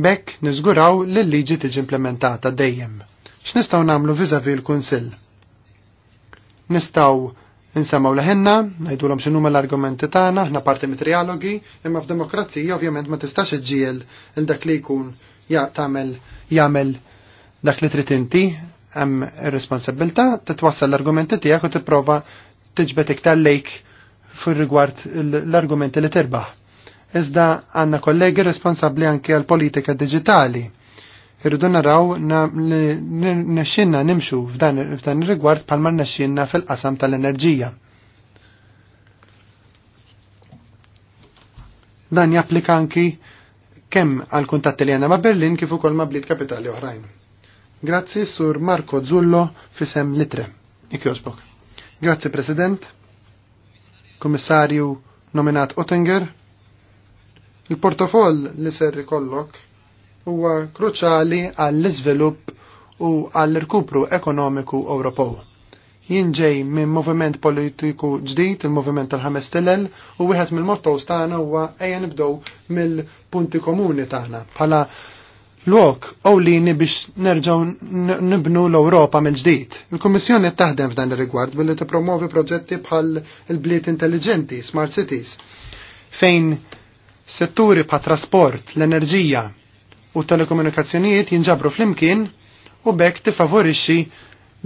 Bekk niżguraw li l-liġi tiġi implementata dejjem. X'nistgħu nagħmlu viżavi l-Kunsill? nistaw Insemaw leħenna, najdulom xinu l argumenti tagħna, ħna parti mit-trialogi, imma f'demokrazija ovvjament ma tistax iġġiel il-dak li jkun jagħmel jagħmel dak li trid inti hemm ir-responsabilità titwassal l-argumenti tiegħek u tipprova tiġbed iktar lejk fir-rigward l-argumenti li terbaħ. Iżda għandna kollegi responsabbli anke għal politika digitali. Irridu naraw li nimxu f'dan ir-rigward palma nexxinna fil-qasam tal-enerġija. Dan japplika anki kemm għal kuntatti li għandna ma' Berlin kif ukoll ma' blit kapitali oħrajn. Grazzi sur Marco Zullo fisem Litre. Ikjosbok. Grazzi President, Komissarju nominat Ottinger, il portofoll li ser kollok huwa kruċali għall-iżvilupp u għall-irkupru ekonomiku Ewropew. Jien ġej minn moviment politiku ġdid, il-moviment tal-ħames tilel, u wieħed mill motto tagħna huwa ejja nibdew mill-punti komuni tagħna bħala luok ow li biex nerġaw nibnu l-Europa mill ġdid Il-Kommissjoni taħdem f'dan ir-rigward billi tippromovi proġetti bħal il-bliet intelligenti, smart cities, fejn setturi pa' trasport, l-enerġija, u telekomunikazzjonijiet jinġabru flimkien u bekk tifavorixxi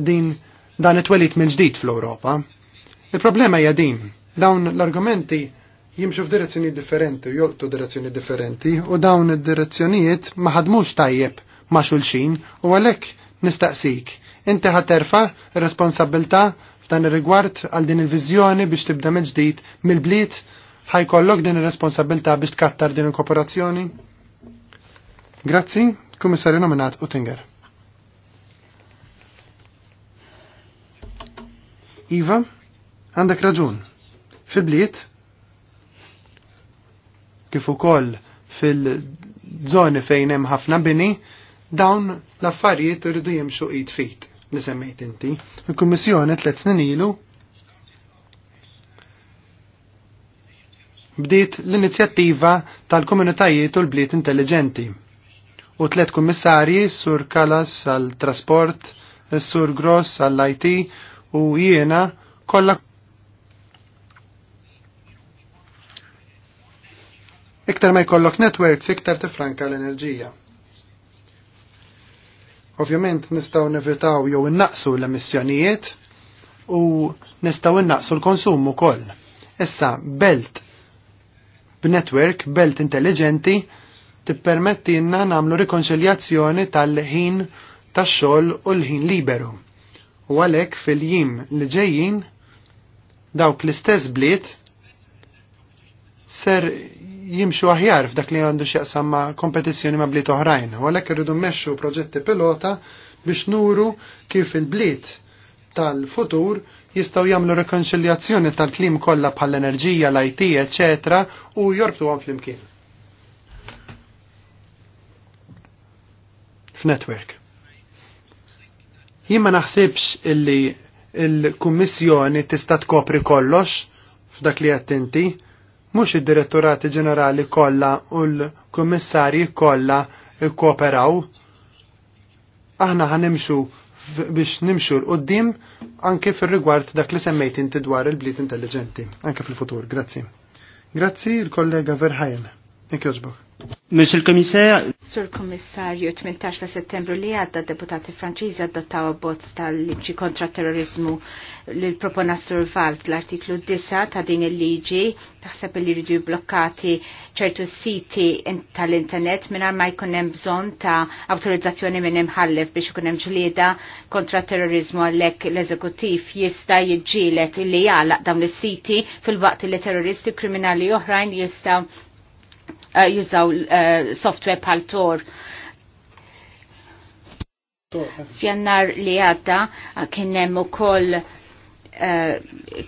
din dan it-twelit minn ġdid fl-Ewropa. Il-problema hija din, dawn l-argumenti jimxu f'direzzjoni differenti u jolqtu direzzjoni differenti u dawn id-direzzjonijiet ma ħadmux tajjeb ma' xulxin u għalhekk nistaqsik. Inti ħaterfa responsabilità f'dan ir-rigward għal din il-viżjoni biex tibda mill-ġdid mill-bliet ħajkollok din ir responsabilità biex tkattar din il-kooperazzjoni? Grazzi, Kummissarju nominat Utinger. Iva, għandek raġun. Fil-bliet, kif ukoll fil-żoni fejn hemm ħafna bini, dawn l-affarijiet irridu jimxu id fit li semmejt inti. Il-Kummissjoni tliet snin ilu bdiet l-inizjattiva tal-komunitajiet u l-bliet intelligenti u tlet kummissarji sur Kalas għal trasport, sur Gross għall IT u jiena kollha Iktar ma jkollok networks, iktar tifranka l-enerġija. Ovvjament nistgħu nevitaw jew innaqsu l-emissjonijiet u nistgħu innaqsu l-konsum ukoll. Issa belt b'network, belt intelligenti, tippermettilna nagħmlu rikonċiljazzjoni tal-ħin tax-xogħol u l-ħin liberu. U għalhekk fil jim li ġejjin dawk l-istess bliet ser jimxu aħjar f'dak li għandu xieqsam ma' kompetizzjoni ma' bliet oħrajn. U għalhekk irridu mmexxu proġetti pilota biex nuru kif il-bliet tal-futur jistaw jamlu rekonciliazzjoni tal-klim kollha bħall-enerġija, l-IT, eċetera, u jorbtu għan fl-imkien. f'network. Jien ma naħsibx illi il-kummissjoni tista' tkopri kollox f'dak li qed inti, mhux id-diretturati ġenerali kollha u l-kummissarji kollha kkooperaw. Aħna ħanimxu biex nimxu l-qoddim anke fir-rigward dak li semmejt inti dwar il-bliet intelligenti, anke fil-futur. Grazzi. Grazzi il-kollega Verhajem. Ikjoġbok. Monsieur le Commissaire. Sur Kommissarju, 18 ta' settembru li għadda deputati franċiżi adottaw abbozz tal-liġi kontra terrorizmu li propona survalt l-artiklu 9 ta' din il-liġi taħseb li jridu blokkati ċertu siti tal-internet mingħajr ma jkun hemm bżonn ta' awtorizzazzjoni minn imħallef biex ikun hemm ġlieda kontra terrorizmu għalhekk l-eżekuttiv jista' jiġġielet li jagħlaq dawn is-siti fil-waqt li terroristi kriminali oħrajn jistgħu Eh, jużaw eh, software bħal Tor. Eh. Fjannar li għadda kien hemm ukoll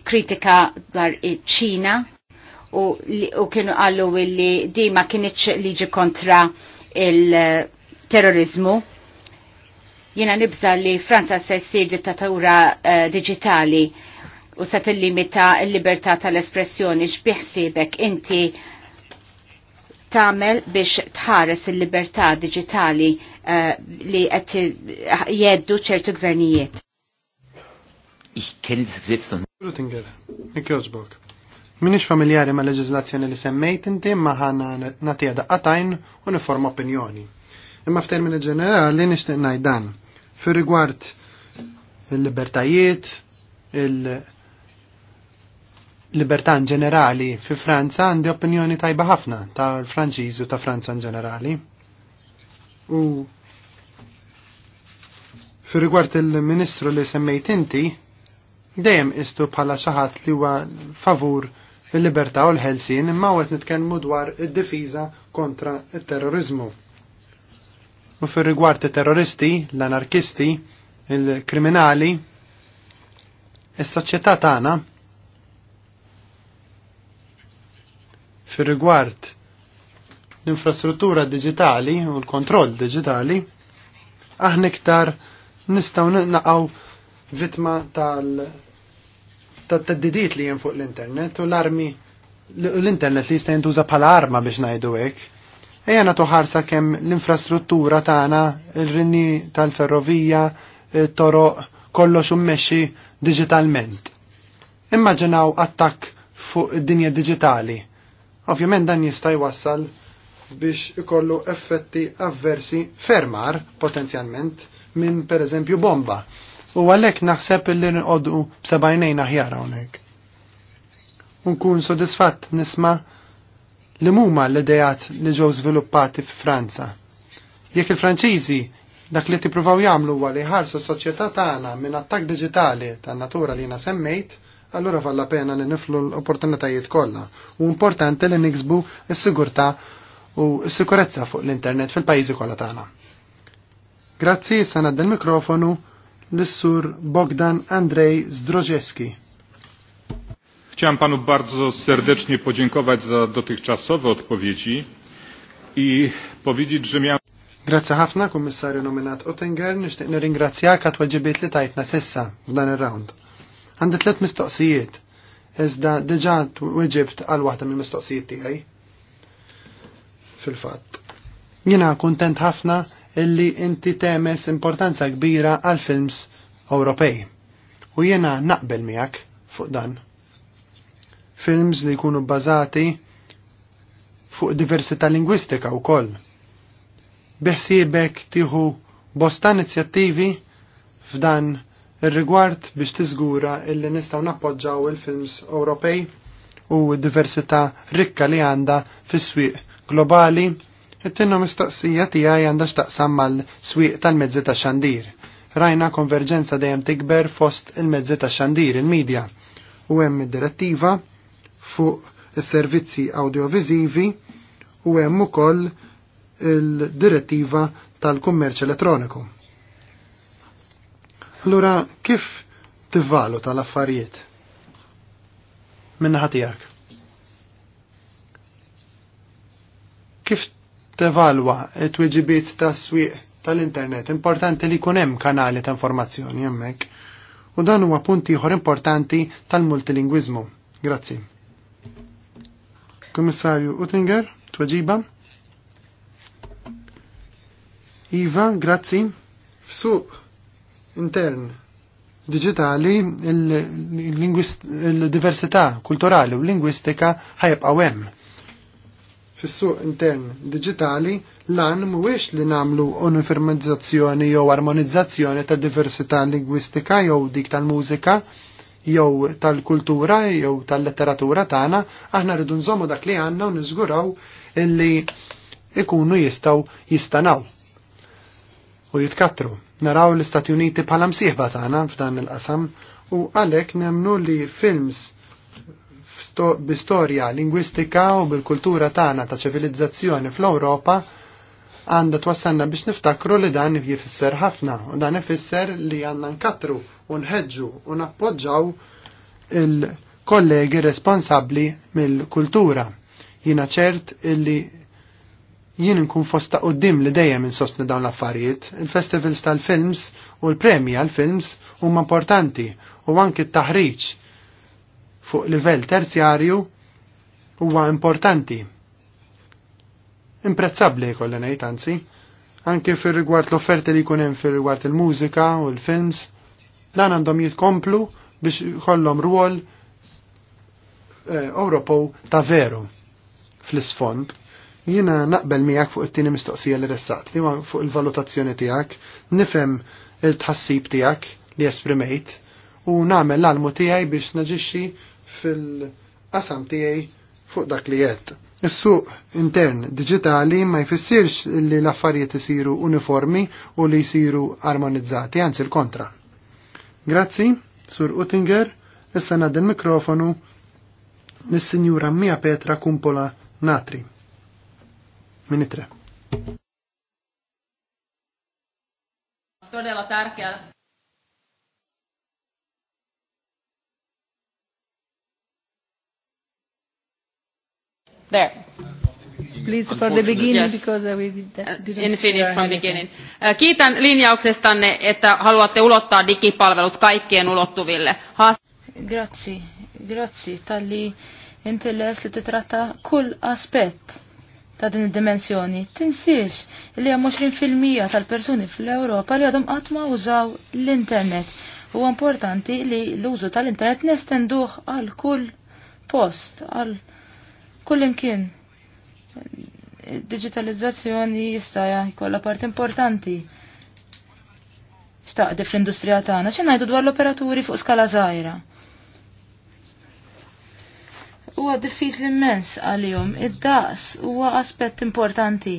kritika dwar ċina u kienu għallu li di ma kienieċ liġi kontra il-terrorizmu. Jena nibza li Franza se jsir dittatura digitali u se tillimita l-libertà tal-espressjoni x'biħsibek inti tamel biex tħares il-libertà diġitali uh, eh, li qed jeddu ċertu gvernijiet? Ich kenne das Gesetz noch nicht. Rutinger, Mikjosbok. Minix familjari ma' leġizlazzjoni li semmejt inti ma ħana natija daqqatajn u niforma opinjoni. Imma f'termini ġenerali nixtieq ngħid dan. Fir rigward il-libertajiet, il-libertajiet libertà ġenerali fi Franza għandi opinjoni tajba ħafna tal-Franċiż u ta' Franza in ġenerali. U fi rigward il-Ministru li semmejt inti, dejjem istu bħala xi ħadd li huwa favur il-libertà u l-ħelsin imma għet nitkellmu dwar id-difiża kontra il-terrorizmu. U fir rigward il-terroristi, l-anarkisti, il-kriminali, is-soċjetà tagħna fir rigward l-infrastruttura digitali u l-kontroll digitali, aħna iktar nistaw naqaw vitma tal-teddidiet li jen fuq l-internet u l-armi l-internet li jista' jintuża bħala arma biex ngħidu hekk. Ejja nagħtu ħarsa kemm l-infrastruttura tagħna, il-rinni tal-ferrovija, toroq kollox ummexxi diġitalment. Immaġinaw attakk fuq id-dinja diġitali Ovvjament dan jista' jwassal biex ikollu effetti avversi fermar potenzjalment minn pereżempju bomba. U għalhekk naħseb li nqogħdu b'sebajnejn aħjar hawnhekk. Unkun sodisfatt nisma' li huma l-idejat li ġew żviluppati f'Franza. Jekk il-Franċiżi dak li tippruvaw jagħmlu huwa li ħarsu s-soċjetà tagħna minn attakk diġitali tan natura li jiena semmejt, allura valla pena li niflu l-opportunitajiet kollha. U importanti li niksbu s-sigurtà u s-sikurezza fuq l-internet fil-pajjiżi kollha tagħna. Grazzi, sana del mikrofonu l-sur Bogdan Andrej Zdrożewski. Chciałem panu bardzo serdecznie podziękować za dotychczasowe odpowiedzi i powiedzieć, że miałem... Grazie ħafna, kummissarju nominat Ottinger, nishtiq nirringrazzjak għat li tajtna sissa f'dan ir-round. Għandi tliet mistoqsijiet, iżda diġà weġibt għal waħda mill-mistoqsijiet tiegħi. Fil-fatt. Jiena kuntent ħafna illi inti temes importanza kbira għal films Ewropej. U jiena naqbel miegħek fuq dan. Films li jkunu bbażati fuq diversità lingwistika wkoll. Biħsiebek tieħu bosta inizjattivi f'dan Ir-rigward biex tiżgura illi nistgħu nappoġġaw il-films Ewropej u d-diversità rikka li għandha fis-swieq globali, it-tinnu mistoqsija tiegħi għandha x'taqsam mal-swieq tal-mezzi ta' xandir. Rajna konverġenza dejjem tikber fost il-mezzi ta' xandir il-medja u hemm id-direttiva fuq is-servizzi audiovisivi u hemm ukoll il-direttiva tal-kummerċ elettroniku. Allura kif tivvalu tal-affarijiet? Minnaħa tiegħek. Kif tevalwa it-tweġibiet ta' swieq tal-internet, importanti li jkun hemm kanali ta' informazzjoni hemmhekk. U dan huwa punti ieħor importanti tal-multilingwiżmu. Grazzi. Kummissarju Uttinger, tweġiba. Iva, grazzi. Fsuq intern digitali il-diversità kulturali u lingwistika ħajbqaw hemm. Fis-suq intern digitali lan mhuwiex li nagħmlu uniformizzazzjoni jew armonizzazzjoni ta' diversità lingwistika jew dik tal-mużika jew tal-kultura jew tal-letteratura tagħna, aħna rridu nżommu dak li għandna u niżguraw illi ikunu jistgħu jistanaw u jitkattru. Naraw l-Istati Uniti bħala msieħba tagħna f'dan il-qasam u għalhekk nemnu li films bi lingwistika u bil-kultura tagħna ta' ċivilizzazzjoni fl-Ewropa għandha wassanna biex niftakru li dan jifisser ħafna u dan ifisser li għandna nkattru u nħeġġu u nappoġġaw il-kollegi responsabbli mill-kultura. Jina ċert illi jien nkun fosta qoddim li dejjem insostni dawn l-affarijiet, il-festivals tal-films u l-premji għal-films huma importanti u anki t-taħriġ fuq livell terzjarju huwa importanti. Imprezzabbli jkollha ngħid anzi, anke fir-rigward l-offerti li jkun hemm fir-rigward il-mużika u l-films, dan għandhom jitkomplu biex jkollhom rwol eh, Ewropew ta' veru fl-isfond Jiena naqbel miegħek fuq it-tieni mistoqsija li ressaqt li fuq il-valutazzjoni tiegħek, nifhem il-tħassib tiegħek li esprimejt u nagħmel l-almu tiegħi biex naġixxi fil-qasam tiegħi fuq dak li qed. Is-suq intern digitali ma jfissirx li l-affarijiet isiru uniformi u li jsiru armonizzati, anzi l-kontra. Grazzi, Sur Uttinger, issa nad il-mikrofonu nis-Sinjura Mia Petra Kumpola Natri. Ministre. Todella tärkeä There. Please for the beginning yes. because uh, we did that. In finish from beginning. Uh, kiitän linjauksestanne, että haluatte ulottaa digipalvelut kaikkien ulottuville. Haast Grazie. Grazie. Tali inteles li titratta kull aspetta ta' din id-dimensjoni. Tinsiex li hemm 20% tal-persuni fl-Ewropa li għadhom qatt ma użaw l-internet. Huwa importanti li l-użu tal-internet nestenduh għal kull post, għal kull imkien. Digitalizzazzjoni jista' jkollha part importanti. Xtaqdi fl-industrija tagħna xi ngħidu dwar l-operaturi fuq skala żgħira huwa diffiċli immens għalihom. Id-daqs huwa aspett importanti.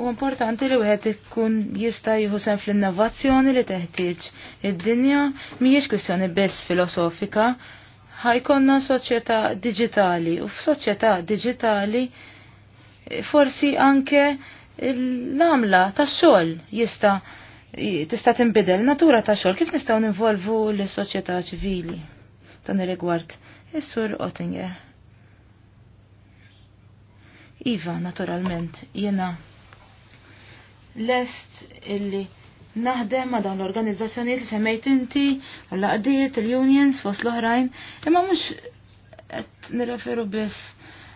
U importanti li wieħed ikun jista' jieħu sem fl-innovazzjoni li teħtieġ. Id-dinja mhijiex kwistjoni biss filosofika, ħajkonna soċjetà diġitali u f'soċjetà diġitali forsi anke l-għamla tax-xogħol jista' tista' tinbidel natura tax-xogħol kif nistgħu ninvolvu l-soċjetà ċivili dan ir-rigward is-sur Ottinger. Iva, naturalment, jena lest illi naħdem ma dawn l-organizzazzjonijiet li semmejt inti, l-laqdiet, il-unions, fost l-oħrajn, imma mhux qed nirreferu biss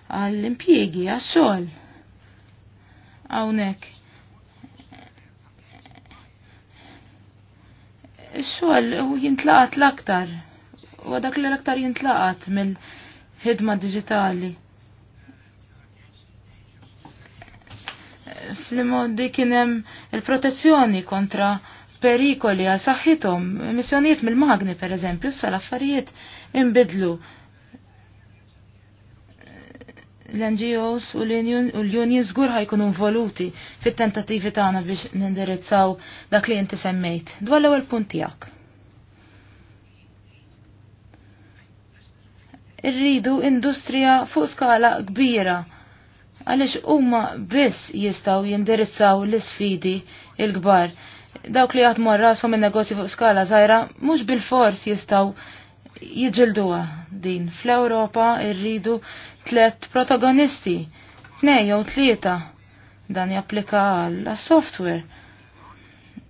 għall-impjiegi, għax-xogħol. Hawnhekk. Xol, xogħol jintlaqat l-aktar u dak li l-aktar jintlaqat mill-ħidma digitali. Fl-modi kienem il-protezzjoni kontra perikoli għal saħħithom, missjonijiet mill-magni per eżempju, sal-affarijiet imbidlu l-NGOs u l unions zgur jkunu involuti fit-tentativi tagħna biex nindirizzaw dak li inti semmejt. Dwar l-ewwel punt tiegħek. irridu industrija fuq skala kbira għaliex huma biss jistgħu jindirizzaw l-isfidi il-kbar. Dawk li jaħdmu rasom il negozju fuq skala żgħira mhux bil-fors jistgħu jiġilduha din. Fl-Ewropa rridu tlet protagonisti, tnej jew tlieta. Dan japplika għal-software,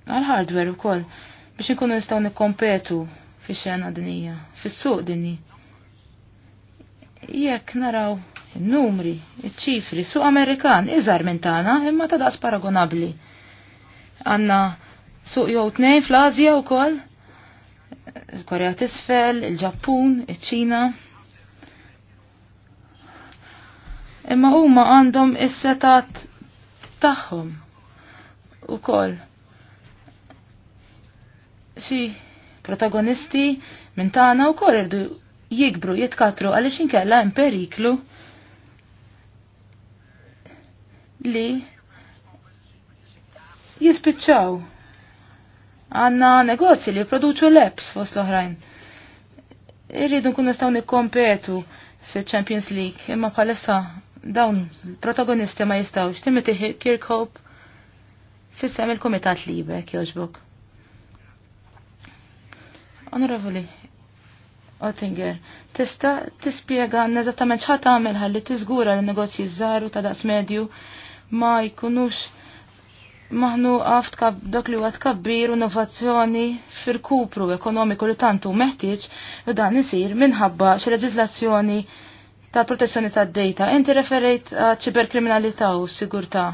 għal-hardware koll, biex nkunu nistgħu nikkompetu fix-xena dinija, fis-suq dinji jekk naraw numri, ċifri, su Amerikan, iżar minn tagħna imma ta' daqs paragonabli. Għanna suq jew tnejn fl-Azja wkoll, il-Korea Isfel, il-Ġappun, iċ-Ċina. Imma huma għandhom is-setat tagħhom ukoll. Xi protagonisti minn tagħna wkoll irdu jikbru, jitkatru, għaliex inkella hemm periklu li jispiċċaw. Għanna negozji li jipproduċu leps fost l-oħrajn. Irridu nkun nistgħu nikkompetu fil-Champions League, imma bħalissa dawn protagonisti ma jistawx. Timothy Kirkhope fissem il-Komitat Libe, kjoġbok. Onorevoli, Ottinger, tista tispiega għanna eżattament xħat għamil ħalli tiżgura l negozji żgħar u ta' daqs medju ma jkunux maħnu għaft dak li għat kabbir innovazzjoni fir-kupru ekonomiku li tantu meħtieġ u dan isir minħabba xi leġiżlazzjoni ta' protezzjoni ta' data. Inti referejt għal ċiberkriminalità u s-sigurtà.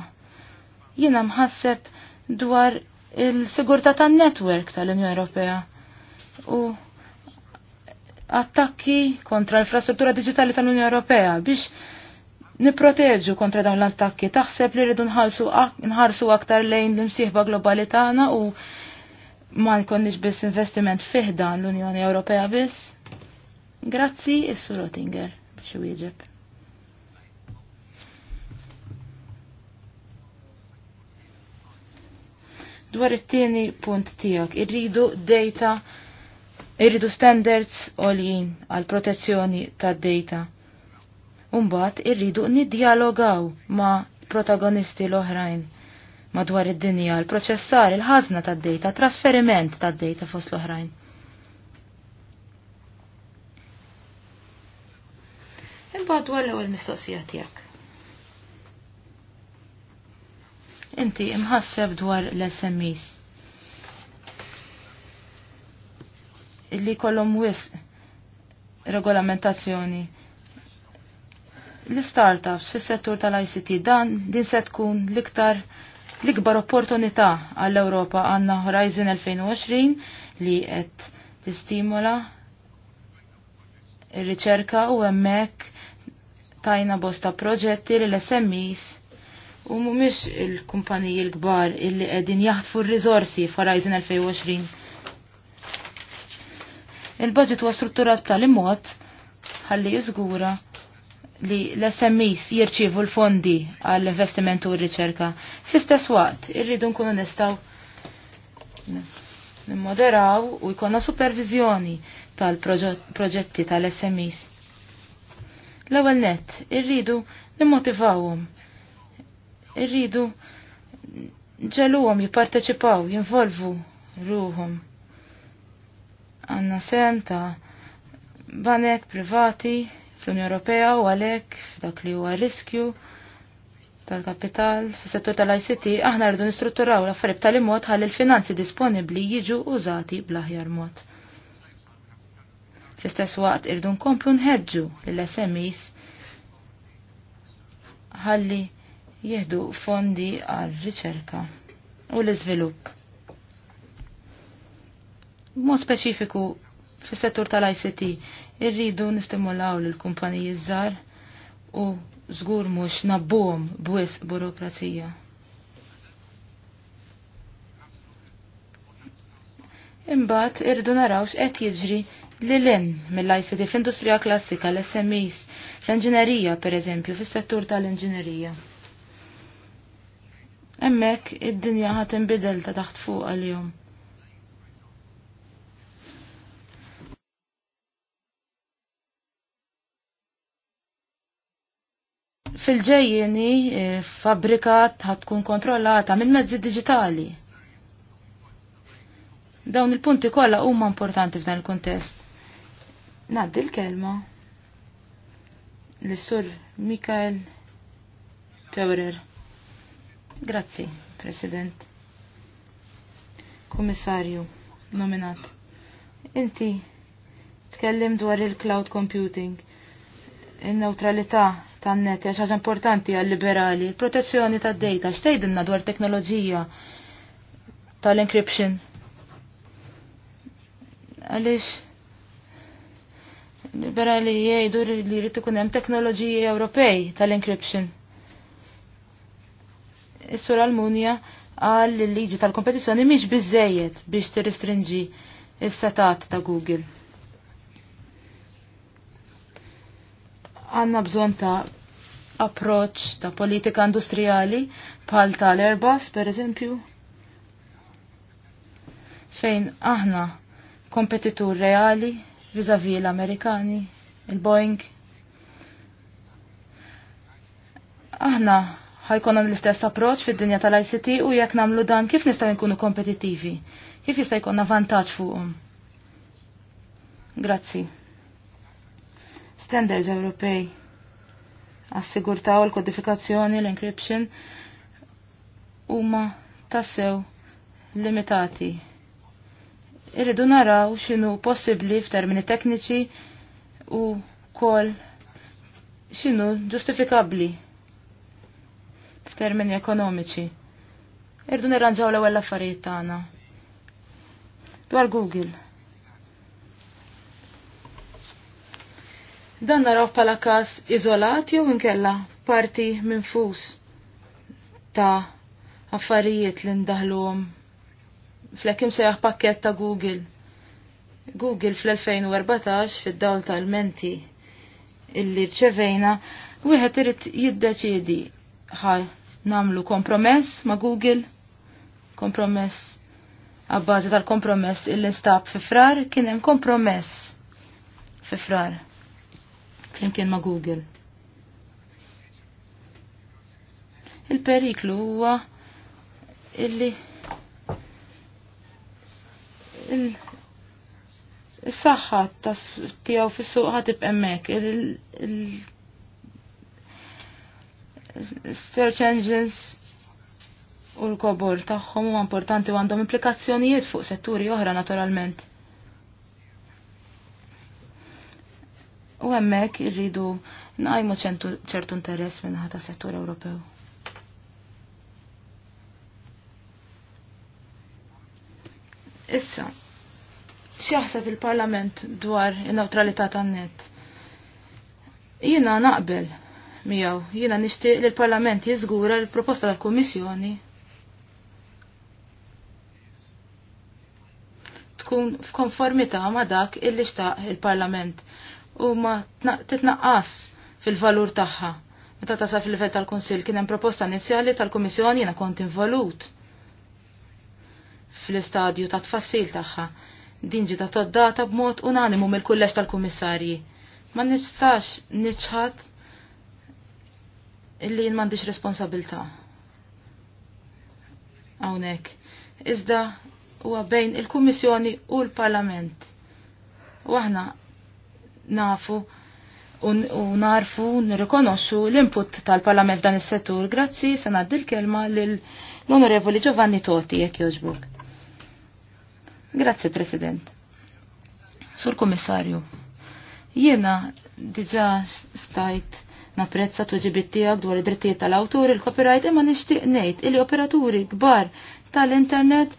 Jiena mħasseb dwar il-sigurtà tan-netwerk tal-Unjoni Ewropea. U attakki kontra l-infrastruttura digitali tal-Unjoni Ewropea biex niproteġu kontra dawn l-attakki. Taħseb li rridu nħarsu aktar lejn l-imsieħba globali tagħna u ma jkunniex biss investiment fiħda l-Unjoni Ewropea biss. Grazzi, is-Sur Rottinger biex wieġeb. Dwar it-tieni punt tiegħek, irridu data Irridu standards għoljin għal protezzjoni tad data Umbat irridu nid-dialogaw ma' protagonisti l-oħrajn madwar id-dinja l proċessar il-ħazna tad data trasferiment tad data fost l-oħrajn. Imbagħad dwar l-ewwel mistoqsija tiegħek. Inti imħasseb dwar l-SMEs. li kollom wisq regolamentazzjoni. L-startups fis-settur tal-ICT dan din se tkun l-iktar l-ikbar opportunità għall-Ewropa għandna Horizon 2020 li qed tistimola ir-riċerka u hemmhekk tajna bosta proġetti li l-SMEs u mhumiex il-kumpaniji l-kbar illi qegħdin jaħtfu r-riżorsi f'Horizon 2020 Il-budget huwa strutturat b'tali mod ħalli jiżgura li l-SMEs jirċivu l-fondi għall-investimentu u r-riċerka. Fl-istess waqt, irridu nkunu nistaw nimmoderaw u jkonna supervizjoni tal-proġetti tal-SMEs. L-ewwel net, irridu nimmotivawhom. Irridu ġeluhom jipparteċipaw, jinvolvu ruhom għanna sem ta' banek privati fl-Unjoni Ewropea u għalhekk f'dak li huwa riskju tal-kapital fis-settur tal-ICT aħna rridu nistrutturaw l-affarijiet tal mod ħalli l-finanzi disponibbli jiġu użati bl-aħjar mod. Fl-istess waqt irdu nkomplu nħeġġu lill-SMEs ħalli jieħdu fondi għal riċerka u l-iżvilupp mod speċifiku fis-settur tal-ICT irridu nistimulaw l kumpaniji żgħar u żgur mhux nabbuhom bwis burokrazija. Imbagħad irridu naraw x'qed jiġri lil hemm mill-ICT fl-industrija klassika l-SMEs, fl-inġinerija pereżempju, fis-settur tal-inġinerija. Hemmhekk id-dinja ħad inbidel ta' taħt fuq għal fil-ġejjeni eh, fabrikat ħatkun kontrollata minn mezzi digitali. Dawn il-punti kollha huma importanti f'dan il-kontest. Naddi l-kelma l-sur Mikael Teurer. Grazzi, President. Komissarju, nominat. Inti tkellim dwar il-cloud computing, il neutralità tan-net għax importanti għal-liberali, protezzjoni tad-data, xtejdinna dwar teknoloġija tal-encryption. Għaliex liberali jgħidu li jrid ikun hemm teknoloġiji Ewropej tal-encryption. Is-sur Almunja għal liġi tal-kompetizzjoni mhix biżejjed biex tirristrinġi is-setat ta' Google. għanna bżon ta' approċ ta' politika industrijali bħal tal-Airbus, per eżempju, fejn aħna kompetitur reali vizavi l-Amerikani, il-Boeing. Aħna ħajkonna l-istess approċ fid-dinja tal-ICT u jekk namlu dan kif nistgħu nkunu kompetittivi? Kif jista' jkollna vantaġġ fuqhom? Grazzi standards Ewropej għas-sigurtaw kodifikazzjoni l-encryption huma tassew limitati. Irridu naraw x'inhu possibbli f'termini tekniċi u kol x'inhu ġustifikabbli f'termini ekonomiċi. Irridu nirranġaw l-ewwel affarijiet tagħna. Dwar Google Dan naraw bħala każ iżolat jew inkella parti minn fus ta' affarijiet li ndaħluhom flek ekim sejjaħ pakket ta' Google. Google fl-2014 fid-dawl tal-menti illi rċevejna, wieħed irid jiddeċiedi ħal namlu kompromess ma' Google, kompromess għabbażi tal-kompromess illi nstab fi frar, kien hemm kompromess fi frar flimkien ma' Google. Il-periklu huwa illi il saħħa tas tiegħu fis-suq ħatib hemmhekk. Il-search engines u l-kobor tagħhom huwa importanti u għandhom implikazzjonijiet fuq setturi oħra naturalment. U hemmhekk irridu najmu ċertu interess minn ħata settur Ewropew. Issa, xieħseb il-parlament dwar il-neutralità tan-net? Jina naqbel miegħu, jina nixtieq li l-parlament jiżgura l-proposta tal-Kummissjoni tkun f'konformità ma' dak il-li xtaq il-Parlament u ma titnaqqas fil-valur tagħha. Meta tasa fil-livell tal-Kunsill kien hemm proposta inizjali tal-Kummissjoni jiena kont involut fil-istadju ta' tfassil tagħha. Din ġiet toddata b'mod unanimu mill-kulleġġ tal-Kummissarji. Ma nistax niċħad illi jien m'għandix responsabilità. Hawnhekk. Iżda huwa bejn il-Kummissjoni u l-Parlament. U aħna nafu u narfu nirrikonoxxu l-input tal-Parlament f'dan is-settur. Grazzi, se ngħaddi l-kelma lill-Onorevoli Giovanni Toti jekk joġbuk. Grazzi, President. Sur Komissarju, jiena diġà stajt napprezza tweġibiet tiegħek dwar id-drittijiet tal-awtur il-copyright imma nixtieq ngħid li operaturi kbar tal-internet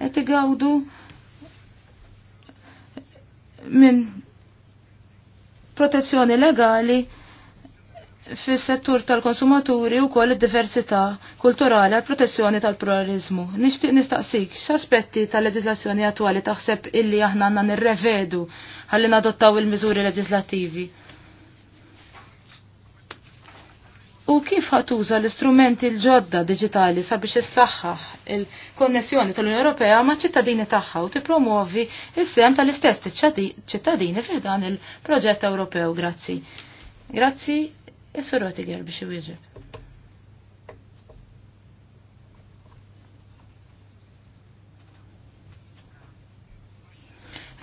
qed igawdu minn protezzjoni legali fis-settur tal-konsumaturi u koll id-diversità kulturali għal protezzjoni tal-pluralizmu. Nixtieq nistaqsik x'aspetti tal-leġislazzjoni attwali taħseb illi aħna għandna nirrevedu ħalli nadottaw il-miżuri leġislattivi. U kif ħatuża l-istrumenti l-ġodda digitali sabiex issaħħaħ il-konnessjoni tal-Unjoni Ewropea ma' ċittadini tagħha u tippromuovi s-sem tal-istess ċittadini fih dan il-proġett Ewropew. Grazzi. Grazzi, is-Sur Rotiger biex iwieġeb.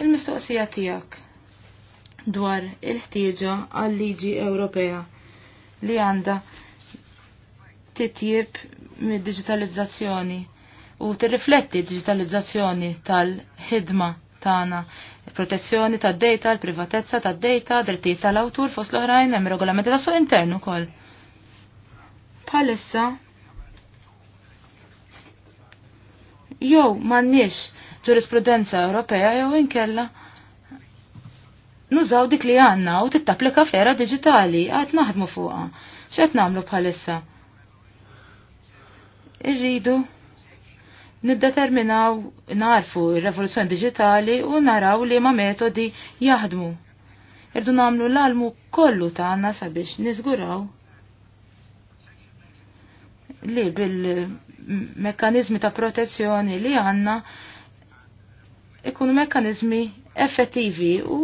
Il-mistoqsija tiegħek dwar il-ħtieġa għal-liġi Ewropea li għanda titjib mid-digitalizzazzjoni u tirrifletti digitalizzazzjoni tal-ħidma tagħna protezzjoni tad data l-privatezza tad data drittijiet tal-awtur fost l-oħrajn hemm regolamenti tas suq internu wkoll. Bħalissa jew m'għandniex ġurisprudenza Ewropea jew inkella nużaw dik li għandna u tittaplika fera diġitali għad naħdmu fuqha. X'qed nagħmlu bħalissa? irridu niddeterminaw narfu il revoluzzjoni digitali u naraw li ma metodi jaħdmu. Irdu namlu l-almu kollu tagħna sabiex niżguraw li bil mekanizmi ta' protezzjoni li għanna ikunu mekanizmi effettivi u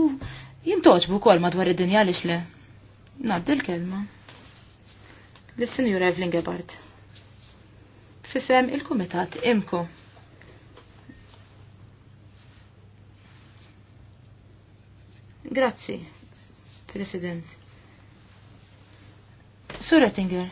jintoġbu kol madwar id-dinja li xle. Nabdil l-kelma. L-Sinjur Evelyn Gebhardt fisem il-Kumitat imku. Grazzi, President. Sur Ettinger,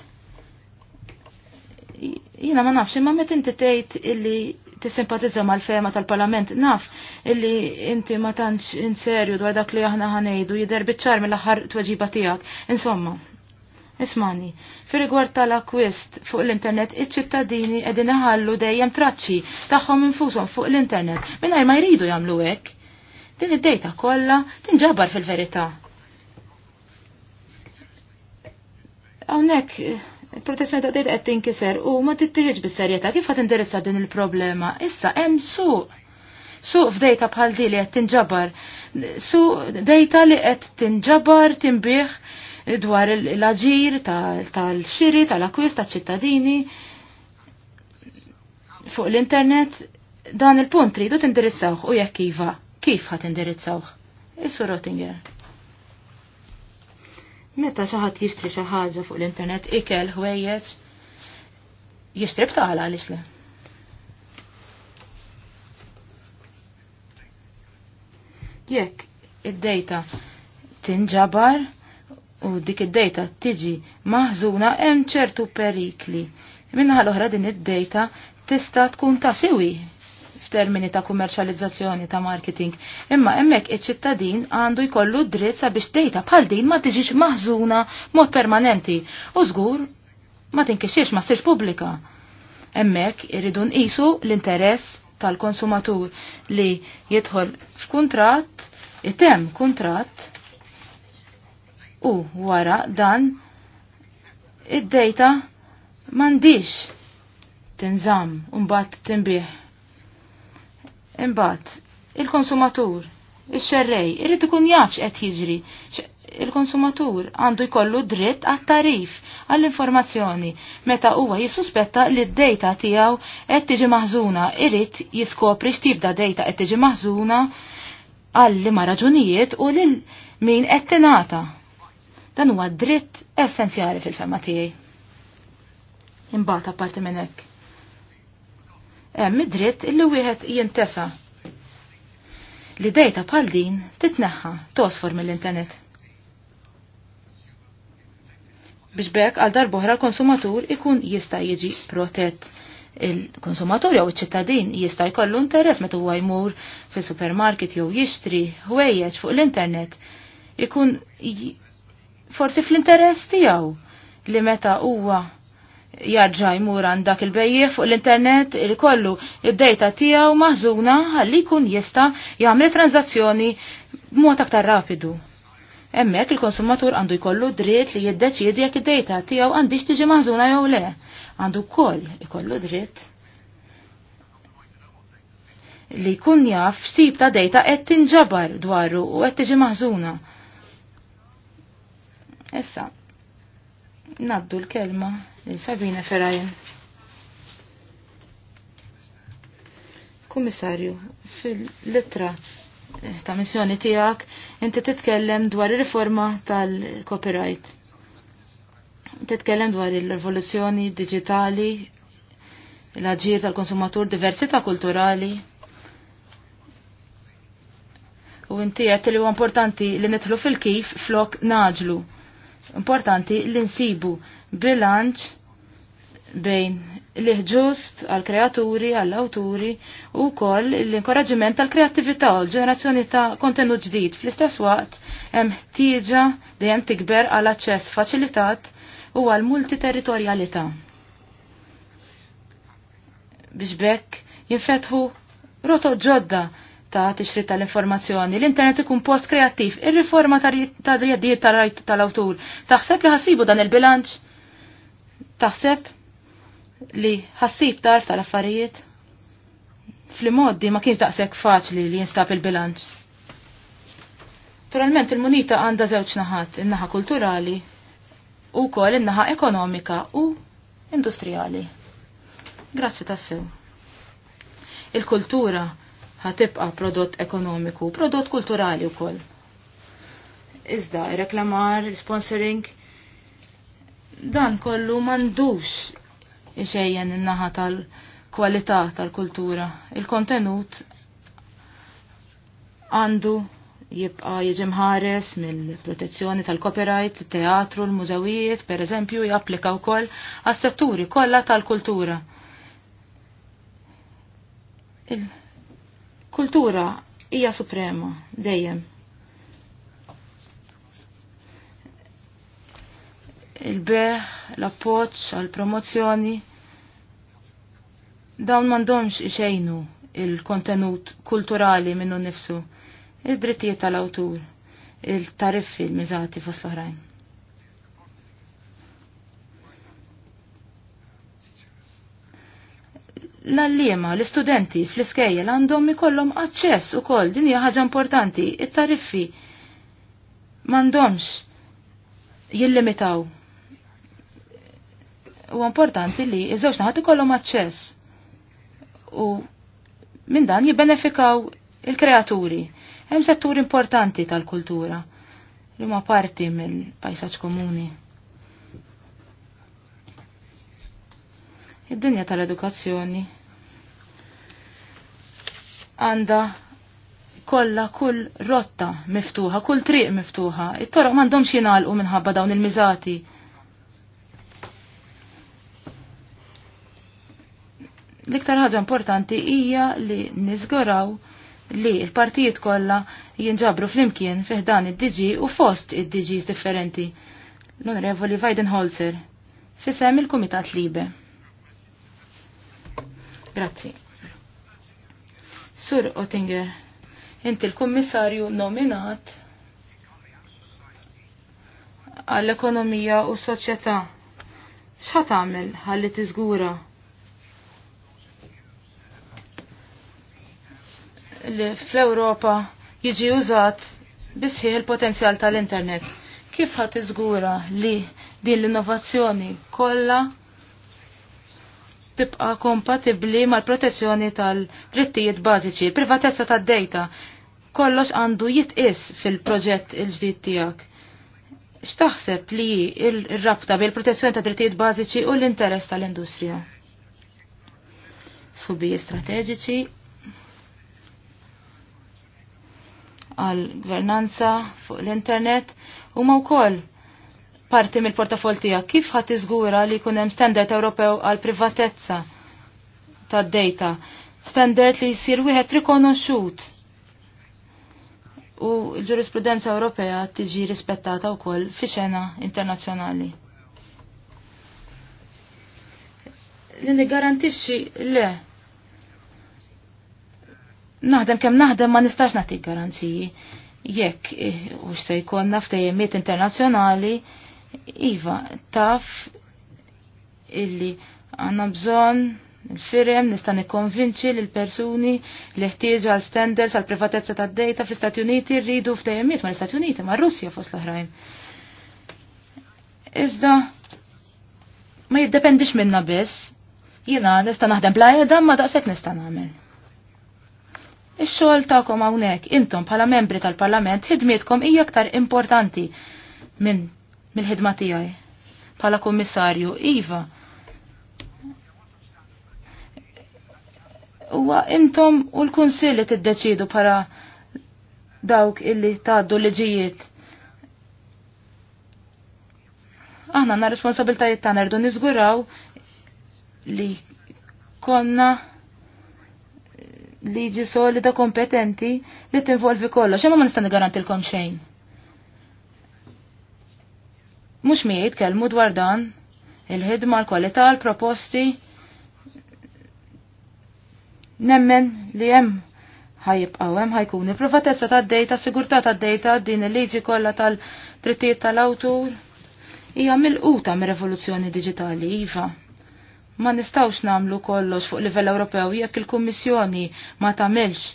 jina ma nafx, imma met inti tgħid illi tissimpatizza mal-fema tal-parlament, naf illi inti ma tantx inserju dwar dak li aħna ħanejdu jidher biċċar mill-aħħar tweġiba tiegħek. Insomma, Ismani, fi rigward tal-akwist fuq l-internet, iċ-ċittadini edin iħallu dejjem traċċi tagħhom infushom fuq l-internet mingħajr ma jridu jagħmlu hekk. Din id-dejta kollha tinġabar fil-verità. Hawnhekk il-protezzjoni eh, ta' dejta qed tinkiser u ma tittieħiġ bis-serjetà kif qed interessa din il-problema. Issa hemm suq. Suq f'dejta bħal di li qed tinġabar. Suq dejta li qed tinġabar timbih dwar l-aġir tal-xiri, tal-akwist, tal-ċittadini fuq l-internet dan il-punt tridu tindirizzawh u jekk iva, kif ħat indirizzawh? Issu Rottinger. Meta xi ħadd xaħġa ħaġa fuq l-internet ikel ħwejjeġ jixtrib taħla għaliex le. Jekk id-dejta tinġabar u dik id-dejta tiġi maħżuna hemm ċertu perikli. Minna l-oħra din id-dejta tista' tkun ta' siwi f'termini ta' kummerċjalizzazzjoni ta' marketing. Imma hemmhekk iċ-ċittadin għandu jkollu dritt sabiex dejta bħal din ma tiġix maħżuna mod permanenti u żgur ma tinkixxiex ma ssirx pubblika. Hemmhekk irridu nqisu l-interess tal-konsumatur li jidħol f'kuntratt, item kuntratt u wara dan id-dejta m'għandix tinżam mbagħad tinbih. Imbagħad il-konsumatur, ix-xerrej, irid ikun jafx qed jiġri, il-konsumatur għandu jkollu dritt għat-tarif għall-informazzjoni meta huwa jissuspetta li d-dejta tiegħu qed tiġi maħżuna irid jiskopri x'tibda dejta qed tiġi maħżuna għal ma raġunijiet u lil min qed tingħata. Dan huwa dritt essenzjali fil-fema tiegħi. Imbagħad apparti minn hekk. Hemm id-dritt illi wieħed jintesa. Li dejta bħal din titneħħa tosfor mill-internet. Biex bekk għal darbohra l-konsumatur ikun jista' jiġi protett il-konsumatur jew iċ-ċittadin jista' jkollu interess meta huwa jmur fis-supermarket jew jixtri ħwejjeġ fuq l-internet ikun forsi fl-interess tiegħu li meta huwa jarġa jmur dak il bejjef fuq l-internet il-kollu id-dejta tiegħu maħżuna għalli jkun jista' jagħmel tranzazzjoni b'mod aktar rapidu. Hemmhekk il-konsumatur għandu jkollu dritt li jiddeċiedi jekk id-dejta tiegħu għandix tiġi maħżuna jew le. Għandu wkoll ikollu dritt li jkun jaf x'tip ta' dejta qed tinġabar dwaru u qed tiġi maħżuna. Issa, naddu l-kelma l Sabina Ferajen. Kummissarju, fil-litra ta' missjoni tijak, inti titkellem dwar il-riforma tal-copyright. Titkellem dwar il revoluzjoni digitali, l-agġir tal-konsumatur, diversità kulturali. U inti għet li u importanti li nitlu fil-kif flok naġlu. Importanti li nsibu bilanċ bejn l għal-kreaturi, għall-awturi u kol l-inkoraġiment tal-kreativita u l-ġenerazzjoni ta' kontenut ġdid. Fl-istess waqt, hemm ħtieġa dejjem tikber għal aċċess faċilitat u għal multiterritorjalità. Biex bekk jinfetħu rotot ġodda ta' tixri tal-informazzjoni. L-internet ikun post kreattiv, ir-riforma ta' djaddiet tal-rajt tal-awtur. Taħseb li ħassibu dan il-bilanċ? Taħseb li ħassib tarf tal-affarijiet? Fl-moddi ma kienx daqshekk faċli li jinstab il-bilanċ. Naturalment il-munita għandha żewġ naħat, in-naħa kulturali u kol in-naħa ekonomika u industrijali. Grazzi tassew. Il-kultura ħatibqa prodott ekonomiku, prodott kulturali wkoll. Iżda, reklamar, sponsoring, dan kollu mandux xejjen in-naħa tal-kwalità tal-kultura. Il-kontenut għandu jibqa jiġi mħares mill-protezzjoni tal-copyright, teatru, l-mużawijiet, per eżempju, japplika wkoll għas-setturi kollha tal-kultura. Il- Kultura hija suprema dejjem. Il-beħ, l-appoċ, l promozzjoni dawn mandomx iċejnu il-kontenut kulturali minnu nifsu, il-drittijiet tal-awtur, il-tariffi l-mizati fost l-oħrajn. l-allima, l-istudenti fl-iskejjel għandhom ikollhom aċċess ukoll din hija ħaġa importanti, it-tariffi m'għandhomx jillimitaw. U importanti li iż-żewġ naħat ikollhom aċċess. U minn dan jibbenefikaw il-kreaturi. Hemm settur importanti tal-kultura li ma parti mill-pajsaġġ komuni. Id-dinja tal-edukazzjoni għanda kolla kull rotta miftuħa, kull triq miftuħa. It-toroq m'għandhomx jingħalqu minħabba dawn il-miżati. L-iktar ħaġa importanti hija li niżgoraw li l-partijiet kollha jinġabru flimkien fih dan id-diġi u fost id-diġis differenti. L-Onorevoli Weidenholzer, fisem il-Kumitat Libe. Grazie. Sur Ottinger, inti l-kummissarju nominat għall-ekonomija u s-soċjetà. X'ħat tagħmel ħalli tiżgura li fl-Ewropa jiġi użat bisħieħ il-potenzjal tal-internet. Kif ħat iżgura li din l-innovazzjoni kollha tibqa kompatibbli mal-protezzjoni tal-drittijiet bażiċi, privatezza tad-dejta. Kollox għandu jitqis fil-proġett il-ġdid tiegħek. X'taħseb li r-rabta bil-protezzjoni ta' drittijiet bażiċi u l-interess tal-industrija? Subi strateġiċi għal gvernanza fuq l-internet u ma' wkoll parti mill-portafol tiegħek, kif ħadd iżgura li jkun hemm standard Ewropew għal privatezza tad-data? Standard li jsir wieħed rikonoxxut. U l-ġurisprudenza Ewropea tiġi rispettata wkoll fi xena internazzjonali. Li nigarantixxi le naħdem kemm naħdem ma nistax nagħti garanziji jekk eh, u se jkollna ftejjemiet internazzjonali Iva, taf illi għanna bżon il-firem nista' nikkonvinċi l persuni li ħtieġu għal standards għal privatezza tad-dejta fl-Istati Uniti rridu f'dejjemiet ma' l-Istati Uniti ma' Russja fost l-oħrajn. Iżda ma jiddependix minna biss. Jiena nista' naħdem bla edha ma daqshekk nista' nagħmel. Ix-xogħol tagħkom hawnhekk intom bħala membri tal-Parlament ħidmietkom hija aktar importanti minn mill-ħidma tiegħi. Pala kummissarju, iva. Huwa intom u l-kunsilli tiddeċidu para dawk illi tgħaddu liġijiet. Aħna għandna responsabiltajiet tagħna rdu niżguraw li konna liġi solida kompetenti li tinvolvi kollox, xemma ma nista' nigarantilkom xejn mhux miegħi kelmu dwar dan il-ħidma l-kwalità l-proposti nemmen li hemm ħajib hemm ħajkun il ta' tad-dejta, sigurtà tad-dejta, din il-liġi kollha tal-drittijiet tal-awtur hija mil-quta mir-revoluzzjoni Digitali iva. Ma nistawx namlu kollox fuq livell Ewropew jekk il-Kummissjoni ma tagħmilx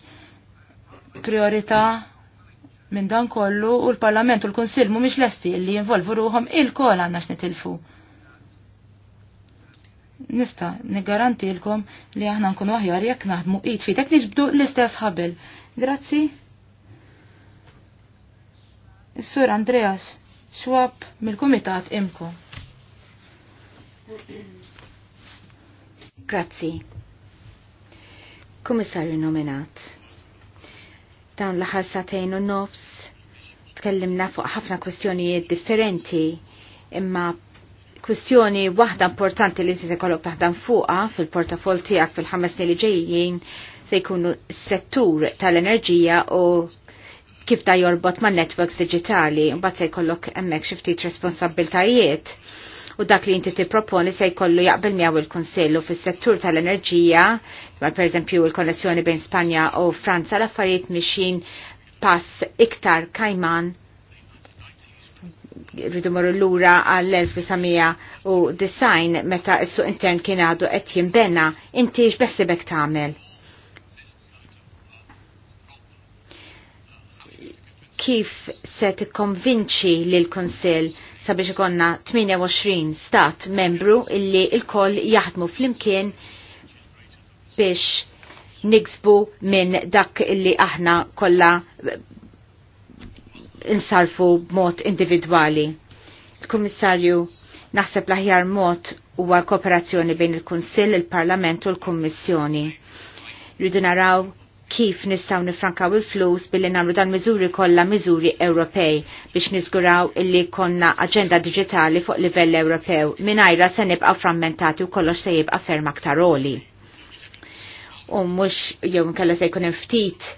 priorità Minn dan kollu u l-Parlament u l-Konsil mhumiex lesti li jinvolvu ruhom il-kol għandna x'nitilfu. Nista niggarantilkom li aħna nkunu aħjar jekk naħdmu id fitek niġbdu l-istess ħabel. Grazzi. Is-Sur Andreas Schwab mill-Kumitat Imko. Grazzi. Kummissarju nominat Dawn l-aħħar satajn u nofs tkellimna fuq ħafna kwestjonijiet differenti imma kwestjoni waħda importanti li se kollok taħdan fuqa fil-portafol tiegħek fil-ħames li ġejjin se jkunu settur tal-enerġija u kif da jorbot ma' networks digitali, mbagħad se jkollok hemmhekk xi ftit responsabiltajiet u dak li inti tipproponi se jkollu jaqbel miegħu il-Kunsillu fis-settur tal-enerġija, ma pereżempju il-konnessjoni bejn Spanja u Franza l-affarijiet mixin pass iktar kajman rridu morru l-ura għall-1990 meta s-suq intern kien għadu qed jimbenna, inti x'beħsibek tagħmel? Kif se tikkonvinċi lil kunsill sabiex ikonna 28 stat membru illi il-koll jaħdmu fl-imkien biex niksbu minn dak illi aħna kolla insarfu b'mod individwali. Il-Kummissarju naħseb l-aħjar mod huwa kooperazzjoni bejn il-Kunsill, il-Parlament u l-Kummissjoni. Rridu naraw kif nistaw nifrankaw il-flus billi namlu dan miżuri kollha miżuri Ewropej biex niżguraw illi konna aġenda digitali fuq livell Ewropew minajra se nibqa' frammentati u kollox se jibqa' ferm aktar oli. U mhux jew inkella se jkun ftit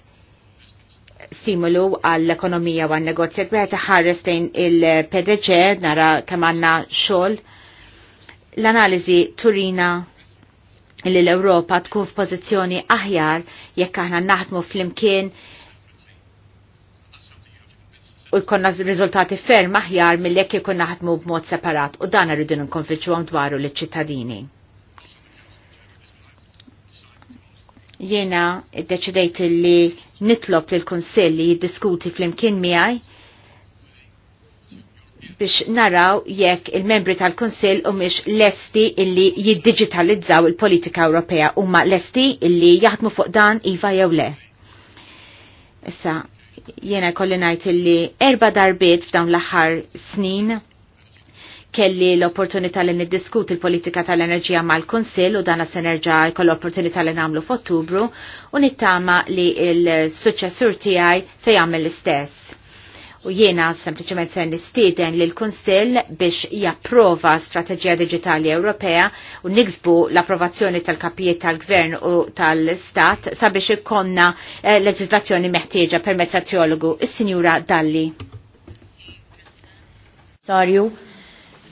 simulu għall-ekonomija u għan-negozjat wieħed ħares lejn il-PDG nara kemm għandna xogħol l-analiżi turina li l-Europa tkun f'pożizzjoni aħjar jekk aħna naħdmu fl-imkien u jkonna riżultati ferm aħjar mill jekk ikun naħdmu b'mod separat u dan rridu nkonfiċu għom dwaru l ċittadini Jena id-deċidejt li nitlob l-Konsill li jiddiskuti fl-imkien miħaj biex naraw jekk il-membri tal-Kunsill u miex lesti illi jiddigitalizzaw il-politika Ewropea u ma lesti illi jaħdmu fuq dan iva jew le. Issa, jena kolli najt illi erba darbiet f'dawn l-aħħar snin kelli l-opportunità li niddiskuti l-politika tal-enerġija mal-Konsil u dana s-enerġa jkoll l-opportunità li namlu f'Ottubru u nittama li il suċessur tiegħi se jagħmel l-istess u jiena sempliciment se nistieden lil kunsill biex japprova strateġija digitali Ewropea u niksbu l-approvazzjoni tal-kapijiet tal-gvern u tal-stat sabiex ikkonna eh, leġislazzjoni meħtieġa permezz teologu is-Sinjura Dalli. Sarju,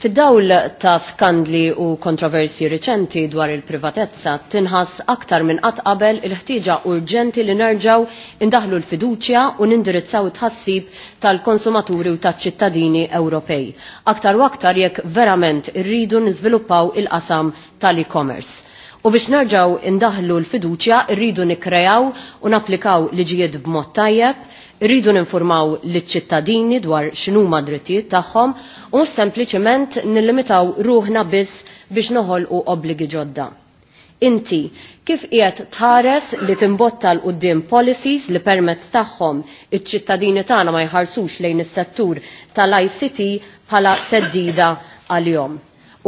Fid-dawl ta' skandli u kontroversi reċenti dwar il-privatezza tinħas aktar minn qatt qabel il-ħtieġa urġenti li nerġaw indaħlu l-fiduċja u nindirizzaw tħassib tal-konsumaturi u taċ-ċittadini Ewropej. Aktar u aktar jekk verament irridu niżviluppaw il-qasam tal-e-commerce. U biex nerġaw indaħlu l-fiduċja, rridu nikrejaw u napplikaw liġijiet b'mod tajjeb rridu ninformaw l-ċittadini dwar x'inhuma drittijiet tagħhom u sempliċement nillimitaw ruħna biss biex u obbligi ġodda. Inti, kif qiegħed tħares li timbotta l qudiem policies li permezz tagħhom iċ-ċittadini tagħna ma jħarsux lejn is-settur tal-ICT bħala teddida għal-jom.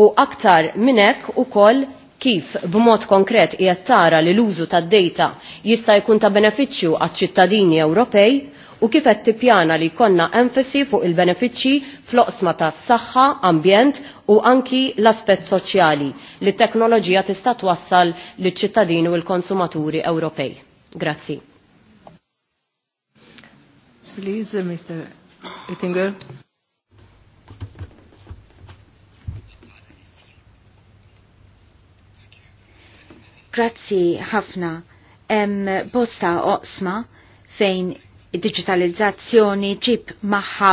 U aktar minn hekk ukoll kif b'mod konkret qiegħed tara li l-użu tad-data jista' jkun ta' benefiċċju għaċ-ċittadini Ewropej u kif qed tippjana li jkollna enfasi fuq il-benefiċċji fl-oqsma tas-saħħa, ambjent u anki l-aspett soċjali li t teknoloġija tista' twassal liċ-ċittadini u l-konsumaturi Ewropej. Grazzi. Please, uh, Mr. Ettinger. Grazzi ħafna. Em bosta oqsma fejn Id-digitalizzazzjoni ġib maħħa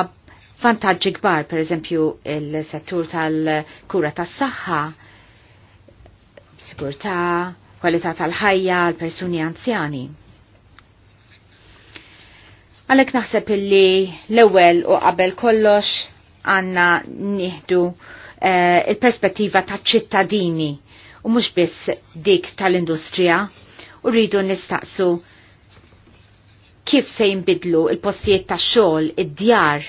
vantaġġi kbar, per eżempju, il-settur tal-kura tas-saħħa, sigurtà, kwalità tal-ħajja l persuni anzjani. Għalek naħseb illi l-ewel u qabel kollox għanna nieħdu eh, il-perspettiva ta' ċittadini u mhux biss dik tal-industrija u rridu nistaqsu kif se jinbidlu il-postijiet ta' xogħol id-djar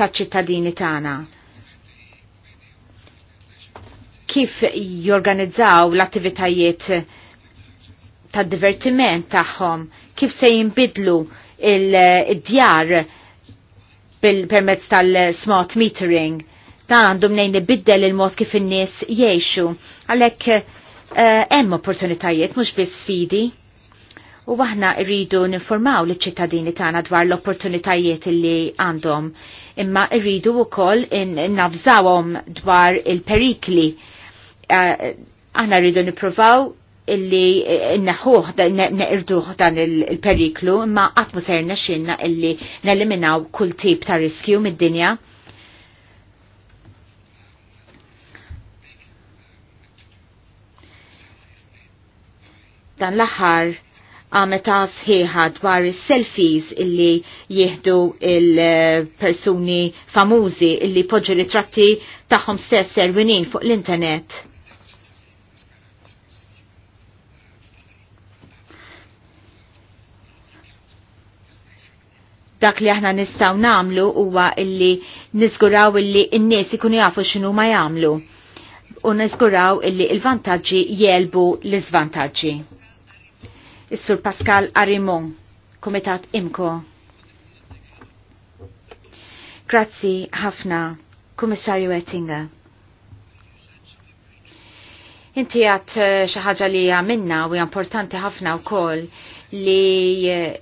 ta' ċittadini tagħna. Kif jorganizzaw l-attivitajiet ta' divertiment tagħhom, kif se jinbidlu il-djar bil-permezz tal-smart metering. Dan għandu mnejn ibiddel il-mod kif in-nies jgħixu. Għalhekk eh, hemm uh, opportunitajiet mhux biss sfidi u aħna rridu ninformaw li ċittadini tagħna dwar l-opportunitajiet li għandhom, imma rridu wkoll nafżawhom dwar il-perikli. Eh, aħna rridu nippruvaw illi eh, neħuħ, neqirduħ dan il-periklu, imma għatmu ser xinna illi neliminaw kull tip ta' riskju mid-dinja. Dan l-aħħar għameta sħiħa dwar selfies illi jihdu il-persuni famużi illi poġġu ritratti tagħhom stess serwinin fuq l-internet. Dak li aħna nistaw namlu huwa illi niżguraw illi n-nies ikunu jafu x'inhu ma jagħmlu u niżguraw illi il-vantaġġi jelbu l-iżvantaġġi. Is-Sur Pascal Arimon, Komitat Imko. Grazzi ħafna, Kummissarju Ettinga. Inti għat eh, xaħġa li għamilna u importanti ħafna u koll li eh,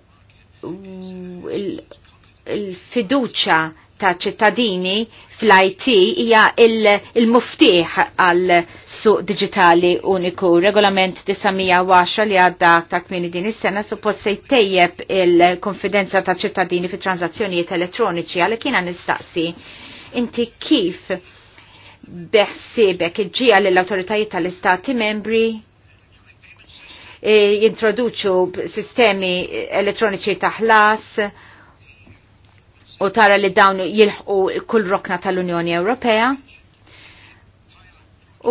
l-fiduċa ta' ċittadini fl-IT hija il-muftiħ il għal suq digitali uniku. Regolament 910 li għadda ta' kmini din is-sena suppost se jtejjeb il-konfidenza ta' ċittadini fi tranzazzjonijiet elettroniċi għal kiena nistaqsi inti kif beħsibek iġġija l-autoritajiet tal-istati membri eh, jintroduċu sistemi elettroniċi taħlas, ħlas u tara li dawn jilħqu kull rokna tal-Unjoni Ewropea.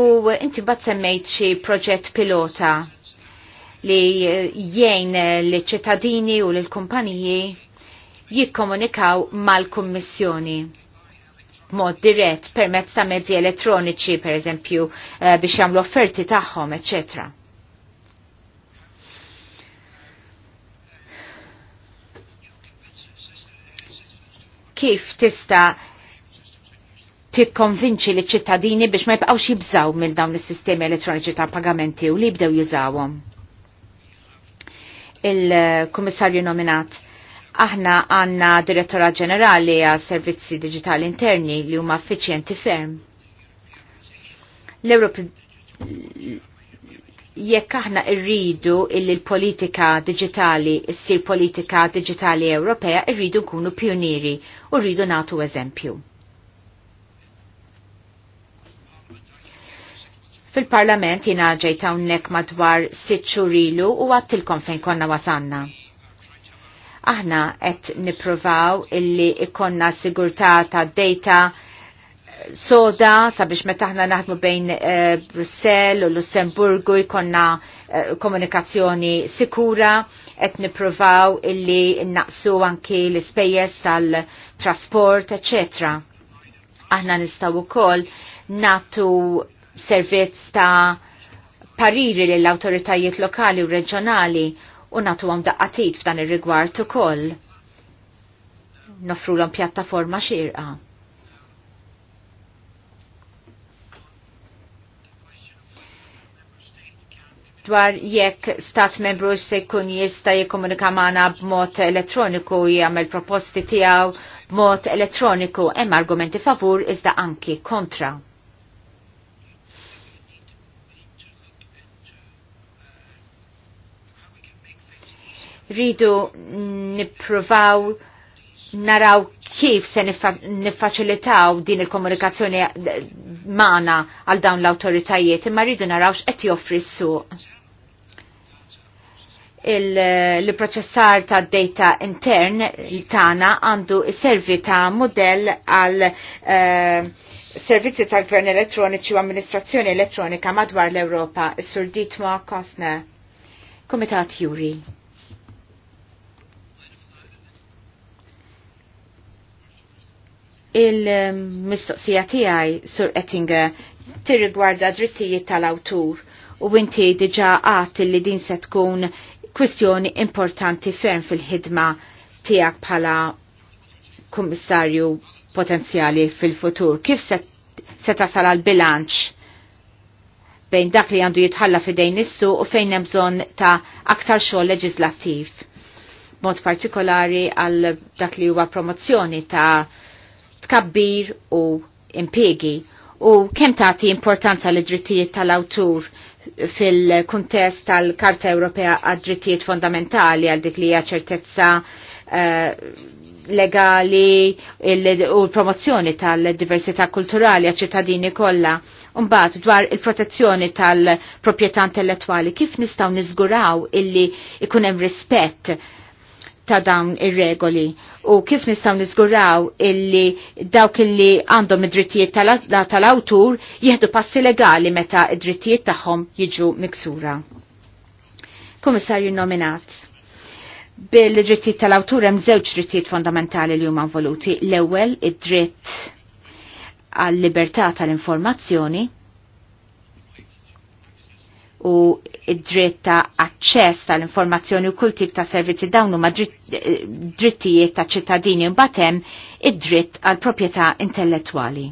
U inti bat semmejt xi proġett pilota li jgħin li ċittadini u l-kumpaniji jikkomunikaw mal-Kummissjoni mod dirett permezz ta' mezzi elettroniċi, per eżempju, eh, biex jagħmlu offerti tagħhom, eccetera. kif tista' tikkonvinċi li ċittadini biex ma jibqgħux jibżaw mill dawn is-sistemi elettroniċi ta' pagamenti u li jibdew jużawhom. Il-Kummissarju nominat aħna għanna direttora ġenerali għal servizzi digitali interni li huma affiċjenti ferm. L-Europa jekk aħna rridu illi l-politika digitali ssir politika digitali Ewropea rridu nkunu pioniri u rridu natu eżempju. Fil-parlament jina ġejta hawnhekk madwar sitt xurilu u għattilkom fejn konna wasanna. Aħna qed nippruvaw illi ikonna sigurtà ta' data soda sabiex meta aħna naħdmu bejn eh, Brussell u Lussemburgu jkonna eh, komunikazzjoni sikura qed nippruvaw illi naqsu anki l-ispejjeż tal-trasport, etc. Aħna nistgħu wkoll natu servizz ta' pariri lill awtoritajiet lokali u reġjonali u natu għam daqqatit f'dan ir-rigward ukoll. Nofru l-om pjattaforma xirqa dwar jekk stat membru se jkun jista jikkomunika magħna b'mod elettroniku jagħmel proposti tiegħu b'mod elettroniku hemm argumenti favur iżda anki kontra. Ridu nippruvaw naraw kif se niffaċilitaw din il-komunikazzjoni mana għal dawn l-autoritajiet imma rridu narawx qed joffri s-suq il-proċessar ta' data intern tana għandu servi ta' model għal servizi eh, servizzi tal-gvern elettroniċi u amministrazzjoni elettronika madwar l-Europa, Sur Dietmar Kosner, Komitat Juri. Il-mistoqsija tiegħi Sur Ettinger tirrigwarda drittijiet tal-awtur u inti diġa għat li din se tkun Kwestjoni importanti ferm fil-ħidma tiegħek bħala kummissarju potenzjali fil-futur. Kif se, tasal għal bilanċ bejn dak li għandu jitħalla fidejn nissu u fejn hemm bżonn ta' aktar xogħol leġislattiv. Mod partikolari għal dak li huwa promozzjoni ta' tkabbir u impiegi u kemm tagħti importanza l drittijiet tal-awtur fil-kuntest tal-Karta Ewropea għad-drittijiet fondamentali għal dik li hija ċertezza eh, legali u l-promozzjoni tal-diversità kulturali għal ċittadini kollha. Umbat, dwar il-protezzjoni tal-proprjetà intellettwali kif nistgħu niżguraw illi ikun hemm rispett ta' dawn ir-regoli u kif nistaw nizguraw illi dawk illi għandhom id-drittijiet tal-awtur jieħdu passi legali meta id-drittijiet tagħhom jiġu miksura. Komissarju nominat. Bil-drittijiet tal-awtur hemm żewġ drittijiet fondamentali li huma voluti. L-ewwel id-dritt għall-libertà tal-informazzjoni u id-dritt ta' aċċess tal-informazzjoni u kull tip ta' servizzi dawn huma drittijiet ta' ċittadini u hemm id-dritt għal proprjetà intellettwali.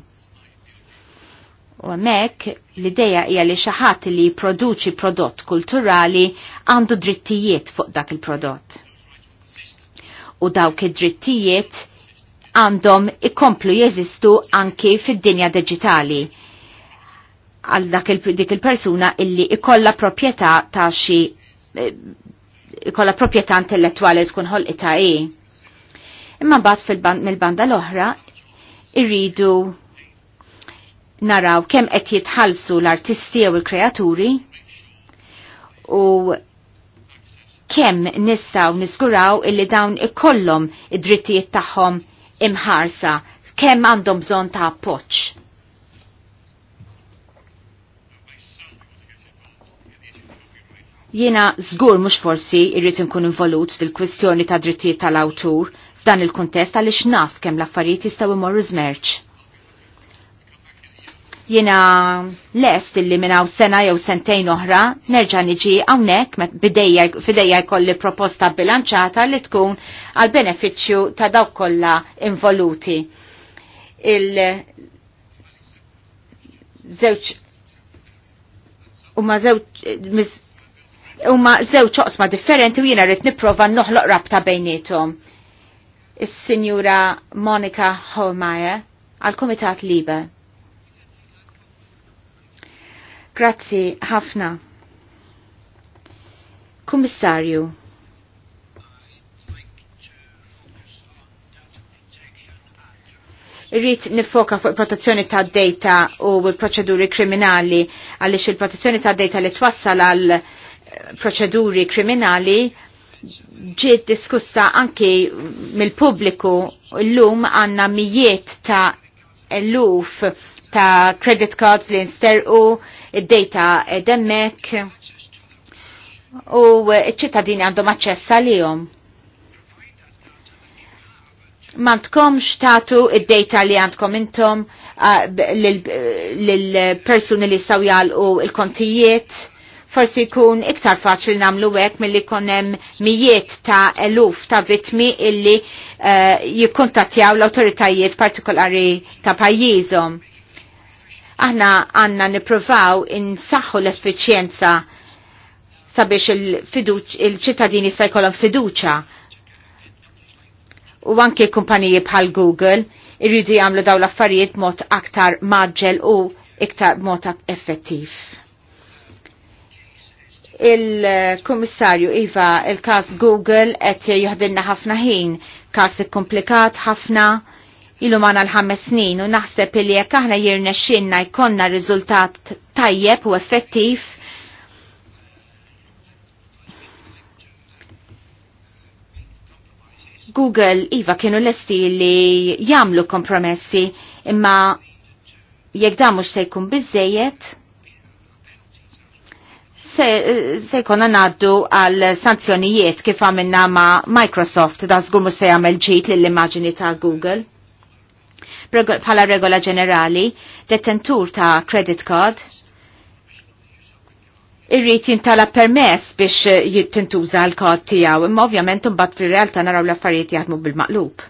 U hemmhekk l-idea hija li xi ħadd li jipproduċi prodott kulturali għandu drittijiet fuq dak il-prodott. U dawk id-drittijiet għandhom ikomplu jeżistu anki fid-dinja diġitali għal dik il-persuna illi ikolla proprjetà ta' xi eh, ikolla proprjetà intellettuali tkun ħolqita i. Imma mbagħad mill-banda l-oħra irridu naraw kemm qed jitħallsu l-artisti jew l kreaturi u kemm nistaw niskuraw illi dawn ikollhom id-drittijiet tagħhom imħarsa, kemm għandhom bżonn ta' appoġġ. Jiena żgur mhux forsi irrit inkun involut fil-kwistjoni ta' drittijiet tal-awtur f'dan il-kuntest għaliex naf kemm l-affarijiet jistgħu imorru żmerġ. Jiena lest illi minn hawn sena jew sentejn oħra nerġa' niġi hawnhekk fidejja jkolli proposta bilanċata li tkun għal benefiċċju ta' dawk kollha involuti. Il żewġ ma żewġ huma żewġ oqsma differenti u jiena rrid nipprova noħloq rabta bejnietom. Is-Sinjura Monika Holmeyer għal-Kumitat Libe. Grazzi ħafna. Kummissarju. Irrid nifoka fuq il-protezzjoni ta' data u l-proċeduri kriminali għaliex il-protezzjoni ta' data li twassal għal proċeduri kriminali ġiet diskussa anki mill-pubbliku l-lum għanna mijiet ta' eluf ta' credit cards li nsterqu, id-data demmek u ċittadini għandhom aċċess għalihom. Ma tkomx tatu id-data li għandkom intom uh, lil persuni li sawjal u il-kontijiet forsi jkun iktar faċil namlu hekk li konem mijiet ta' eluf ta' vitmi illi uh, jikkontattjaw l-autoritajiet partikolari ta' pajjiżhom. Aħna għanna niprovaw insaħħu l-effiċjenza sabiex il-ċittadini il sajkolom jkollhom fiduċa u anke kumpaniji bħal Google irridu jagħmlu daw l-affarijiet mod aktar maġġel u iktar mod effettiv il-komissarju Iva il-kas Google et juhdinna ħafna ħin, kas komplikat ħafna ilu mana l-ħames snin u naħseb li jekk aħna jirna xinna jkonna riżultat tajjeb u effettiv Google Iva kienu l-esti li jamlu kompromessi imma jekk dan mhux se jkun se jkonna naddu għal sanzjonijiet kif għamilna ma' Microsoft da żgur se jagħmel ġit lill immagini ta' Google. Pala regola ġenerali, detentur ta' credit card irrit jintala permess biex jittintuża l-kod tiegħu, imma ovvjament imbagħad fir-realtà naraw l-affarijiet jaħdmu bil-maqlub.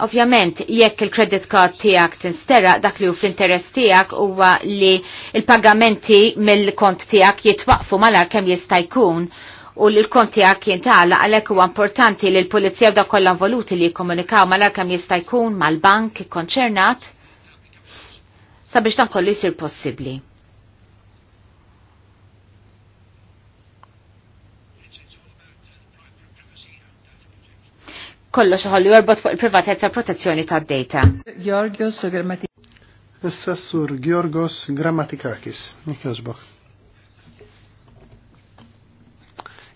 Ovvjament, jekk il-credit card tiegħek tinstera, dak li hu fl-interess tiegħek huwa li il-pagamenti mill-kont tiegħek jitwaqfu malar kemm jista' jkun u l-kont tiegħek jintala għalhekk huwa importanti li l-pulizija da kollha voluti li jikkomunikaw malar kemm jista' jkun mal-bank konċernat sabiex dan kollu jsir possibbli. kollox ħollu jorbot fuq il-privatezza protezzjoni tad-data. Georgios Grammatikakis. Issa sur Georgos Grammatikakis. Nikjożbok.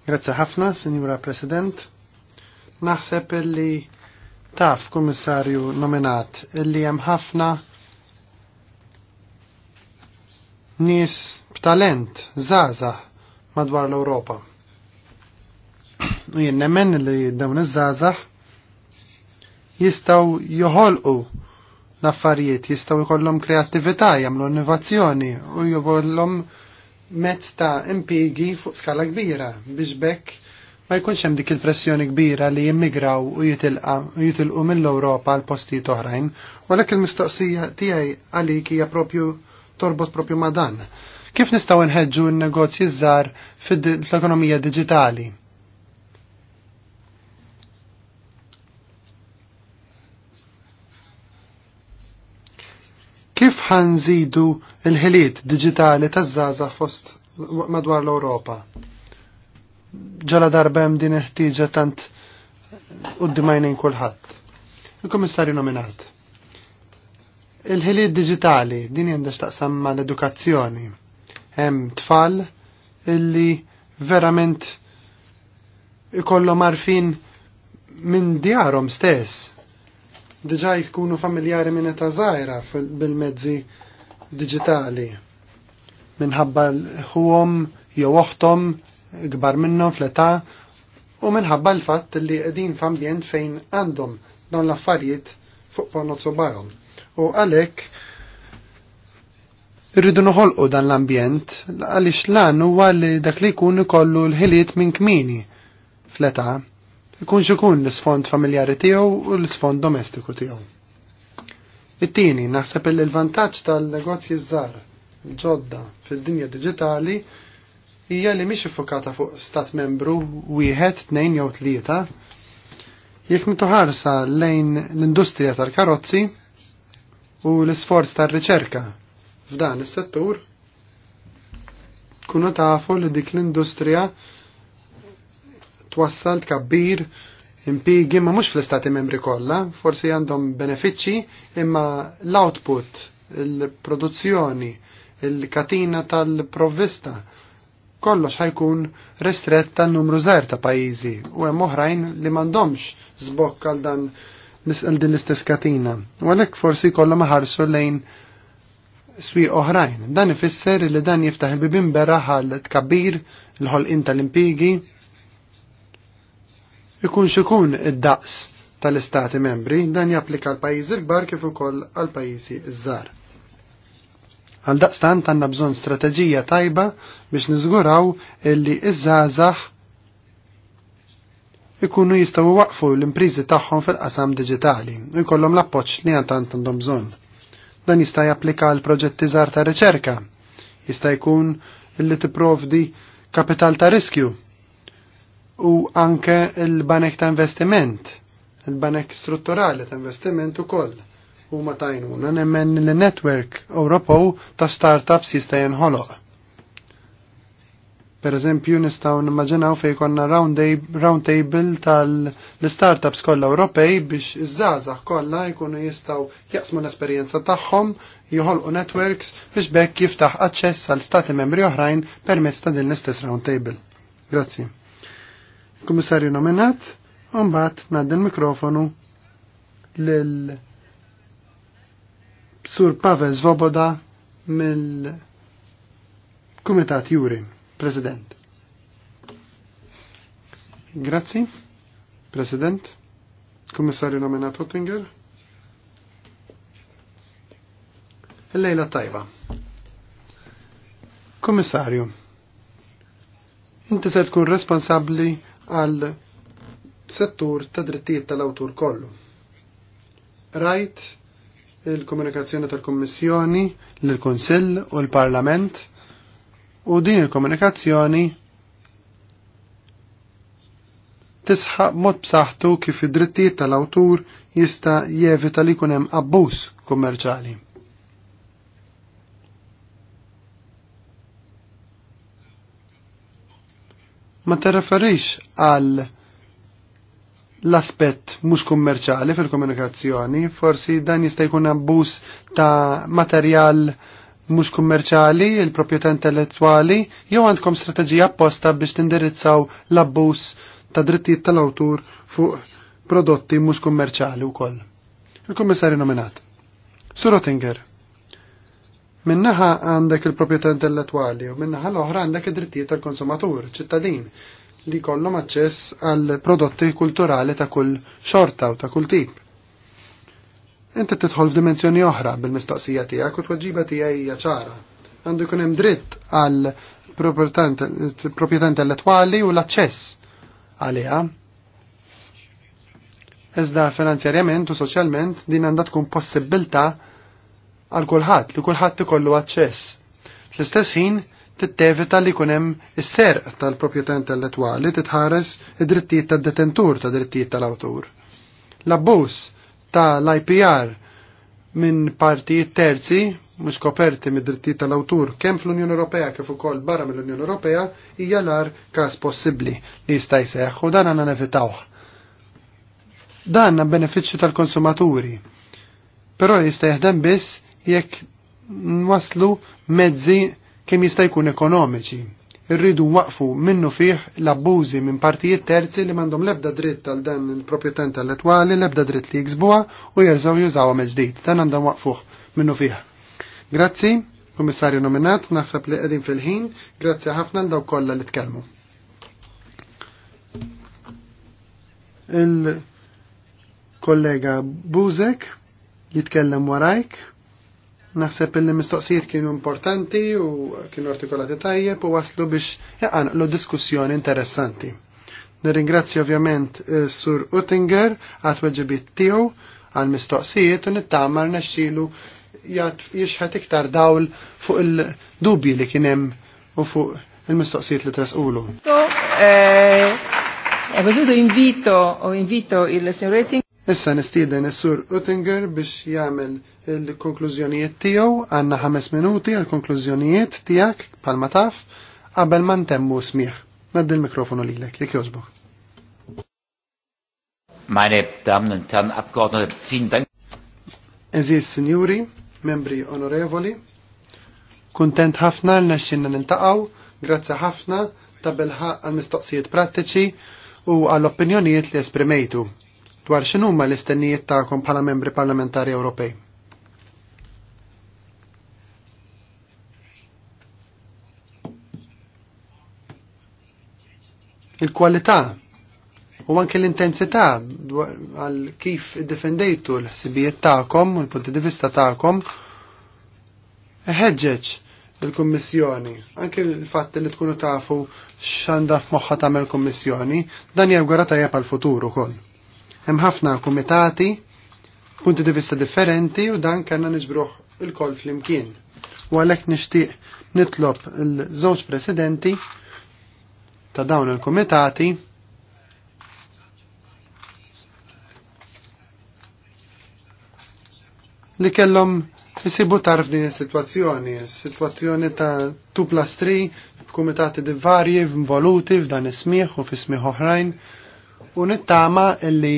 Grazie ħafna, Sinjura President. Naħseb li taf komissarju nominat illi hemm ħafna nies b'talent żgħażagħ madwar l-Ewropa. U jien nemmen li dawn iż-żgħażagħ jistaw joħolqu l-affarijiet, jistaw jkollhom kreattività, jagħmlu innovazzjoni u jkollhom mezz ta' impigi fuq skala kbira biex bekk ma jkunx hemm dik il-pressjoni kbira li jimmigraw u jitilqu mill-Ewropa għal postijiet oħrajn, għalhekk il-mistoqsija tiegħi għalik hija propju torbot propju ma' dan. Kif nistgħu nħeġġu n-negozji żgħar fil ekonomija diġitali? Kif ħanżidu il-ħiliet digitali taż zaza fost madwar l europa Ġala darbem hemm din iħtieġa tant d-dimajnin kulħadd. il komissarju nominat. Il-ħiliet digitali din għandha x'taqsam mal-edukazzjoni. Hemm tfal illi verament ikollhom għarfin minn djarhom stess diġa jkunu familjari minn eta zaħira bil-mezzi digitali minħabba huwom jew oħtom gbar minnhom fl-età u minħabba l-fatt li qegħdin f'ambjent fejn għandhom dawn l-affarijiet fuq ponot subajhom. U għalhekk irridu noħolqu dan l-ambjent għaliex lan huwa li dak li jkun ikollu l-ħiliet minn kmini fl-età ikunx ikun l-isfond familjari tiegħu u l-isfond domestiku tiegħu. It-tieni naħseb li l-vantaġġ tal-negozji żgħar ġodda fid-dinja diġitali hija li mhix iffokata fuq stat membru wieħed, tnejn jew tlieta. Jekk nituħarsa lejn l-industrija tal-karozzi u l-isforz tar-riċerka f'dan is-settur, kunu tafu li dik l-industrija twassal tkabbir impigi ma mhux fl-istati membri kollha, forsi għandhom benefiċċji imma l-output, il-produzzjoni, il-katina tal-provvista kollox ħajkun restret tal-numru żgħar ta' pajjiżi u hemm oħrajn li m'għandhomx żbokk għal dan għal din l-istess katina. U għalhekk forsi kollha ħarsu lejn swi oħrajn. Dan ifisser li dan jiftaħ il-bibin beraħal tkabbir, il-ħolqin tal-impigi, ikunx ikun id-daqs tal-istati membri dan japplika għal pajjiżi l-kbar kif ukoll għal pajjiżi żgħar Għal daqstant għandna bżonn strateġija tajba biex niżguraw illi iż-żgħażagħ ikunu jistgħu waqfu l-imprizi tagħhom fil-qasam digitali u jkollhom l-appoġġ li għantant għandhom bżonn. Dan jista' japplika l proġetti żgħar ta' riċerka, jista' jkun illi tipprovdi kapital ta' riskju u anke il-banek ta' investiment, il-banek strutturali ta' investiment u koll u ma tajnuna nemmen l-network Ewropew ta' startups jista' jinħoloq. Per eżempju nistgħu nimmaġinaw fejn konna round table tal-startups kollha Ewropej biex iż żazax kollha jkunu jistgħu jaqsmu l-esperjenza tagħhom, joħolqu networks biex bekk jiftaħ aċċess għal stati membri oħrajn permezz ta' din l-istess round table. Grazzi. Kummissarju nominat, unbat ngħaddi l-mikrofonu lil Sur Pavel Svoboda mill-Kumitat Juri, President. Grazzi, President, Kummissarju nominat Ottinger. lejla tajba. Komissarju, inti se tkun responsabli għal settur ta' drittijiet tal-awtur kollu. Rajt il-komunikazzjoni tal-Kommissjoni, l-Konsill u l-Parlament u din il-komunikazzjoni tisħaq mod b'saħħtu kif id-drittijiet tal-awtur jista' jevita li jkun hemm abbuż kummerċjali. ma terreferix għal l-aspett mhux kummerċali fil-komunikazzjoni, forsi dan jista' jkun abbuż ta' materjal mhux kummerċali, il-proprjetà intellettwali, jew għandkom strateġija apposta biex tindirizzaw l-abbuż ta' drittijiet tal-awtur fuq prodotti mhux kummerċali wkoll. Il-Kummissarju nominat. Sur Ottinger. Minnaħa għandek il-proprjetà intellettwali u minnaħa l-oħra għandek id-drittijiet tal-konsumatur, ċittadin, li kollom aċċess għal prodotti kulturali ta' kull xorta u ta' kull tip. Inti tidħol f'dimensjoni oħra bil-mistoqsija tiegħek u tweġiba tiegħi hija ċara. Għandu jkun hemm dritt għal proprjetà intellettwali u l-aċċess għaliha. Iżda finanzjarjament u soċjalment din għandha tkun possibilta' għal kulħadd li kulħadd ikollu aċċess. Fl-istess ħin tittevita li kunem is-serq tal-proprjetà intellettwali titħares id-drittijiet tad-detentur ta' drittijiet tal-awtur. L-abbuż tal-IPR minn partijiet terzi mhux koperti mid-drittijiet tal-awtur kemm fl-Unjoni Ewropea kif ukoll barra mill-Unjoni Ewropea hija l-ar każ possibbli li jista' jseħħ u dan għandna nevitawh. Dan benefiċċju tal-konsumaturi, però jista' jeħdem biss jekk nwaslu mezzi kemm jista' jkun ekonomiċi. Irridu waqfu minnu fih l-abbużi minn partijiet terzi li m'għandhom l-ebda dritt għal dan il-proprjetà intellettwali, l-ebda dritt li jiksbuha u jerżgħu jużawha mill Dan għandhom waqfuh minnu fih. Grazzi, Kummissarju nominat, naħseb li qegħdin fil-ħin, grazzi ħafna l daw kollha li tkellmu. Il-kollega Buzek jitkellem warajk. Naħseb li mistoqsijiet kienu importanti u kienu artikolati tajjeb u waslu biex jaqanqlu diskussjoni interessanti. Nirringrazzja ovvjament eh, Sur Uttinger għat weġibit tiegħu għal mistoqsijiet u nittamar nexxilu jixħet iktar dawl fuq il-dubji li kien hemm u fuq il-mistoqsijiet li trasqulu. Eh, invito u invito il-Sir Issa nistieden is-Sur Uttinger biex jagħmel il-konklużjonijiet tiegħu għandna ħames minuti għal konklużjonijiet tiegħek bħalma taf qabel ma ntemmu smieħ. Naddi l-mikrofonu lilek, jekk jogħġbu. Meine Damen und Herren Abgeordnete, vielen Dank. Eżis Sinjuri, membri onorevoli, kuntent ħafna l nexxinna niltaqgħu, grazzi ħafna ta' bilħaq għal-mistoqsijiet prattiċi u għall-opinjonijiet li esprimejtu dwar x'inhuma l-istennijiet tagħkom bħala membri parlamentari Ewropej. il-kwalità u anke l-intensità għal kif defendejtu l-ħsibijiet tagħkom u l-punti di vista tagħkom ħeġġeġ il-Kummissjoni, anke l-fatt li tkunu tafu x'għandha f'moħħa tagħmel kummissjoni, dan jewgura tajjeb għal futur ukoll. Hemm ħafna kumitati, punti di vista differenti u dan kellna niġbruh il-kol flimkien. U għalhekk nixtieq nitlob il-żewġ presidenti ta' dawn il-komitati li kellhom jisibu tarf din is-sitwazzjoni, sitwazzjoni ta' 2 plus 3 di varji involuti f'dan ismiħ u f'ismiħ oħrajn u nittama illi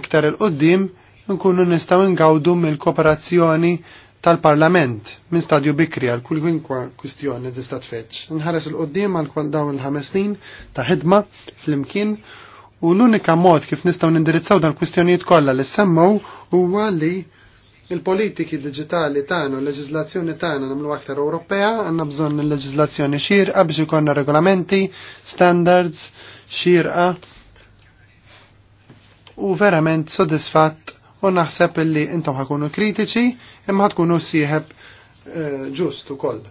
iktar il-qoddim nkunu nistgħu ngawdu mill-kooperazzjoni tal-Parlament minn stadju bikri għal kull kwa kwistjoni tista' tfetx. Inħares il-qoddim għal kwal dawn il-ħames snin ta' ħidma fl-imkien u l-unika mod kif nistgħu nindirizzaw dan kwistjonijiet kollha li semmew huwa li il-politiki digitali tagħna u l-leġiżlazzjoni tagħna nagħmlu aktar Ewropea, għandna bżonn il-leġiżlazzjoni xierqa biex ikollna regolamenti, standards xierqa u verament sodisfatt u naħseb illi intom ħakunu kritiċi imma ħatkunu siħeb eh, ġust ukoll.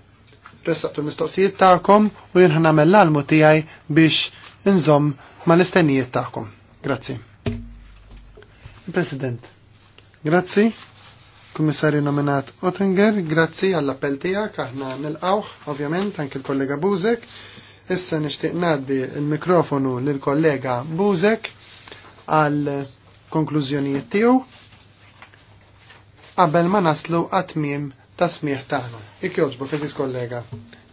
Ressaqtu mistoqsijiet tagħkom u jien ħnamel l-almu tiegħi biex inżomm mal-istennijiet tagħkom. Grazzi. President, grazzi. Kummissarju nominat Ottinger, grazzi għall-appell tiegħek aħna nilqawh, ovvjament, anke l-kollega Buzek. Issa nixtieq naddi il mikrofonu lill kollega Buzek għal konklużjonijiet tiegħu qabel ma naslu għatmim ta' smieħ taħna. Ik joġbu, fesis kollega.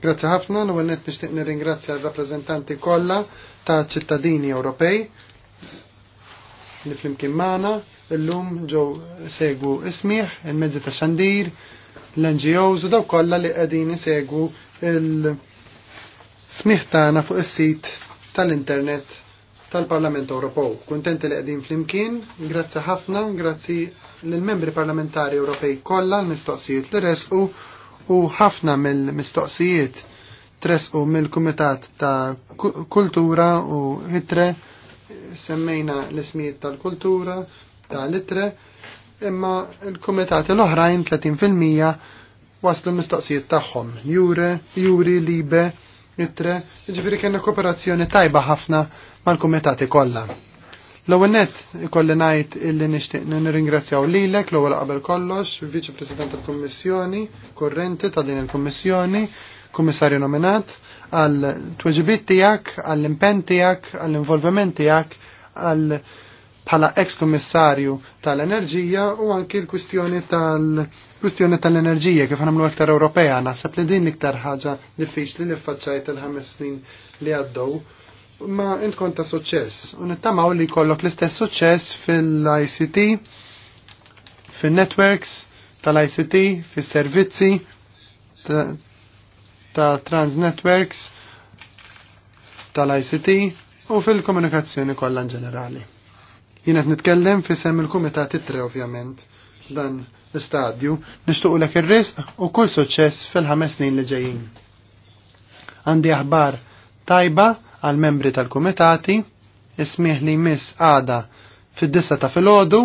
Grazzi ħafna, u għannet nishtiq nirringrazzja l-rappresentanti kolla ta' ċittadini Ewropej li flimkien maħna, l-lum ġew segwu ismiħ, il-mezzi ta' xandir, l-NGOs u daw kolla li qegħdin segwu il-smiħ taħna fuq is-sit tal-internet tal-Parlament Ewropew. Kuntenti li qegħdin flimkien, grazzi ħafna, grazzi lill-membri parlamentari Ewropej kollha l-mistoqsijiet li resqu u ħafna mill-mistoqsijiet tresqu mill-Kumitat ta' Kultura u Itre semmejna l-ismijiet tal-Kultura tal-Itre imma l-Kumitat l-oħrajn 30% waslu mistoqsijiet tagħhom. Jure, Juri, Libe, Itre, ġifiri kellna kooperazzjoni tajba ħafna mal-kumitati kollha. L-ewwel nett ikolli ngħid illi nixtieq nirringrazzjaw lilek l-ewwel qabel kollox, Viċi President tal-Kummissjoni, kurrenti ta' din il-Kummissjoni, Kummissarju nominat, għal tweġibit tiegħek, għall-impenn tiegħek, għall-involviment tiegħek, għall bħala ex-kummissarju tal-enerġija u anki l-kwistjoni tal- kwistjoni tal-enerġija kif għamlu aktar Ewropea, naħseb li din iktar ħaġa diffiċli li faċċajt il-ħames snin li għaddew ma intkun ta' suċċess. U nittamaw li kollok l-istess suċċess fil-ICT, fil-networks tal-ICT, fil-servizzi ta', transnetworks tal-ICT u fil-komunikazzjoni kollha ġenerali. Jienet nitkellem fi sem il-kumitat it-tre ovvjament dan l-istadju nixtuq lek ir-risq u kull suċċess fil-ħames snin li ġejjin. Għandi aħbar tajba għal membri tal-kumitati, ismiħ li jmiss għada fid-dissa ta' filgħodu.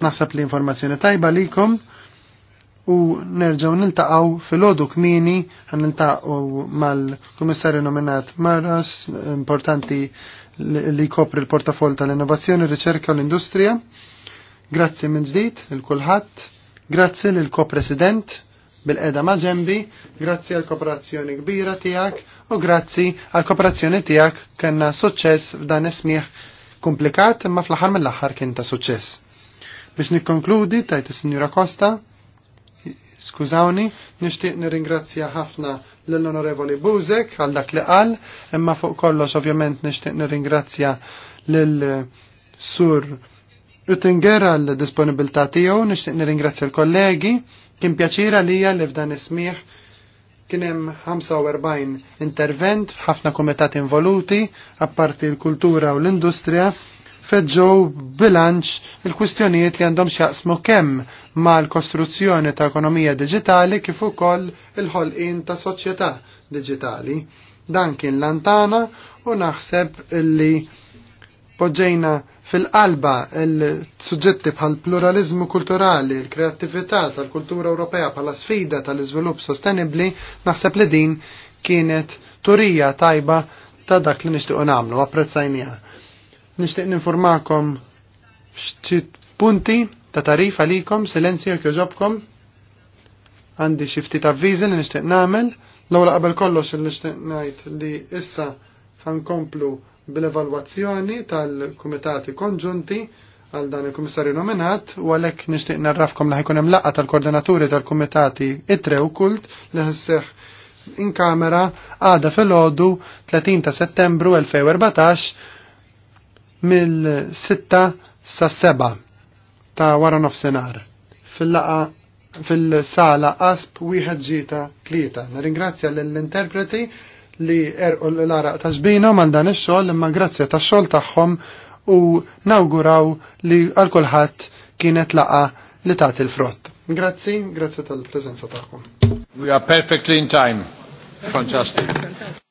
Naħseb li informazzjoni tajba likom u nerġgħu niltaqgħu ħodu kmini għan niltaqgħu mal-Kummissarju nominat Maras, importanti li kopri l-portafol tal-innovazzjoni, riċerka u l-industrija. Grazzi minn ġdid il kulħadd, grazzi lill ko-president bil-qeda ma' ġembi, grazzi għal kooperazzjoni kbira tiegħek u grazzi għal kooperazzjoni tiegħek kena suċċess f'dan ismieħ komplikat imma fl-aħħar mill-aħħar kien ta' suċċess. Biex nikkonkludi tajt is-Sinjura Costa, skużawni, nixtieq nirringrazzja ħafna lill-Onorevoli Buzek għal dak li qal, imma fuq kollox ovvjament nixtieq nirringrazzja lil Sur Uttinger għal disponibilità tiegħu, nixtieq nirringrazzja l-kollegi Kien pjaċira lija li f'dan ismiħ kien hemm 45 intervent ħafna komitat involuti, apparti l-kultura u l-industrija, feġġow bilanċ il-kwistjonijiet li għandhom xjaqsmu kemm ma' l-kostruzzjoni ta' ekonomija digitali kif ukoll il-ħolqien ta' soċjetà digitali. Dan kien lantana u naħseb li poġġejna fil-qalba il-suġġetti bħal pluralizmu kulturali, il-kreattività tal-kultura Ewropea bħala sfida tal-iżvilupp sostenibli, naħseb li din kienet turija tajba ta' dak li nixtiequ nagħmlu, apprezzajnija. Nixtieq ninformakom ftit punti ta' tarif għalikom, silenzju jekk joġobkom. Għandi xi ftit avviżi li nixtieq nagħmel. L-ewwel qabel kollox li nixtieq ngħid li issa ħankomplu bil-evalwazzjoni tal-Kumitati Konġunti għal dan il-Kummissarju nominat u għalhekk nixtieq narrafkom li ħajkun hemm laqgħa tal-koordinaturi tal-Kumitati itre u kult li ħisseħ in kamera għada fil-ħodu 30 ta' settembru 2014 mill-6 sa' 7 ta' wara nofsenar fil-laqa fil-sala ASP wieħed ġita tlieta. Nirringrazzja l-interpreti li erqu l-araq ta' zbino għal dan ix-xogħol imma grazzi tax-xogħol tagħhom u nawguraw li għal kulħadd kienet laqa li tagħti til frott Grazzi, grazzi tal-preżenza taħħom. We are perfectly in time. Fantastic.